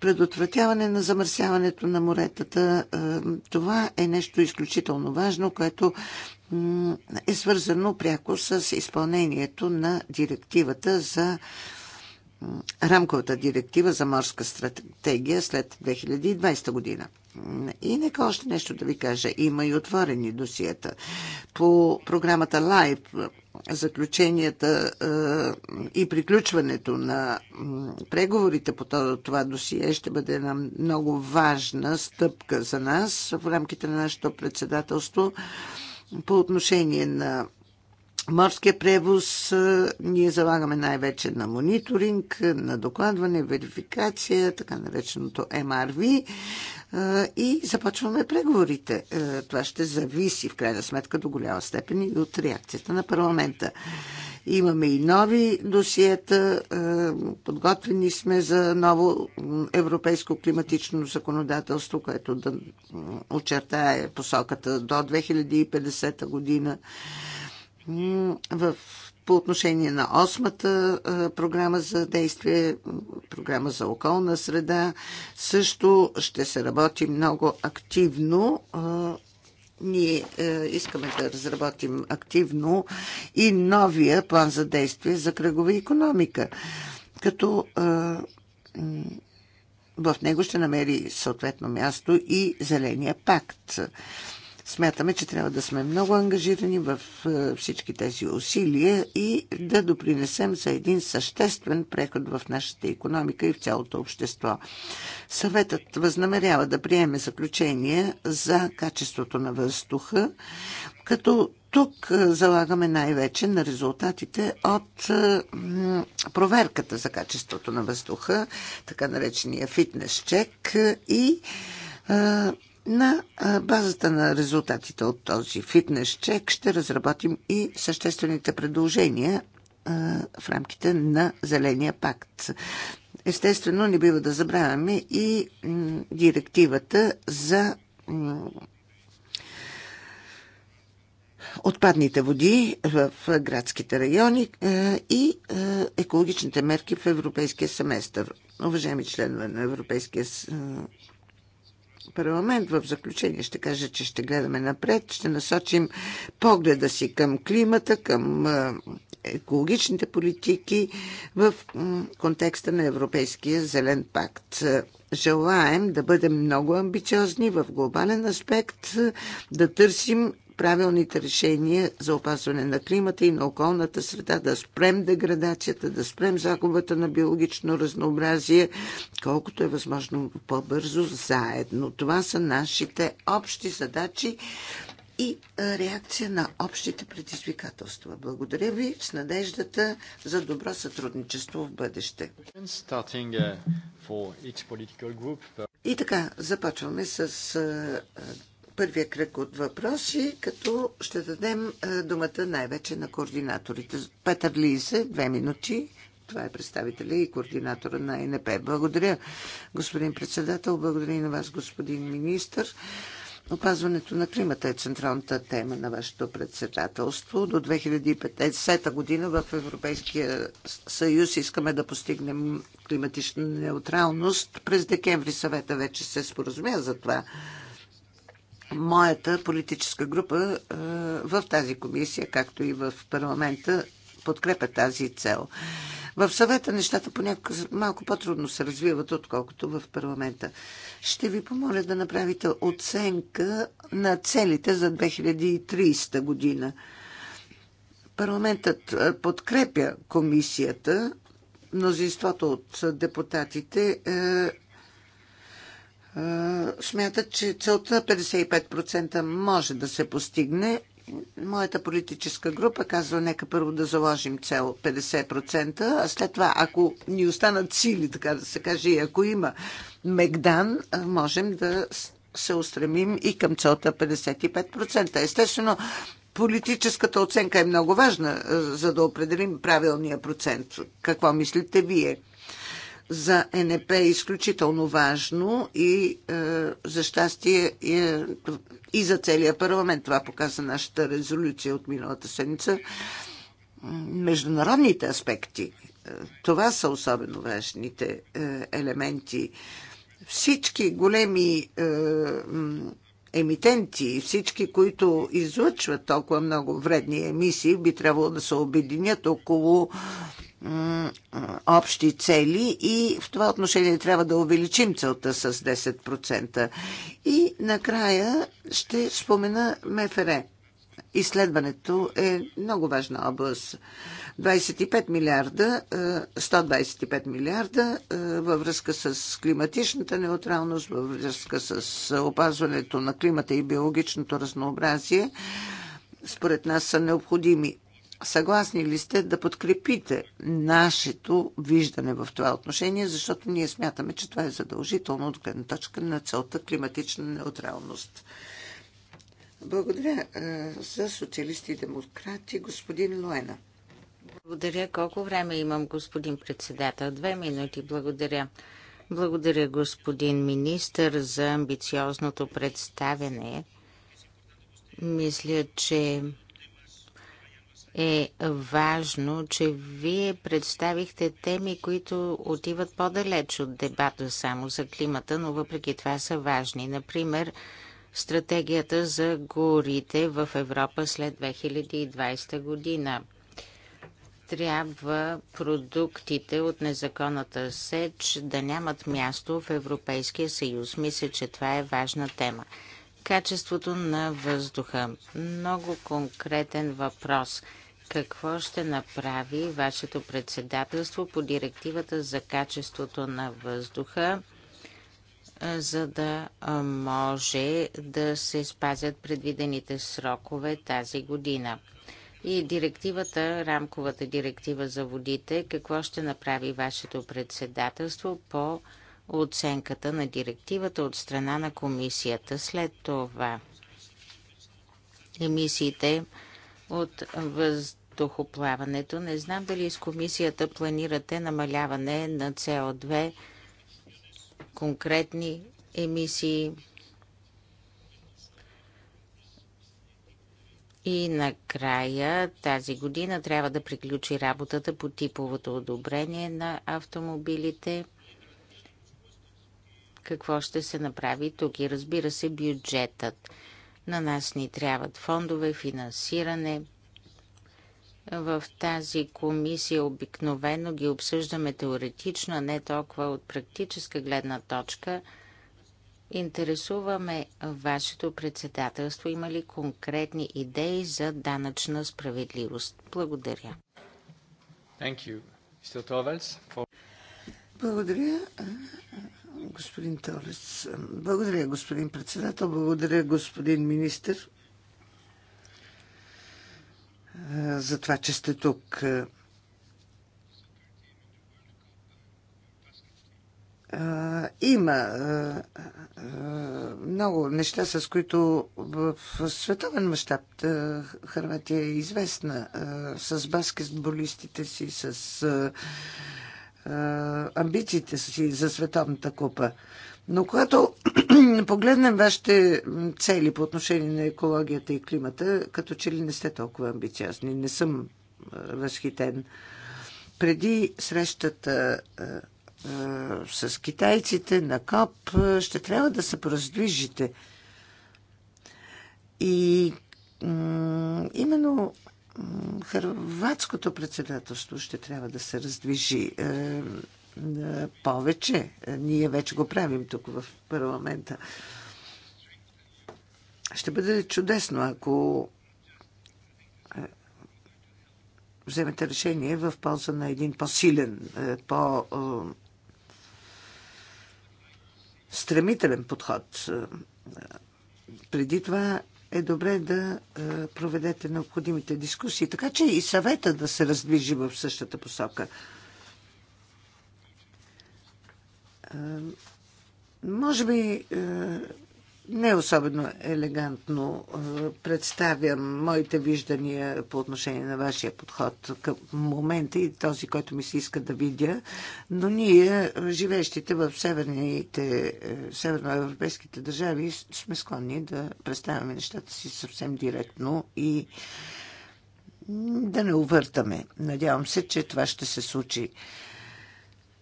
предотвратяване на замърсяването на моретата. Това е нещо изключително важно, което е свързано пряко с изпълнението на директивата за рамковата директива за морска стратегия след 2020 година. И нека още нещо да ви кажа. Има и отворени досиета. По програмата Live заключенията е, и приключването на преговорите по това досие ще бъде една много важна стъпка за нас в рамките на нашето председателство. По отношение на морския превоз ние залагаме най-вече на мониторинг, на докладване, верификация, така нареченото MRV и започваме преговорите. Това ще зависи в крайна сметка до голяма степен и от реакцията на парламента. Имаме и нови досиета. Е, подготвени сме за ново европейско климатично законодателство, което да очертае посоката до 2050 година. В по отношение на осмата е, програма за действие, програма за околна среда, също ще се работи много активно е, ние е, искаме да разработим активно и новия план за действие за кръгова економика, като е, в него ще намери съответно място и Зеления пакт. Смятаме, че трябва да сме много ангажирани в е, всички тези усилия и да допринесем за един съществен преход в нашата економика и в цялото общество. Съветът възнамерява да приеме заключение за качеството на въздуха, като тук е, залагаме най-вече на резултатите от е, проверката за качеството на въздуха, така наречения фитнес чек и на базата на резултатите от този фитнес чек ще разработим и съществените предложения в рамките на Зеления пакт. Естествено, не бива да забравяме и директивата за отпадните води в градските райони и екологичните мерки в Европейския семестър. Уважаеми членове на Европейския парламент в заключение ще кажа, че ще гледаме напред, ще насочим погледа си към климата, към екологичните политики в контекста на Европейския зелен пакт. Желаем да бъдем много амбициозни в глобален аспект, да търсим правилните решения за опазване на климата и на околната среда, да спрем деградацията, да спрем загубата на биологично разнообразие, колкото е възможно по-бързо заедно. Това са нашите общи задачи и реакция на общите предизвикателства. Благодаря ви с надеждата за добро сътрудничество в бъдеще. Uh, и така, започваме с първия кръг от въпроси, като ще дадем е, думата най-вече на координаторите. Петър Лисе, две минути. Това е представителя и координатора на НП. Благодаря, господин председател. Благодаря и на вас, господин министр. Опазването на климата е централната тема на вашето председателство. До 2050 година в Европейския съюз искаме да постигнем климатична неутралност. През декември съвета вече се споразумя за това моята политическа група е, в тази комисия, както и в парламента, подкрепя тази цел. В съвета нещата понякога малко по-трудно се развиват, отколкото в парламента. Ще ви помоля да направите оценка на целите за 2030 година. Парламентът е, подкрепя комисията. Мнозинството от депутатите е, смятат, че целта 55% може да се постигне. Моята политическа група казва, нека първо да заложим цел 50%, а след това, ако ни останат сили, така да се каже, и ако има Мегдан, можем да се устремим и към целта 55%. Естествено, политическата оценка е много важна, за да определим правилния процент. Какво мислите вие? за НП е изключително важно и е, за щастие е, и за целия парламент. Това показа нашата резолюция от миналата седмица. Международните аспекти, е, това са особено важните е, елементи. Всички големи е, емитенти, всички, които излъчват толкова много вредни емисии, би трябвало да се обединят около общи цели и в това отношение трябва да увеличим целта с 10%. И накрая ще спомена МФР. Изследването е много важна област. 25 милиарда, 125 е, милиарда е, във връзка с климатичната неутралност, във връзка с опазването на климата и биологичното разнообразие, според нас са необходими Съгласни ли сте да подкрепите нашето виждане в това отношение, защото ние смятаме, че това е задължително от гледна точка на целта климатична неутралност? Благодаря за социалисти и демократи, господин Луена. Благодаря. Колко време имам, господин председател? Две минути. Благодаря. Благодаря, господин министър, за амбициозното представяне. Мисля, че е важно, че вие представихте теми, които отиват по-далеч от дебата само за климата, но въпреки това са важни. Например, стратегията за горите в Европа след 2020 година. Трябва продуктите от незаконната сеч да нямат място в Европейския съюз. Мисля, че това е важна тема качеството на въздуха. Много конкретен въпрос какво ще направи вашето председателство по директивата за качеството на въздуха, за да може да се спазят предвидените срокове тази година. И директивата, рамковата директива за водите, какво ще направи вашето председателство по оценката на директивата от страна на комисията. След това емисиите от въздуха въздухоплаването. Не знам дали с комисията планирате намаляване на СО2, конкретни емисии. И накрая тази година трябва да приключи работата по типовото одобрение на автомобилите. Какво ще се направи тук и разбира се бюджетът. На нас ни трябват фондове, финансиране. В тази комисия обикновено ги обсъждаме теоретично, а не толкова от практическа гледна точка. Интересуваме вашето председателство. Има ли конкретни идеи за данъчна справедливост? Благодаря. Благодаря, господин Торец. Благодаря, господин председател. Благодаря, господин министр. за това, че сте тук. Има много неща, с които в световен мащаб Харватия е известна. С баскетболистите си, с амбициите си за Световната купа. Но когато погледнем вашите цели по отношение на екологията и климата, като че ли не сте толкова амбициозни, не съм възхитен. Преди срещата с китайците на КОП ще трябва да се проздвижите. И именно Хрватското председателство ще трябва да се раздвижи е, е, повече. Ние вече го правим тук в парламента. Ще бъде чудесно, ако е, вземете решение в полза на един по-силен, е, по-, по стремителен подход. Преди това е добре да е, проведете необходимите дискусии, така че и съвета да се раздвижи в същата посока. Е, може би е, не е особено елегантно представям моите виждания по отношение на вашия подход към момента и този, който ми се иска да видя, но ние, живеещите в северните, е, северноевропейските държави, сме склонни да представяме нещата си съвсем директно и да не увъртаме. Надявам се, че това ще се случи.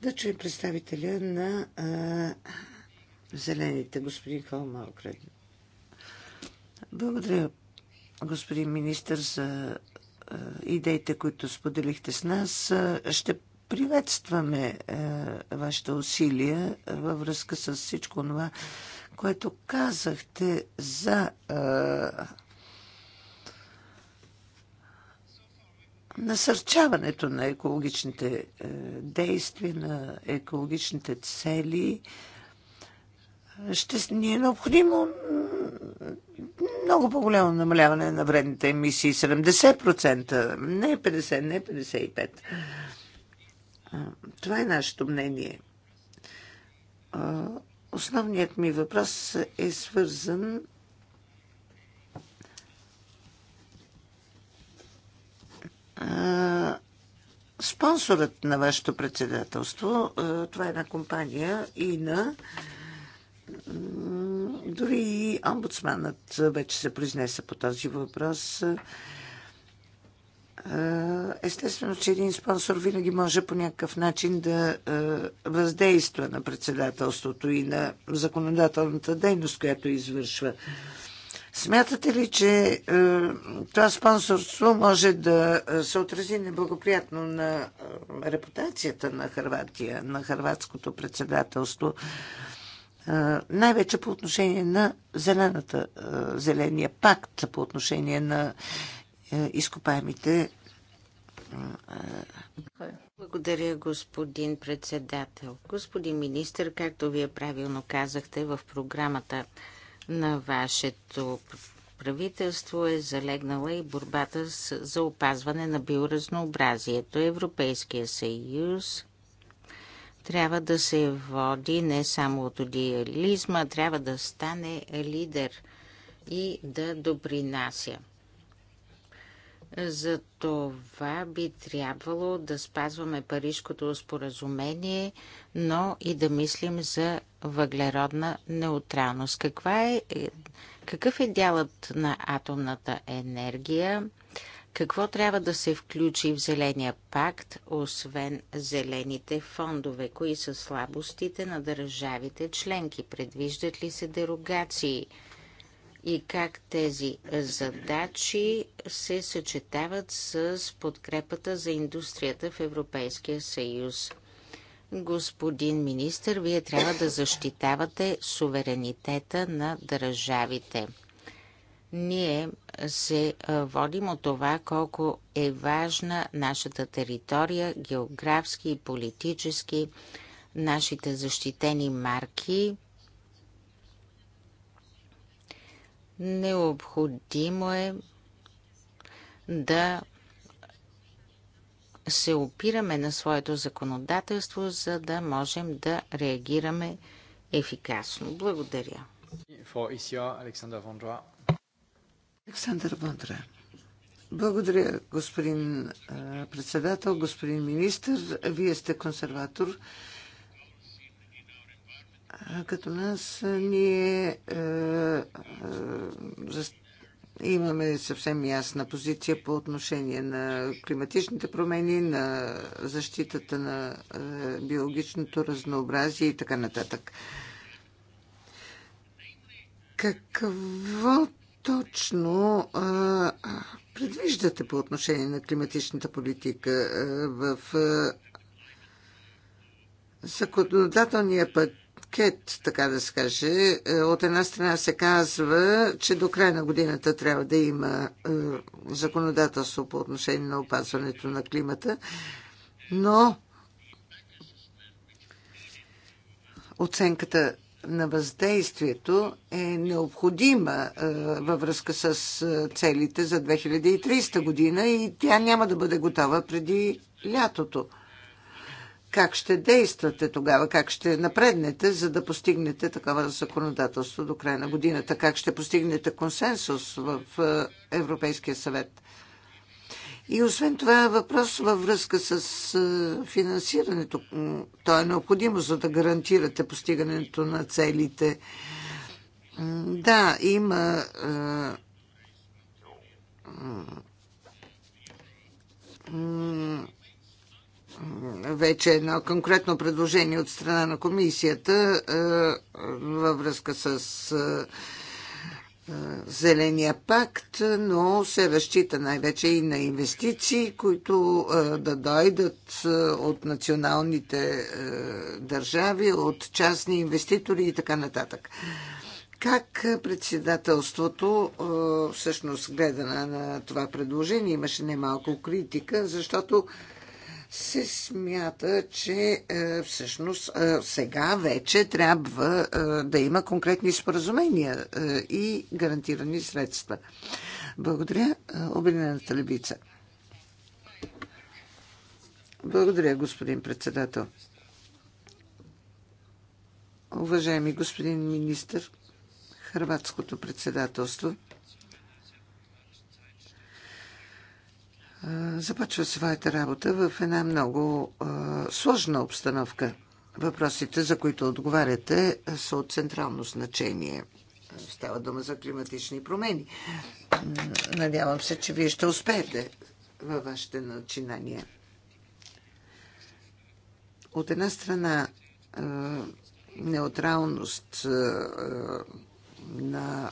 Да чуем представителя на зелените, господин Холмалкрен. Благодаря, господин министр, за е, идеите, които споделихте с нас. Ще приветстваме е, вашите усилия е, във връзка с всичко това, което казахте за насърчаването на екологичните действия, на екологичните цели – ще ни е необходимо много по-голямо намаляване на вредните емисии 70%, не 50, не 55. Това е нашето мнение. Основният ми въпрос е свързан спонсорът на вашето председателство. Това е една компания и на дори и омбудсманът вече се произнесе по този въпрос. Е, естествено, че един спонсор винаги може по някакъв начин да е, въздейства на председателството и на законодателната дейност, която извършва. Смятате ли, че е, това спонсорство може да се отрази неблагоприятно на репутацията на Харватия, на харватското председателство? най-вече по отношение на зелената, зеления пакт, по отношение на изкопаемите. Благодаря, господин председател. Господин министр, както вие правилно казахте, в програмата на вашето правителство е залегнала и борбата за опазване на биоразнообразието. Европейския съюз трябва да се води не само от идеализма, трябва да стане лидер и да допринася. За това би трябвало да спазваме Парижкото споразумение, но и да мислим за въглеродна неутралност. Каква е, какъв е дялът на атомната енергия? Какво трябва да се включи в Зеления пакт, освен зелените фондове? Кои са слабостите на държавите членки? Предвиждат ли се дерогации? И как тези задачи се съчетават с подкрепата за индустрията в Европейския съюз? Господин министр, вие трябва да защитавате суверенитета на държавите – ние се водим от това колко е важна нашата територия, географски и политически, нашите защитени марки. Необходимо е да се опираме на своето законодателство, за да можем да реагираме ефикасно. Благодаря. Alexander Александър Бондра. Благодаря, господин председател, господин министр. Вие сте консерватор. като нас ние е, е, имаме съвсем ясна позиция по отношение на климатичните промени, на защитата на е, биологичното разнообразие и така нататък. Какво точно а, предвиждате по отношение на климатичната политика а, в а, законодателния път? пакет, така да се каже. Е, от една страна се казва, че до края на годината трябва да има е, законодателство по отношение на опазването на климата, но оценката на въздействието е необходима е, във връзка с е, целите за 2300 година и тя няма да бъде готова преди лятото. Как ще действате тогава? Как ще напреднете, за да постигнете такова законодателство до края на годината? Как ще постигнете консенсус в е, Европейския съвет? И освен това въпрос във връзка с е, финансирането. То е необходимо, за да гарантирате постигането на целите. Да, има е, вече едно конкретно предложение от страна на комисията е, във връзка с Зеления пакт, но се разчита най-вече и на инвестиции, които да дойдат от националните държави, от частни инвеститори и така нататък. Как председателството всъщност гледа на това предложение? Имаше немалко критика, защото се смята, че е, всъщност е, сега вече трябва е, да има конкретни споразумения и гарантирани средства. Благодаря, Обединената левица. Благодаря, господин председател. Уважаеми господин министр, Хрватското председателство – започва своята работа в една много сложна обстановка. Въпросите, за които отговаряте, са от централно значение. Става дума за климатични промени. Надявам се, че вие ще успеете във вашите начинания. От една страна, неутралност на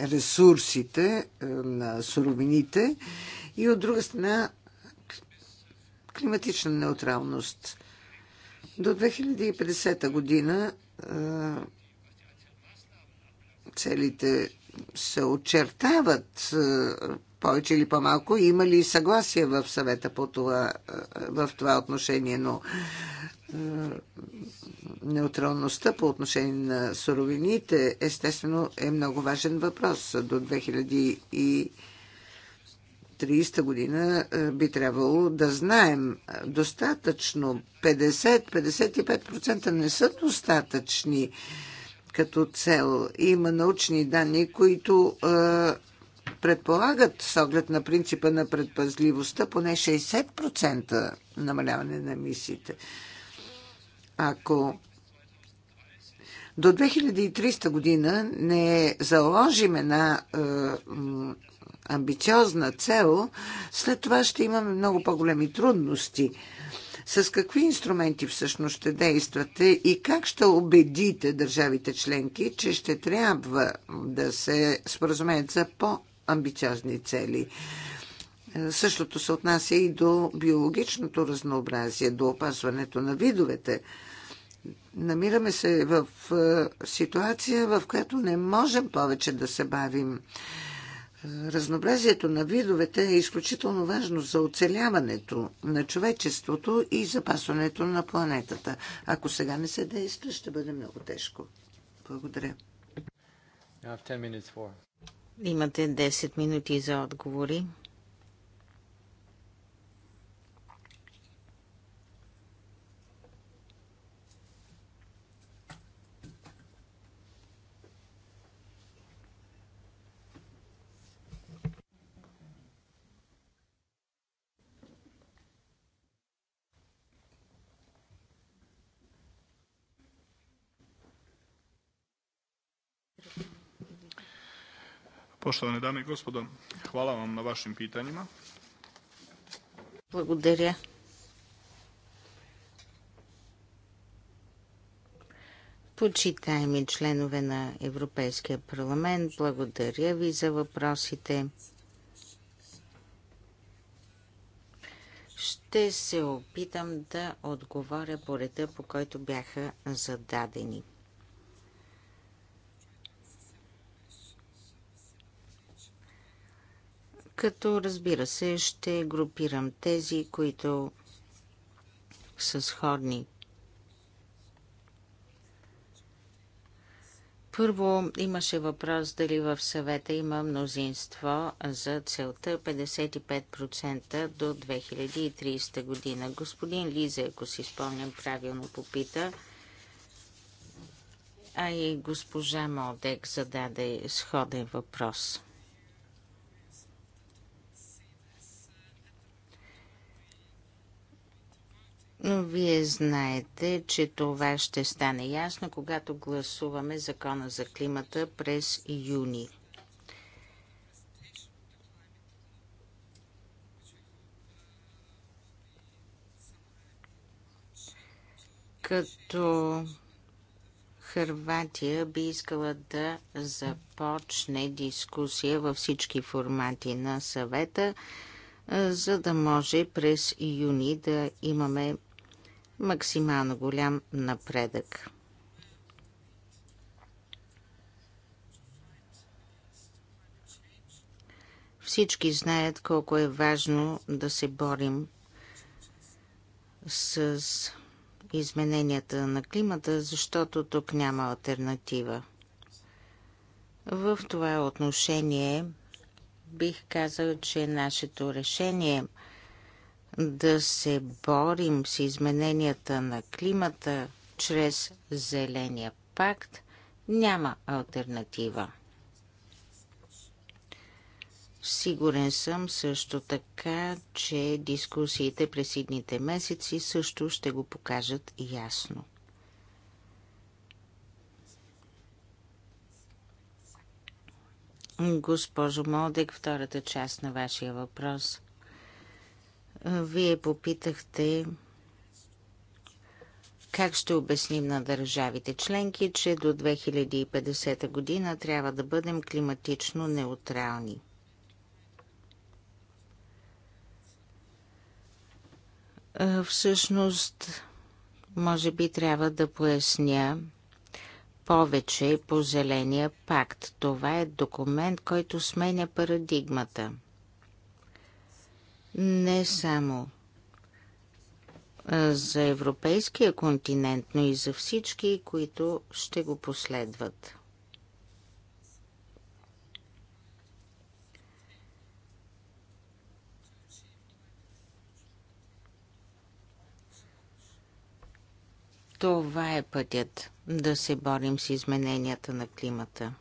ресурсите, е, на суровините и от друга страна климатична неутралност. До 2050 година е, целите се очертават е, повече или по-малко. Има ли съгласие в съвета по това, в това отношение, но неутралността по отношение на суровините, естествено е много важен въпрос. До 2030 година е, би трябвало да знаем е, достатъчно. 50-55% не са достатъчни като цел. Има научни данни, които е, предполагат с оглед на принципа на предпазливостта поне 60% намаляване на емисиите. Ако до 2300 година не заложим една е, амбициозна цел, след това ще имаме много по-големи трудности. С какви инструменти всъщност ще действате и как ще убедите държавите членки, че ще трябва да се споразумеят за по-амбициозни цели? Е, същото се отнася и до биологичното разнообразие, до опазването на видовете. Намираме се в ситуация, в която не можем повече да се бавим. Разнообразието на видовете е изключително важно за оцеляването на човечеството и запасването на планетата. Ако сега не се действа, ще бъде много тежко. Благодаря. Имате 10 минути за отговори. Poštovane dame i gospodo, hvala vam na vašim pitanjima. Благодаря. Почитаеми членове на Европейския парламент, благодаря ви за въпросите. Ще се опитам да отговоря по реда, по който бяха зададени. като разбира се ще групирам тези, които са сходни. Първо имаше въпрос дали в съвета има мнозинство за целта 55% до 2030 година. Господин Лиза, ако си спомням правилно, попита, а и госпожа Модек зададе сходен въпрос – Но вие знаете, че това ще стане ясно, когато гласуваме закона за климата през юни. Като Хърватия би искала да започне дискусия във всички формати на съвета, за да може през юни да имаме максимално голям напредък. Всички знаят колко е важно да се борим с измененията на климата, защото тук няма альтернатива. В това отношение бих казал, че нашето решение – да се борим с измененията на климата чрез Зеления пакт, няма альтернатива. Сигурен съм също така, че дискусиите през идните месеци също ще го покажат ясно. Госпожо Молдек, втората част на вашия въпрос – вие попитахте как ще обясним на държавите членки, че до 2050 година трябва да бъдем климатично неутрални. Всъщност, може би трябва да поясня повече по Зеления пакт. Това е документ, който сменя парадигмата – не само за европейския континент, но и за всички, които ще го последват. Това е пътят да се борим с измененията на климата.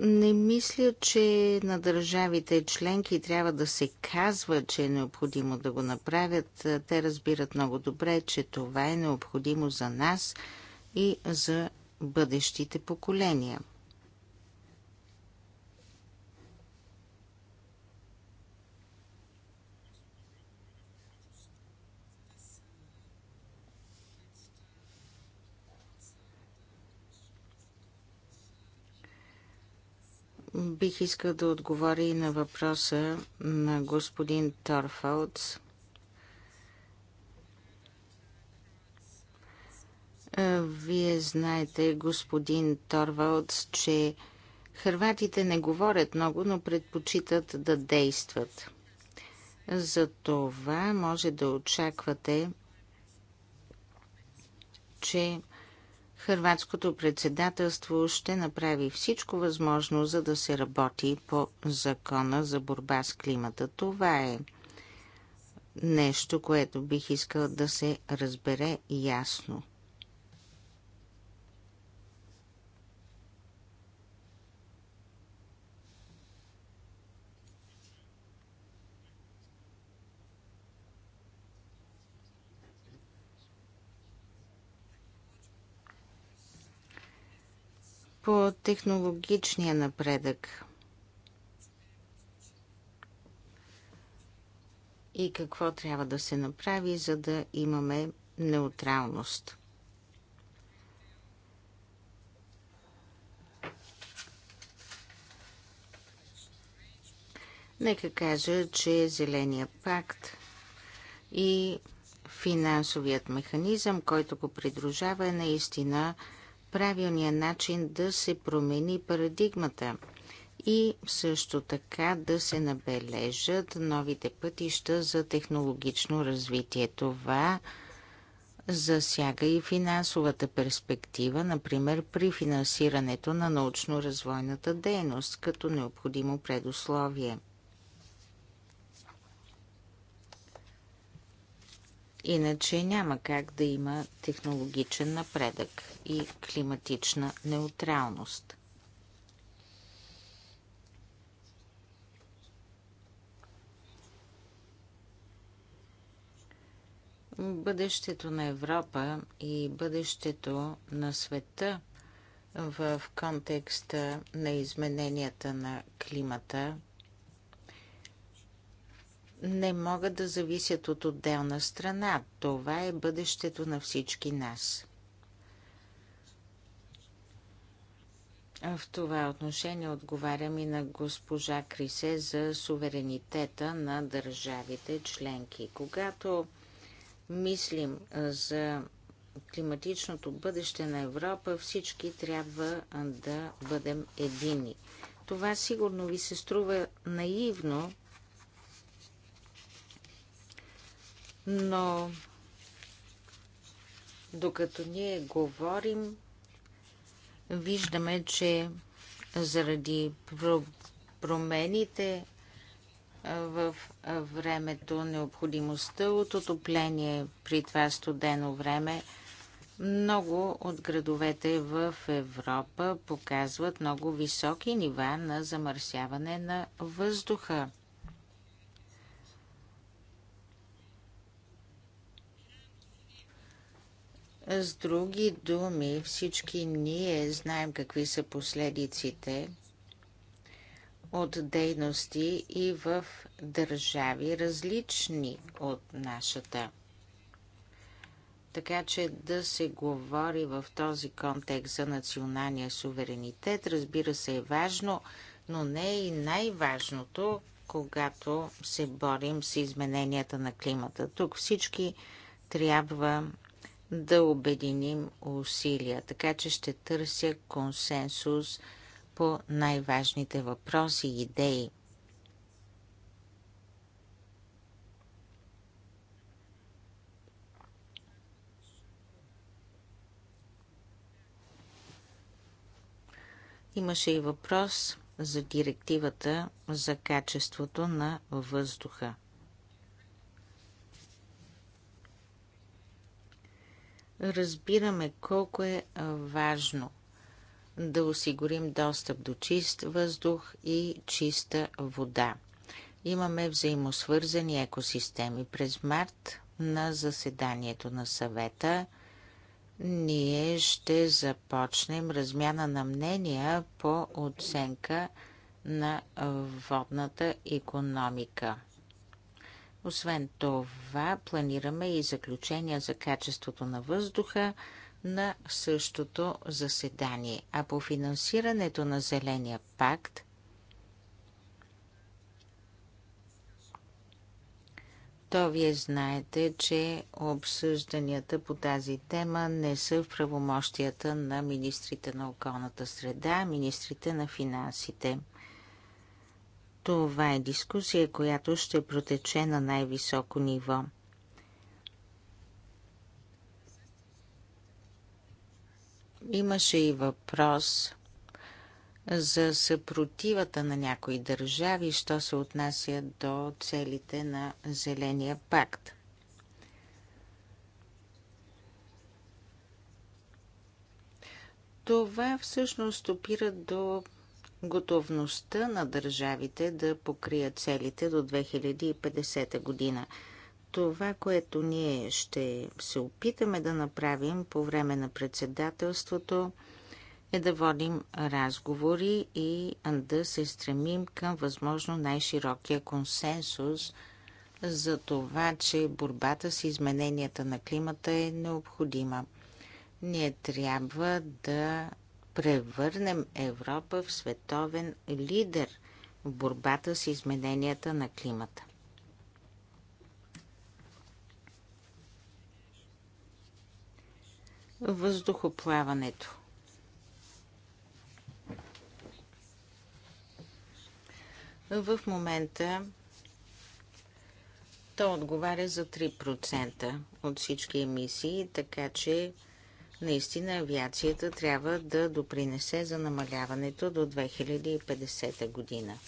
Не мисля, че на държавите членки трябва да се казва, че е необходимо да го направят. Те разбират много добре, че това е необходимо за нас и за бъдещите поколения. Бих искал да отговоря и на въпроса на господин Торфалдс. Вие знаете, господин Торвалдс, че хърватите не говорят много, но предпочитат да действат. За това може да очаквате, че Хрватското председателство ще направи всичко възможно, за да се работи по закона за борба с климата. Това е нещо, което бих искал да се разбере ясно. по технологичния напредък. И какво трябва да се направи, за да имаме неутралност. Нека кажа, че Зеления пакт и финансовият механизъм, който го придружава, е наистина правилния начин да се промени парадигмата и също така да се набележат новите пътища за технологично развитие. Това засяга и финансовата перспектива, например при финансирането на научно-развойната дейност, като необходимо предусловие. Иначе няма как да има технологичен напредък и климатична неутралност. Бъдещето на Европа и бъдещето на света в контекста на измененията на климата – не могат да зависят от отделна страна. Това е бъдещето на всички нас. В това отношение отговарям и на госпожа Крисе за суверенитета на държавите членки. Когато мислим за климатичното бъдеще на Европа, всички трябва да бъдем едини. Това сигурно ви се струва наивно, Но докато ние говорим, виждаме, че заради промените в времето, необходимостта от отопление при това студено време, много от градовете в Европа показват много високи нива на замърсяване на въздуха. С други думи, всички ние знаем какви са последиците от дейности и в държави различни от нашата. Така че да се говори в този контекст за националния суверенитет, разбира се, е важно, но не е и най-важното, когато се борим с измененията на климата. Тук всички трябва да обединим усилия, така че ще търся консенсус по най-важните въпроси и идеи. Имаше и въпрос за директивата за качеството на въздуха. разбираме колко е важно да осигурим достъп до чист въздух и чиста вода. Имаме взаимосвързани екосистеми. През март на заседанието на съвета ние ще започнем размяна на мнения по оценка на водната економика. Освен това, планираме и заключения за качеството на въздуха на същото заседание. А по финансирането на Зеления пакт, то вие знаете, че обсъжданията по тази тема не са в правомощията на министрите на околната среда, а министрите на финансите – това е дискусия, която ще протече на най-високо ниво. Имаше и въпрос за съпротивата на някои държави, що се отнася до целите на Зеления пакт. Това всъщност опира до готовността на държавите да покрият целите до 2050 година. Това, което ние ще се опитаме да направим по време на председателството, е да водим разговори и да се стремим към възможно най-широкия консенсус за това, че борбата с измененията на климата е необходима. Ние трябва да превърнем Европа в световен лидер в борбата с измененията на климата. Въздухоплаването. В момента то отговаря за 3% от всички емисии, така че Наистина авиацията трябва да допринесе за намаляването до 2050 година.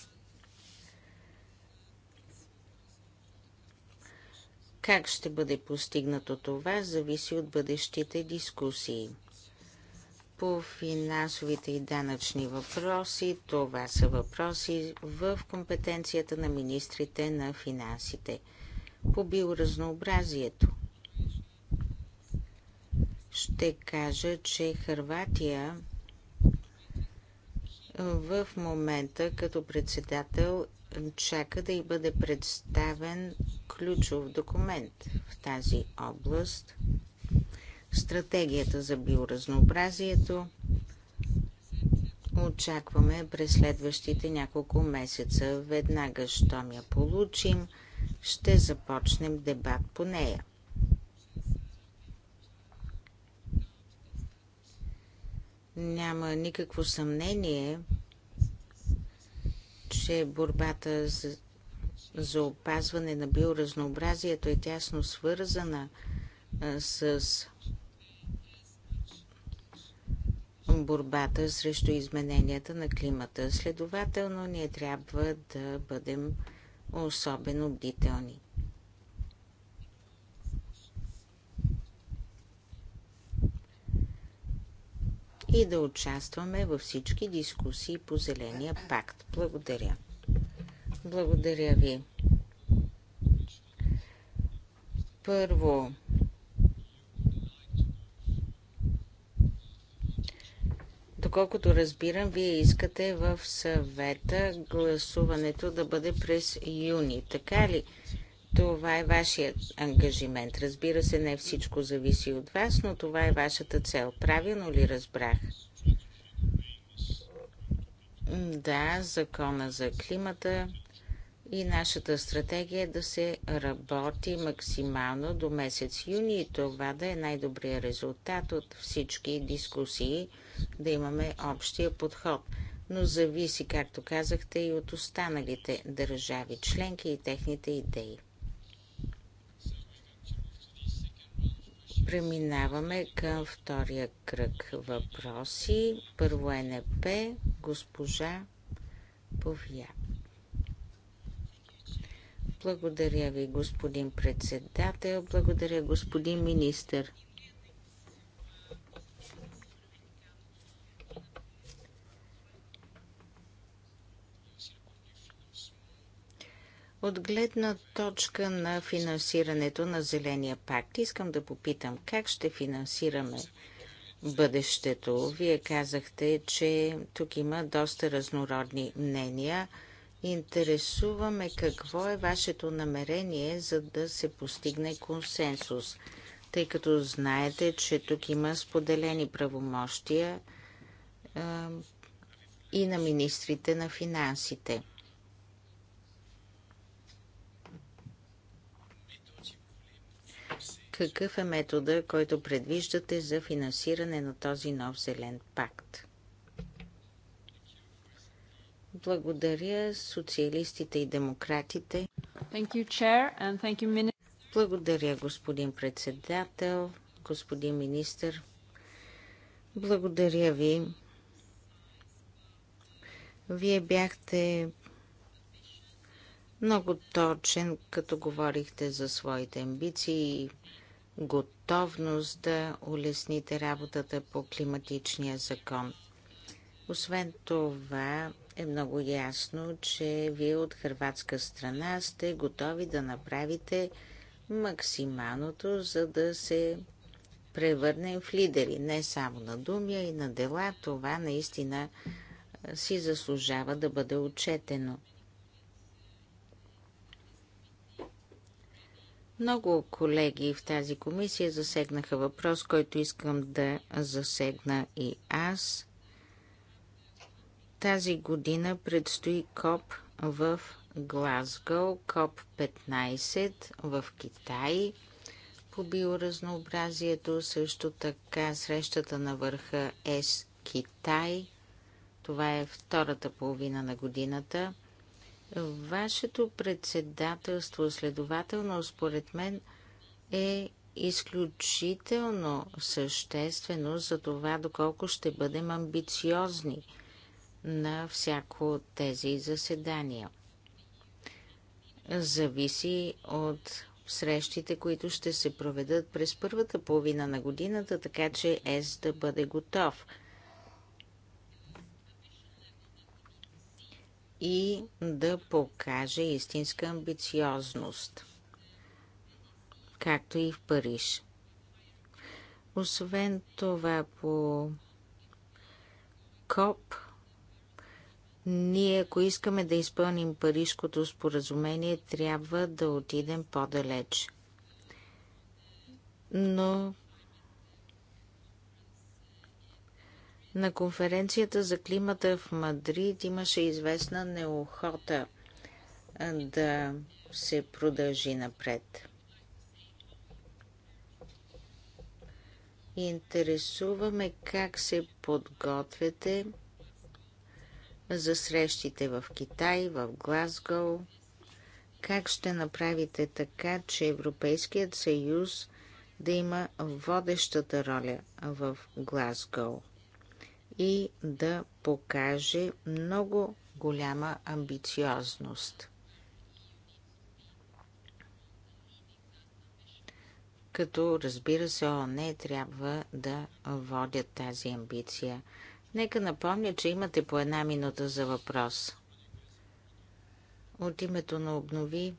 Как ще бъде постигнато това, зависи от бъдещите дискусии. По финансовите и данъчни въпроси, това са въпроси в компетенцията на министрите на финансите. По биоразнообразието ще кажа, че Хърватия в момента като председател чака да й бъде представен ключов документ в тази област стратегията за биоразнообразието. Очакваме през следващите няколко месеца. Веднага, щом я получим, ще започнем дебат по нея. Няма никакво съмнение, че борбата за, за опазване на биоразнообразието е тясно свързана а, с борбата срещу измененията на климата. Следователно, ние трябва да бъдем особено бдителни. и да участваме във всички дискусии по Зеления пакт. Благодаря. Благодаря ви. Първо, Доколкото разбирам, вие искате в съвета гласуването да бъде през юни, така ли? Това е вашият ангажимент. Разбира се, не всичко зависи от вас, но това е вашата цел. Правилно ли разбрах? Да, закона за климата и нашата стратегия е да се работи максимално до месец юни и това да е най-добрият резултат от всички дискусии, да имаме общия подход. Но зависи, както казахте, и от останалите държави членки и техните идеи. Преминаваме към втория кръг въпроси. Първо НП, госпожа Повия. Благодаря ви, господин председател. Благодаря, господин министър. От гледна точка на финансирането на Зеления пакт, искам да попитам как ще финансираме бъдещето. Вие казахте, че тук има доста разнородни мнения. Интересуваме какво е вашето намерение, за да се постигне консенсус, тъй като знаете, че тук има споделени правомощия и на министрите на финансите. какъв е метода, който предвиждате за финансиране на този нов зелен пакт? Благодаря социалистите и демократите. You, Chair, Благодаря, господин председател, господин министр. Благодаря ви. Вие бяхте много точен, като говорихте за своите амбиции готовност да улесните работата по климатичния закон. Освен това е много ясно, че вие от хрватска страна сте готови да направите максималното, за да се превърнем в лидери. Не само на думи, а и на дела. Това наистина си заслужава да бъде отчетено. Много колеги в тази комисия засегнаха въпрос, който искам да засегна и аз. Тази година предстои КОП в Глазго, КОП 15 в Китай по биоразнообразието, също така срещата на върха е С Китай. Това е втората половина на годината – Вашето председателство, следователно, според мен, е изключително съществено за това, доколко ще бъдем амбициозни на всяко от тези заседания. Зависи от срещите, които ще се проведат през първата половина на годината, така че ЕС да бъде готов – и да покаже истинска амбициозност, както и в Париж. Освен това, по КОП, ние, ако искаме да изпълним Парижското споразумение, трябва да отидем по-далеч. Но На конференцията за климата в Мадрид имаше известна неохота да се продължи напред. Интересуваме как се подготвяте за срещите в Китай, в Глазго, Как ще направите така, че Европейският съюз да има водещата роля в Глазгоу? и да покаже много голяма амбициозност. Като разбира се, не трябва да водят тази амбиция. Нека напомня, че имате по една минута за въпрос. От името на обнови.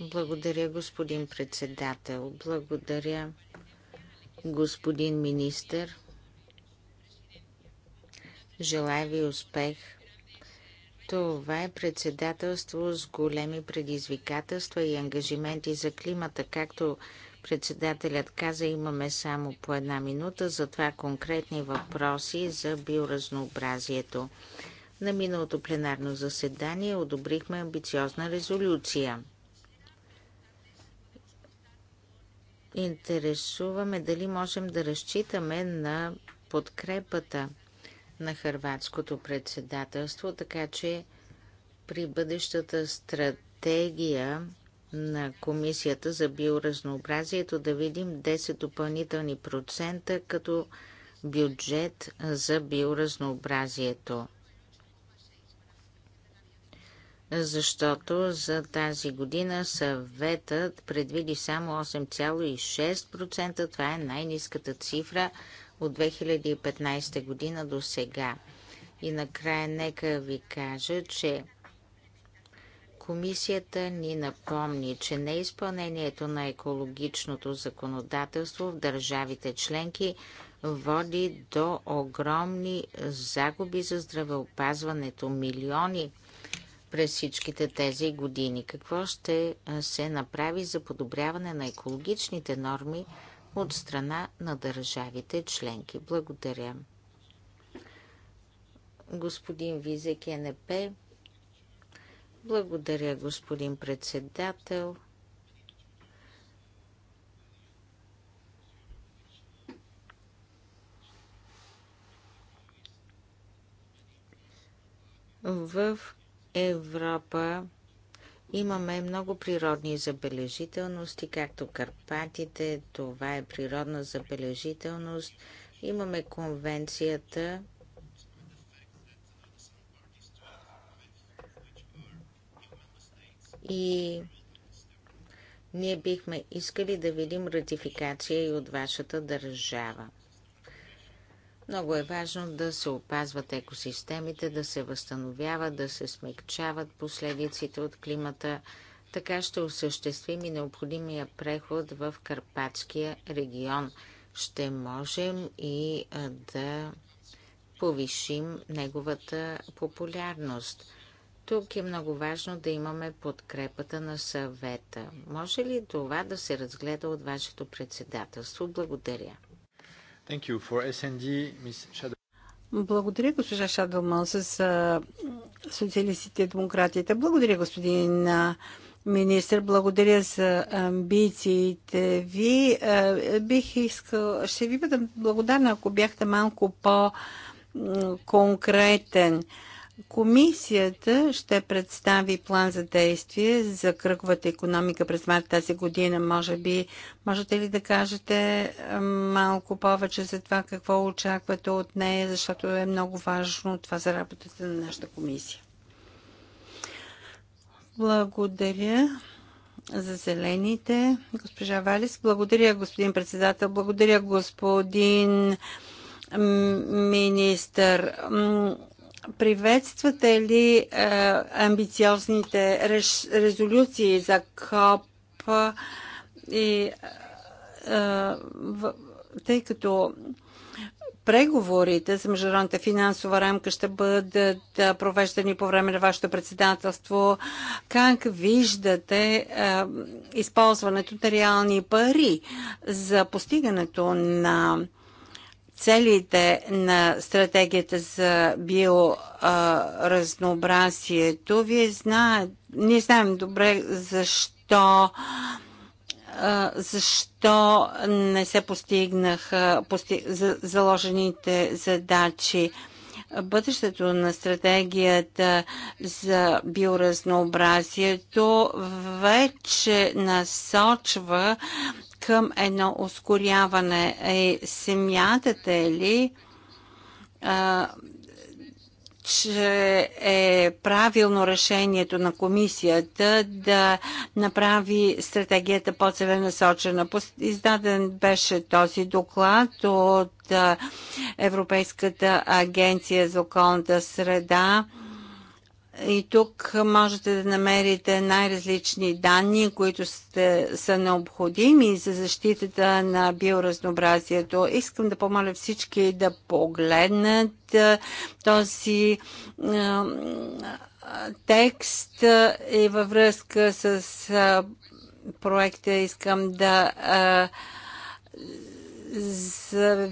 Благодаря, господин председател. Благодаря господин министър. Желая ви успех. Това е председателство с големи предизвикателства и ангажименти за климата. Както председателят каза, имаме само по една минута, затова конкретни въпроси за биоразнообразието. На миналото пленарно заседание одобрихме амбициозна резолюция – интересуваме дали можем да разчитаме на подкрепата на хърватското председателство, така че при бъдещата стратегия на Комисията за биоразнообразието да видим 10 допълнителни процента като бюджет за биоразнообразието защото за тази година съветът предвиди само 8,6%. Това е най-низката цифра от 2015 година до сега. И накрая нека ви кажа, че Комисията ни напомни, че неизпълнението на екологичното законодателство в държавите членки води до огромни загуби за здравеопазването. Милиони през всичките тези години? Какво ще се направи за подобряване на екологичните норми от страна на държавите членки? Благодаря. Господин Визек, НП. Благодаря, господин председател. В Европа имаме много природни забележителности, както Карпатите, това е природна забележителност. Имаме конвенцията и ние бихме искали да видим ратификация и от вашата държава. Много е важно да се опазват екосистемите, да се възстановяват, да се смягчават последиците от климата. Така ще осъществим и необходимия преход в Карпатския регион. Ще можем и да повишим неговата популярност. Тук е много важно да имаме подкрепата на съвета. Може ли това да се разгледа от вашето председателство? Благодаря. Thank you for SND, Ms. Благодаря, госпожа Шадълман, с социалистите и демократите. Благодаря, господин министр. Благодаря за амбициите ви. Бих искал, ще ви бъда благодарна, ако бяхте малко по-конкретен. Комисията ще представи план за действие за кръговата економика през март тази година. Може би, можете ли да кажете малко повече за това какво очаквате от нея, защото е много важно това за работата на нашата комисия. Благодаря за зелените. Госпожа Валис, благодаря, господин председател. Благодаря, господин министър. Приветствате ли е, амбициозните реш, резолюции за КОП и е, е, в, тъй като преговорите за международната финансова рамка ще бъдат е, провеждани по време на вашето председателство. Как виждате е, използването на реални пари за постигането на целите на стратегията за биоразнообразието, вие знаете, ние знаем добре защо защо не се постигнаха заложените задачи. Бъдещето на стратегията за биоразнообразието вече насочва към едно ускоряване. Е, смятате ли, а, че е правилно решението на комисията да направи стратегията по-целенасочена. Издаден беше този доклад от Европейската агенция за околната среда и тук можете да намерите най-различни данни, които сте, са необходими за защитата на биоразнообразието. Искам да помоля всички да погледнат този текст и във връзка с проекта искам да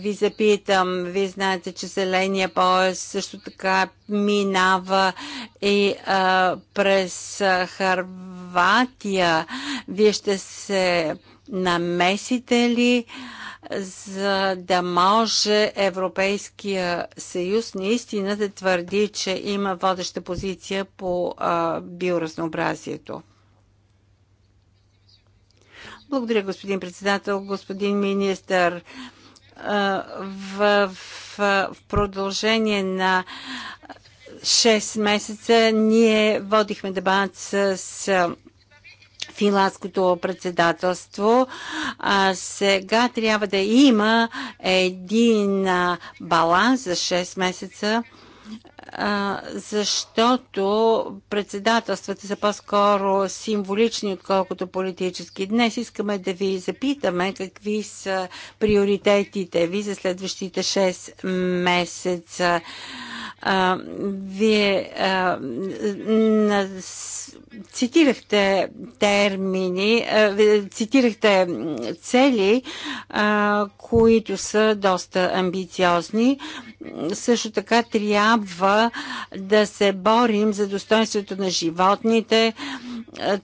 ви запитам, вие знаете, че зеления пояс също така минава и а, през Харватия. Вие ще се намесите ли, за да може Европейския съюз наистина да твърди, че има водеща позиция по а, биоразнообразието? Благодаря, господин председател, господин министър, В, в, в продължение на 6 месеца ние водихме дебат с, с финландското председателство. А сега трябва да има един баланс за 6 месеца защото председателствата са по-скоро символични, отколкото политически. Днес искаме да ви запитаме какви са приоритетите ви за следващите 6 месеца. А, вие а, цитирахте термини, цитирахте цели, а, които са доста амбициозни. Също така трябва да се борим за достоинството на животните,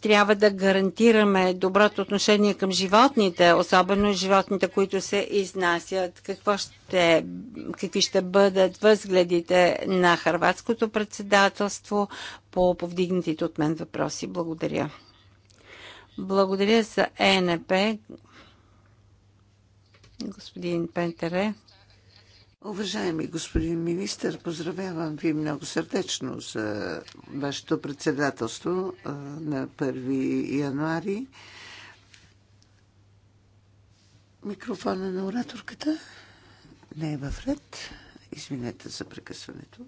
трябва да гарантираме доброто отношение към животните, особено животните, които се изнасят. Какво ще ще, какви ще бъдат възгледите на хрватското председателство по повдигнатите от мен въпроси. Благодаря. Благодаря за ЕНП. Господин Пентере. Уважаеми господин министр, поздравявам ви много сърдечно за вашето председателство на 1 януари. Микрофона на ораторката не е в ред. Извинете за прекъсването.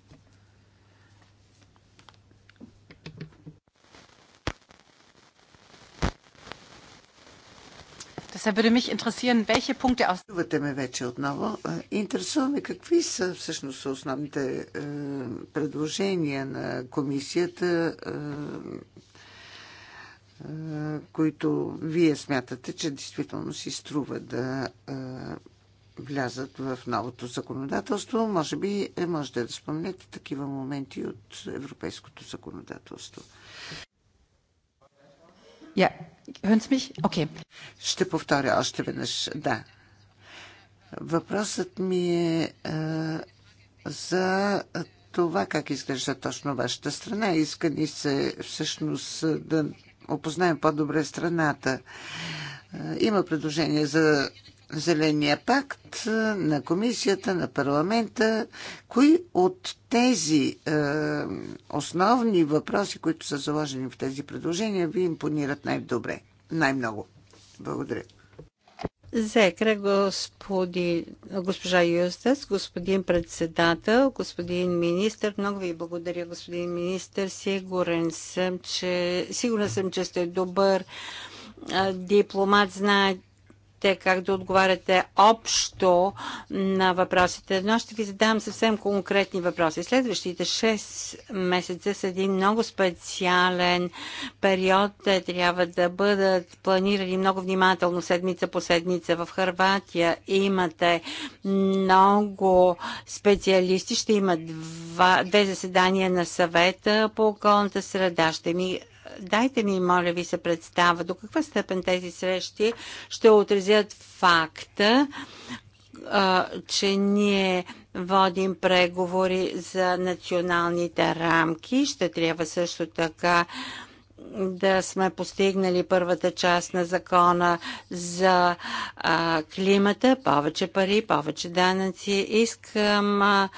Deshalb würde mich interessieren, welche Punkte aus... ме вече отново. Интересуваме какви са всъщност основните е, предложения на комисията, е, е, които вие смятате, че действително си струва да е, влязат в новото законодателство. Може би е, можете да спомнете такива моменти от европейското законодателство. Ja, mich? Okay. Ще повторя още веднъж. Да. Въпросът ми е, е за това как изглежда точно вашата страна. Иска ни се всъщност да опознаем по-добре страната. Е, има предложение за Зеления пакт е, на комисията, на парламента, кои от тези е, основни въпроси, които са заложени в тези предложения, ви импонират най-добре, най-много? Благодаря. Зекре, господи, госпожа Юстас, господин председател, господин министр, много ви благодаря, господин министр. Сигурен съм, че, сигурен съм, че сте добър дипломат. Знаете, знаете как да отговаряте общо на въпросите. Но ще ви задам съвсем конкретни въпроси. Следващите 6 месеца са един много специален период. Те трябва да бъдат планирани много внимателно седмица по седмица. В Харватия имате много специалисти. Ще има два, две заседания на съвета по околната среда. Ще ми дайте ни, моля ви, се представа до каква степен тези срещи ще отразят факта, че ние водим преговори за националните рамки. Ще трябва също така да сме постигнали първата част на закона за а, климата, повече пари, повече данъци. Искам а,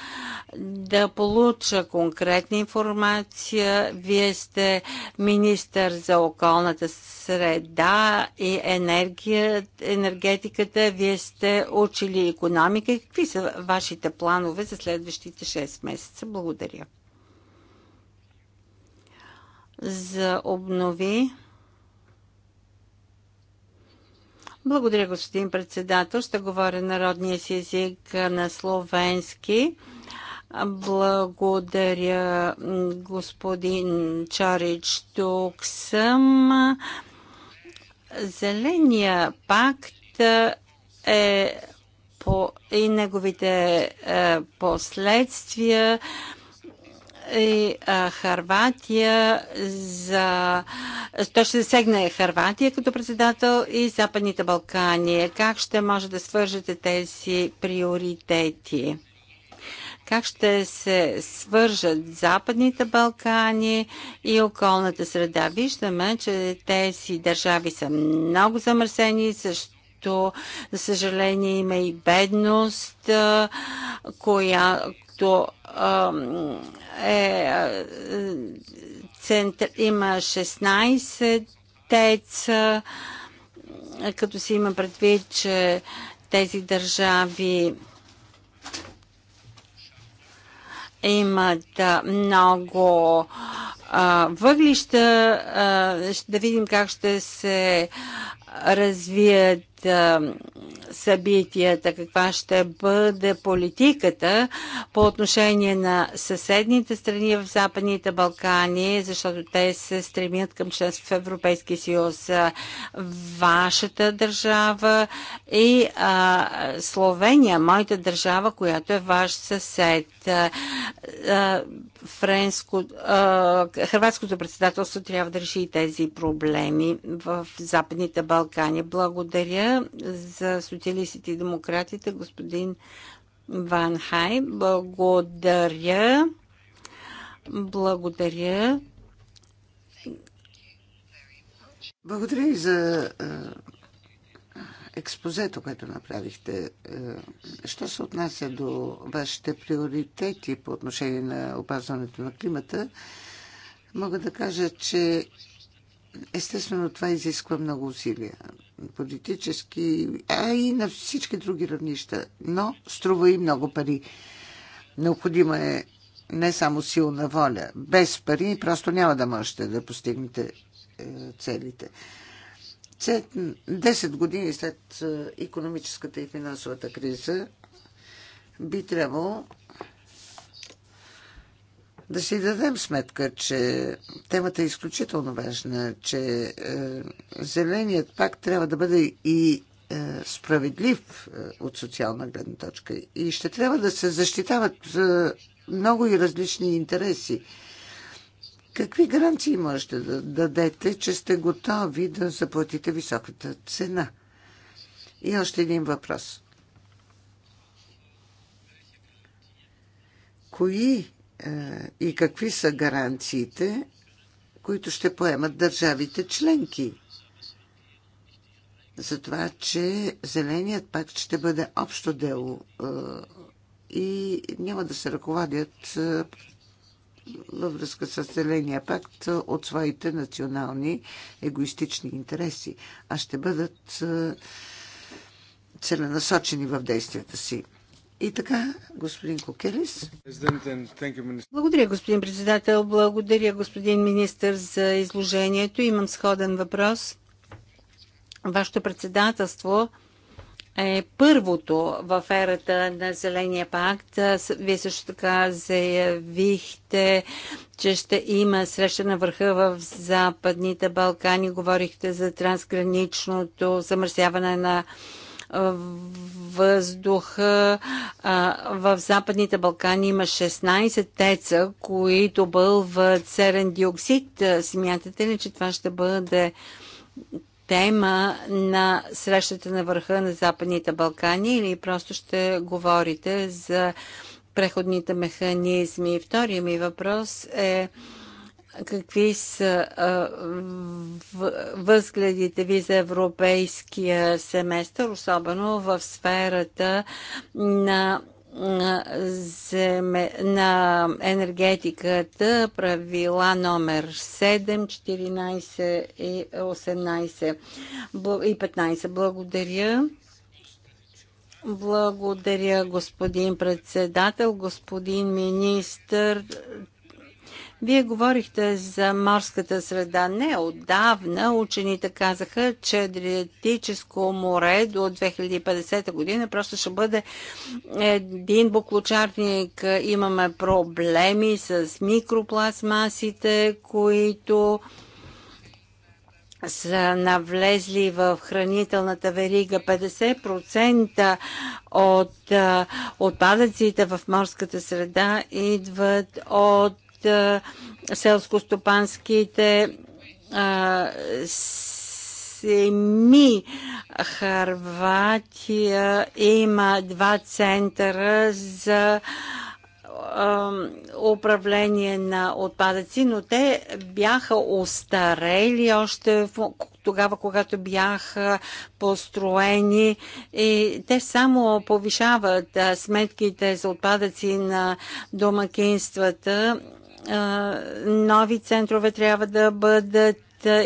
да получа конкретна информация. Вие сте министър за околната среда и енергия, енергетиката. Вие сте учили економика. Какви са вашите планове за следващите 6 месеца? Благодаря за обнови. Благодаря, господин председател. Ще говоря народния си език на словенски. Благодаря, господин Чарич. Тук съм. Зеления пакт е по и неговите е, последствия и Харватия за... Той ще засегне Харватия като председател и Западните Балкани. Как ще може да свържете тези приоритети? Как ще се свържат Западните Балкани и околната среда? Виждаме, че тези държави са много замърсени, защото за съжаление, има и бедност, коя, както е, център, има 16 теца, като се има предвид, че тези държави имат много а, въглища. А, да видим как ще се развият а, събитията, каква ще бъде политиката по отношение на съседните страни в Западните Балкани, защото те се стремят към членство в Европейския съюз. Вашата държава и а, Словения, моята държава, която е ваш съсед. Френско, а, хрватското председателство трябва да реши тези проблеми в Западните Балкани. Благодаря за социалната социалистите и демократите, господин Ван Хай. Благодаря. Благодаря. Благодаря и за експозето, което направихте. Що се отнася до вашите приоритети по отношение на опазването на климата, мога да кажа, че естествено това изисква много усилия политически, а и на всички други равнища, но струва и много пари. Необходима е не само силна воля. Без пари просто няма да можете да постигнете е, целите. 10 години след економическата и финансовата криза би трябвало да си дадем сметка, че темата е изключително важна, че е, зеленият пак трябва да бъде и е, справедлив е, от социална гледна точка. И ще трябва да се защитават е, много и различни интереси. Какви гаранции можете да дадете, че сте готови да заплатите високата цена? И още един въпрос. Кои е, и какви са гаранциите, които ще поемат държавите членки за това, че Зеленият пакт ще бъде общо дело е, и няма да се ръководят е, във връзка с Зеления пакт от своите национални егоистични интереси, а ще бъдат целенасочени в действията си. И така, господин Кокелис. Благодаря, господин председател. Благодаря, господин министр, за изложението. Имам сходен въпрос. Вашето председателство е първото в ерата на Зеления пакт. Вие също така заявихте, че ще има среща на върха в Западните Балкани. Говорихте за трансграничното замърсяване на въздуха. В Западните Балкани има 16 теца, които бълват серен диоксид. Смятате ли, че това ще бъде тема на срещата на върха на Западните Балкани или просто ще говорите за преходните механизми? Втория ми въпрос е какви са възгледите ви за европейския семестър, особено в сферата на на енергетиката правила номер 7, 14 и 18 и 15. Благодаря. Благодаря, господин председател, господин министр. Вие говорихте за морската среда. Не отдавна учените казаха, че Адриатическо море до 2050 година просто ще бъде един буклучарник. Имаме проблеми с микропластмасите, които са навлезли в хранителната верига 50% от отпадъците в морската среда идват от селскостопанските семи. Харватия има два центъра за управление на отпадъци, но те бяха остарели още в, тогава, когато бяха построени и те само повишават сметките за отпадъци на домакинствата нови центрове трябва да бъдат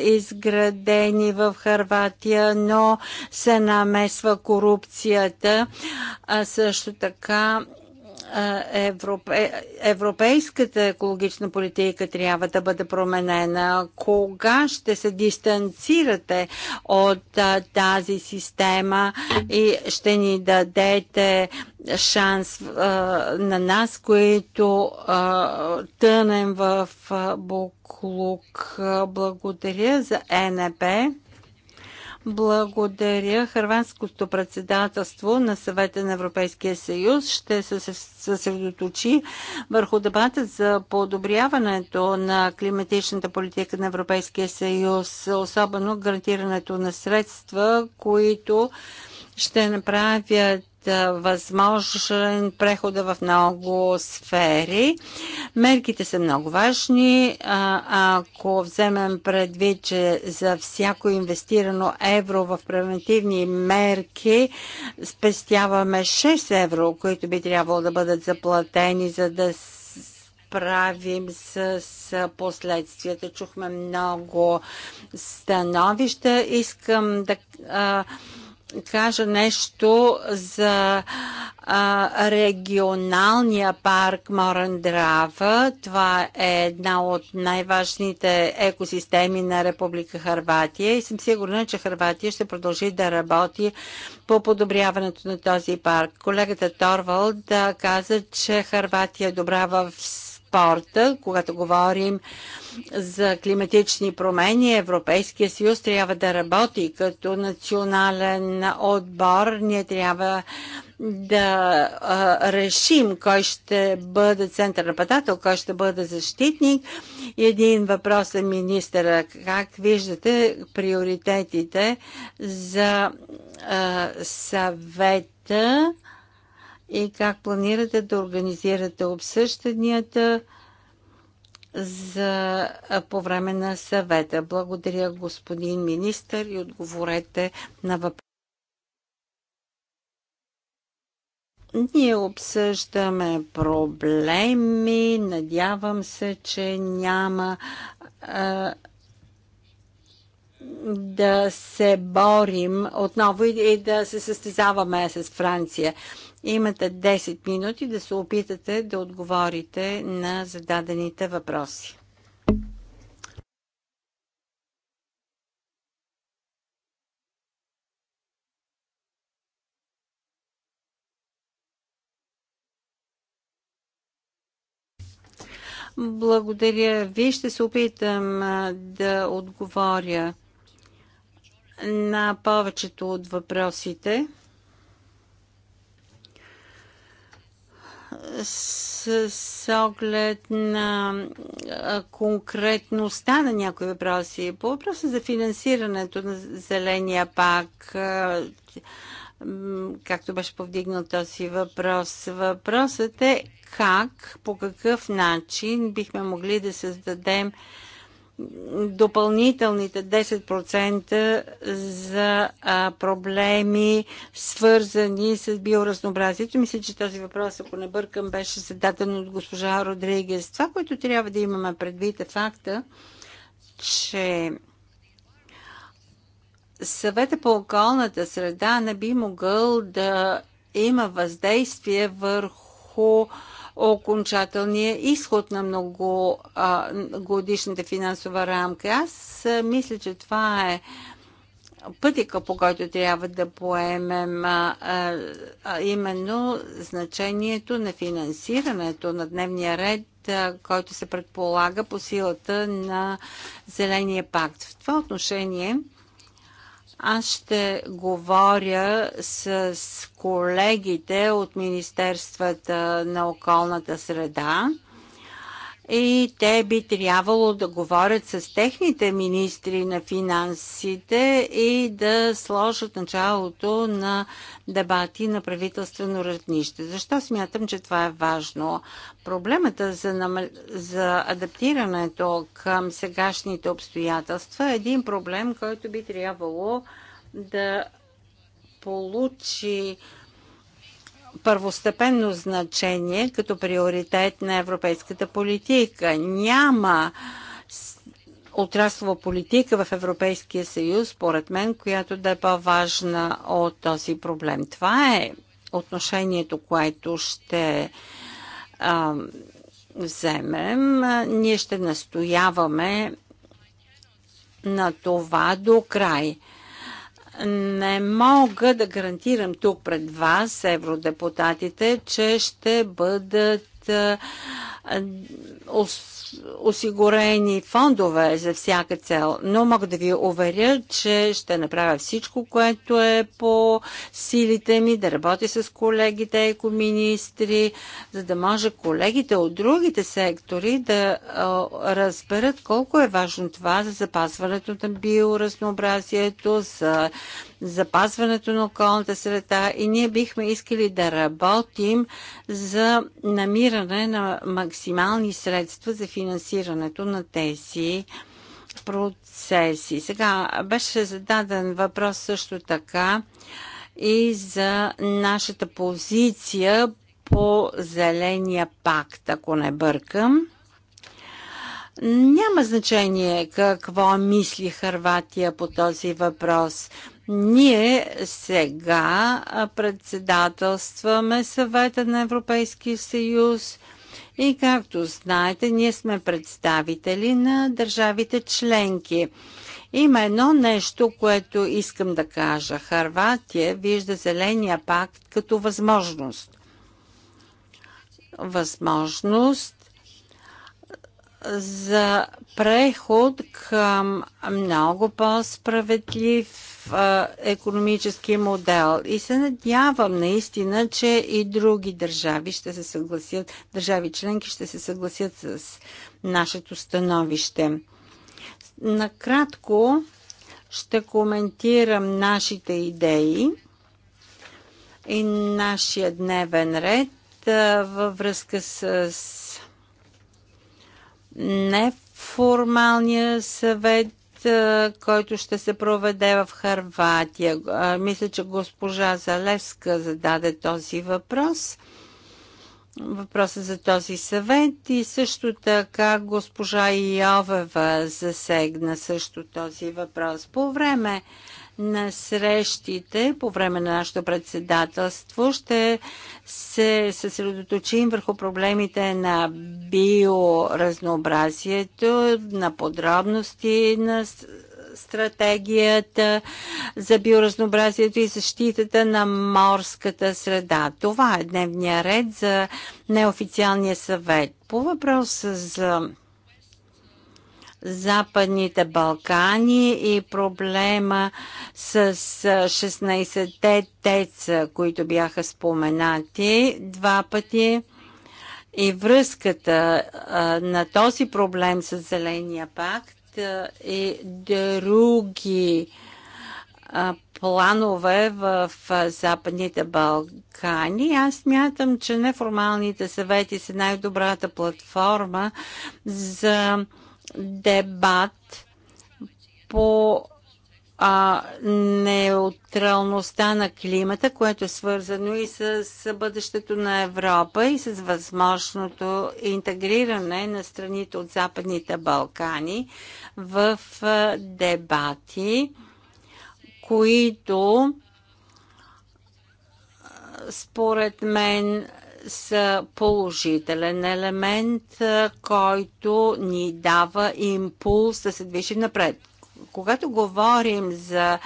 изградени в Харватия, но се намесва корупцията. А също така европейската екологична политика трябва да бъде променена? Кога ще се дистанцирате от тази система и ще ни дадете шанс на нас, които тънем в буклук? Благодаря за НП. Благодаря. Харванското председателство на съвета на Европейския съюз ще се съсредоточи върху дебата за подобряването на климатичната политика на Европейския съюз, особено гарантирането на средства, които ще направят възможен прехода в много сфери. Мерките са много важни. Ако вземем предвид, че за всяко инвестирано евро в превентивни мерки спестяваме 6 евро, които би трябвало да бъдат заплатени, за да правим с, с последствията. Чухме много становища. Искам да а, кажа нещо за а, регионалния парк Морен Драва. Това е една от най-важните екосистеми на Република Харватия и съм сигурна, че Харватия ще продължи да работи по подобряването на този парк. Колегата Торвалд да каза, че Харватия е добра в транспорта, когато говорим за климатични промени, Европейския съюз трябва да работи като национален отбор. Ние трябва да а, решим кой ще бъде център нападател, кой ще бъде защитник. Един въпрос е министъра. Как виждате приоритетите за а, съвета? и как планирате да организирате обсъжданията за, по време на съвета. Благодаря, господин министър, и отговорете на въпроса. Ние обсъждаме проблеми. Надявам се, че няма а, да се борим отново и, и да се състезаваме с Франция. Имате 10 минути да се опитате да отговорите на зададените въпроси. Благодаря ви. Ще се опитам да отговоря на повечето от въпросите. с, с оглед на конкретността на някои въпроси. По въпроса за финансирането на Зеления пак, както беше повдигнал този въпрос, въпросът е как, по какъв начин бихме могли да създадем допълнителните 10% за а, проблеми, свързани с биоразнообразието. Мисля, че този въпрос, ако не бъркам, беше зададен от госпожа Родригес. Това, което трябва да имаме предвид е факта, че съвета по околната среда не би могъл да има въздействие върху окончателния изход на многогодишната финансова рамка. Аз мисля, че това е пътика, по който трябва да поемем, а, а, именно значението на финансирането на дневния ред, а, който се предполага по силата на Зеления пакт. В това отношение аз ще говоря с колегите от Министерствата на околната среда и те би трябвало да говорят с техните министри на финансите и да сложат началото на дебати на правителствено равнище. Защо смятам, че това е важно? Проблемата за, нам... за адаптирането към сегашните обстоятелства е един проблем, който би трябвало да получи първостепенно значение като приоритет на европейската политика. Няма отраслова политика в Европейския съюз, според мен, която да е по-важна от този проблем. Това е отношението, което ще а, вземем. Ние ще настояваме на това до край не мога да гарантирам тук пред вас, евродепутатите, че ще бъдат осигурени фондове за всяка цел, но мога да ви уверя, че ще направя всичко, което е по силите ми, да работя с колегите, екоминистри, за да може колегите от другите сектори да разберат колко е важно това за запазването на биоразнообразието, за запазването на околната среда и ние бихме искали да работим за намиране на максимални средства за финансирането на тези процеси. Сега беше зададен въпрос също така и за нашата позиция по Зеления пакт, ако не бъркам. Няма значение какво мисли Харватия по този въпрос. Ние сега председателстваме съвета на Европейския съюз и както знаете, ние сме представители на държавите членки. Има едно нещо, което искам да кажа. Харватия вижда Зеления пакт като възможност. Възможност за преход към много по-справедлив економически модел. И се надявам наистина, че и други държави ще се съгласят, държави членки ще се съгласят с нашето становище. Накратко ще коментирам нашите идеи и нашия дневен ред във връзка с неформалния съвет който ще се проведе в Харватия. Мисля, че госпожа Залевска зададе този въпрос. Въпросът за този съвет и също така госпожа Йовева засегна също този въпрос. По време на срещите по време на нашето председателство ще се съсредоточим върху проблемите на биоразнообразието, на подробности на стратегията за биоразнообразието и защитата на морската среда. Това е дневния ред за неофициалния съвет. По въпроса за Западните Балкани и проблема с 16-те теца, които бяха споменати два пъти и връзката на този проблем с Зеления пакт и други планове в Западните Балкани. Аз мятам, че неформалните съвети са най-добрата платформа за дебат по а, неутралността на климата, което е свързано и с, бъдещето на Европа и с възможното интегриране на страните от Западните Балкани в а, дебати, които според мен са положителен елемент, който ни дава импулс да се движим напред. Когато говорим за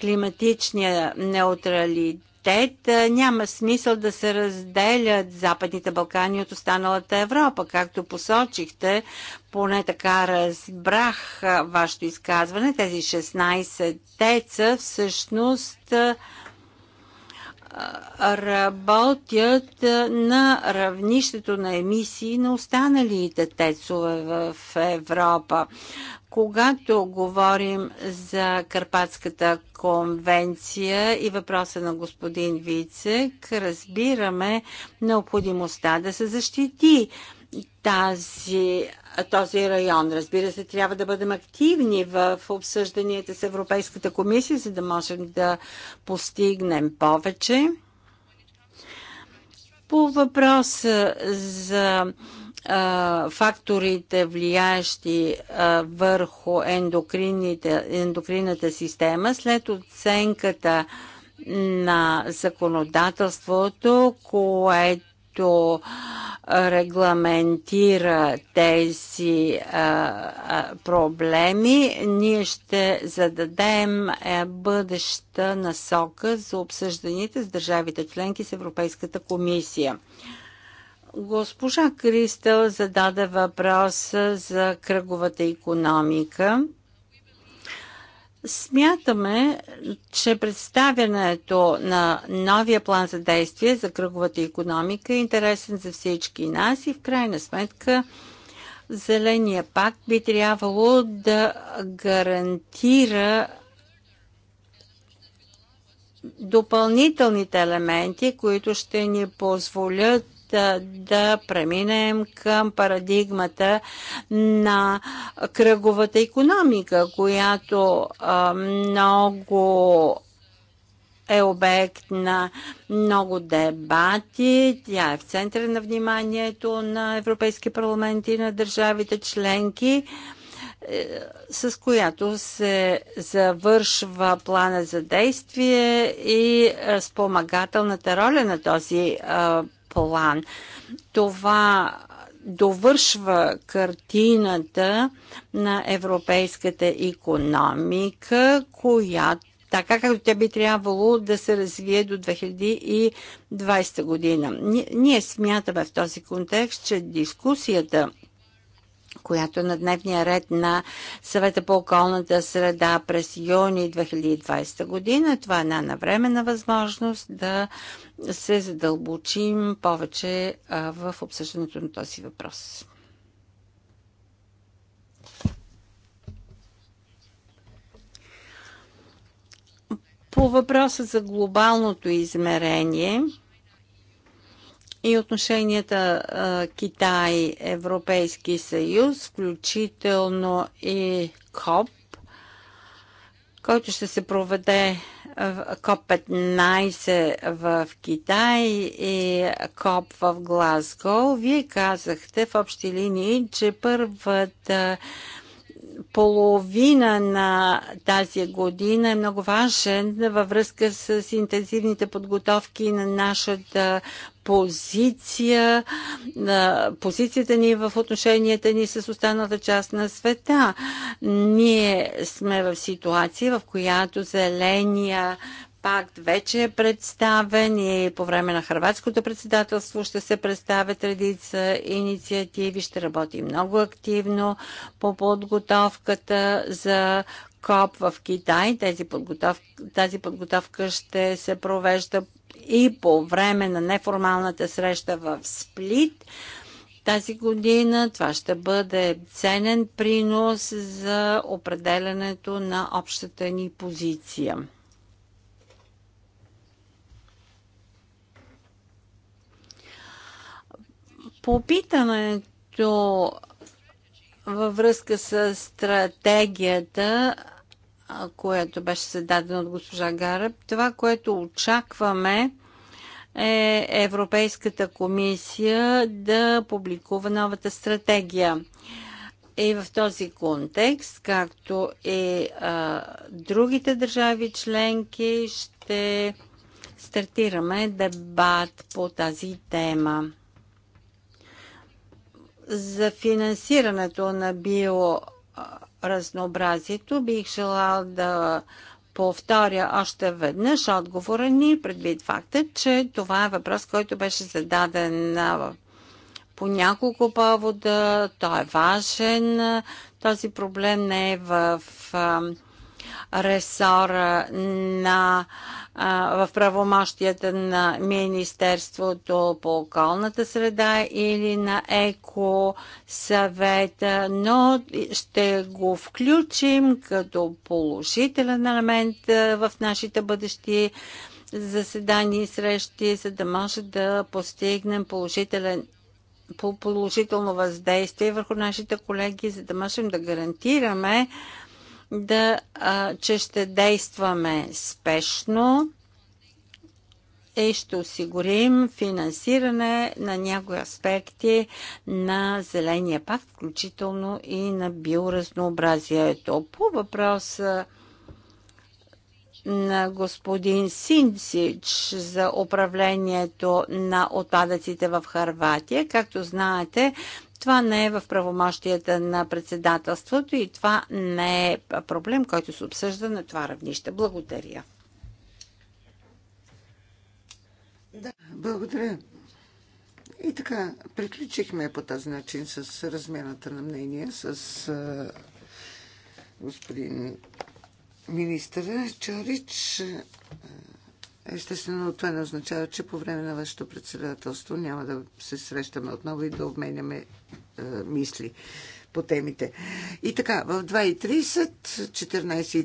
климатичния неутралитет, няма смисъл да се разделят Западните Балкани от останалата Европа. Както посочихте, поне така разбрах вашето изказване, тези 16 теца всъщност работят на равнището на емисии на останалите тецове в Европа. Когато говорим за Карпатската конвенция и въпроса на господин Вицек, разбираме необходимостта да се защити тази, този район. Разбира се, трябва да бъдем активни в обсъжданията с Европейската комисия, за да можем да постигнем повече. По въпроса за а, факторите, влияещи а, върху ендокринната система, след оценката на законодателството, което регламентира тези а, а, проблеми, ние ще зададем бъдеща насока за обсъжданите с държавите членки с Европейската комисия. Госпожа Кристел зададе въпроса за кръговата економика. Смятаме, че представянето на новия план за действие за кръговата економика е интересен за всички нас и в крайна сметка Зеления пакт би трябвало да гарантира допълнителните елементи, които ще ни позволят да преминем към парадигмата на кръговата економика, която много е обект на много дебати. Тя е в центъра на вниманието на Европейския парламент и на държавите членки е, с която се завършва плана за действие и е, спомагателната роля на този план. Това довършва картината на европейската економика, която така както тя би трябвало да се развие до 2020 година. Ние смятаме в този контекст, че дискусията която е на дневния ред на съвета по околната среда през юни 2020 година. Това е една навременна възможност да се задълбочим повече в обсъждането на този въпрос. По въпроса за глобалното измерение – и отношенията Китай-Европейски съюз, включително и КОП, който ще се проведе КОП-15 в Китай и КОП в Глазго. Вие казахте в общи линии, че първата половина на тази година е много важен във връзка с интензивните подготовки на нашата позиция, позицията ни в отношенията ни с останалата част на света. Ние сме в ситуация, в която зеления пакт вече е представен и по време на хрватското председателство ще се представят редица инициативи. Ще работи много активно по подготовката за КОП в Китай. Тези подготовка, тази подготовка ще се провежда и по време на неформалната среща в Сплит тази година. Това ще бъде ценен принос за определенето на общата ни позиция. По питането във връзка с стратегията което беше зададено от госпожа Гараб. Това, което очакваме е Европейската комисия да публикува новата стратегия. И в този контекст, както и а, другите държави членки, ще стартираме дебат по тази тема. За финансирането на био разнообразието. Бих желал да повторя още веднъж отговора ни предвид факта, че това е въпрос, който беше зададен по няколко повода. Той е важен. Този проблем не е в ресора на в правомощията на Министерството по околната среда или на Еко съвета, но ще го включим като положителен елемент в нашите бъдещи заседания и срещи, за да може да постигнем положителен по положително въздействие върху нашите колеги, за да можем да гарантираме да, а, че ще действаме спешно и ще осигурим финансиране на някои аспекти на Зеления пакт, включително и на биоразнообразието. По въпроса на господин Синсич за управлението на отпадъците в Харватия. Както знаете, това не е в правомощията на председателството и това не е проблем, който се обсъжда на това равнище. Благодаря. Да, благодаря. И така, приключихме по този начин с размяната на мнение с а, господин министър Чорич. Естествено, това не означава, че по време на вашето председателство няма да се срещаме отново и да обменяме е, мисли по темите. И така, в 2.30, 14.30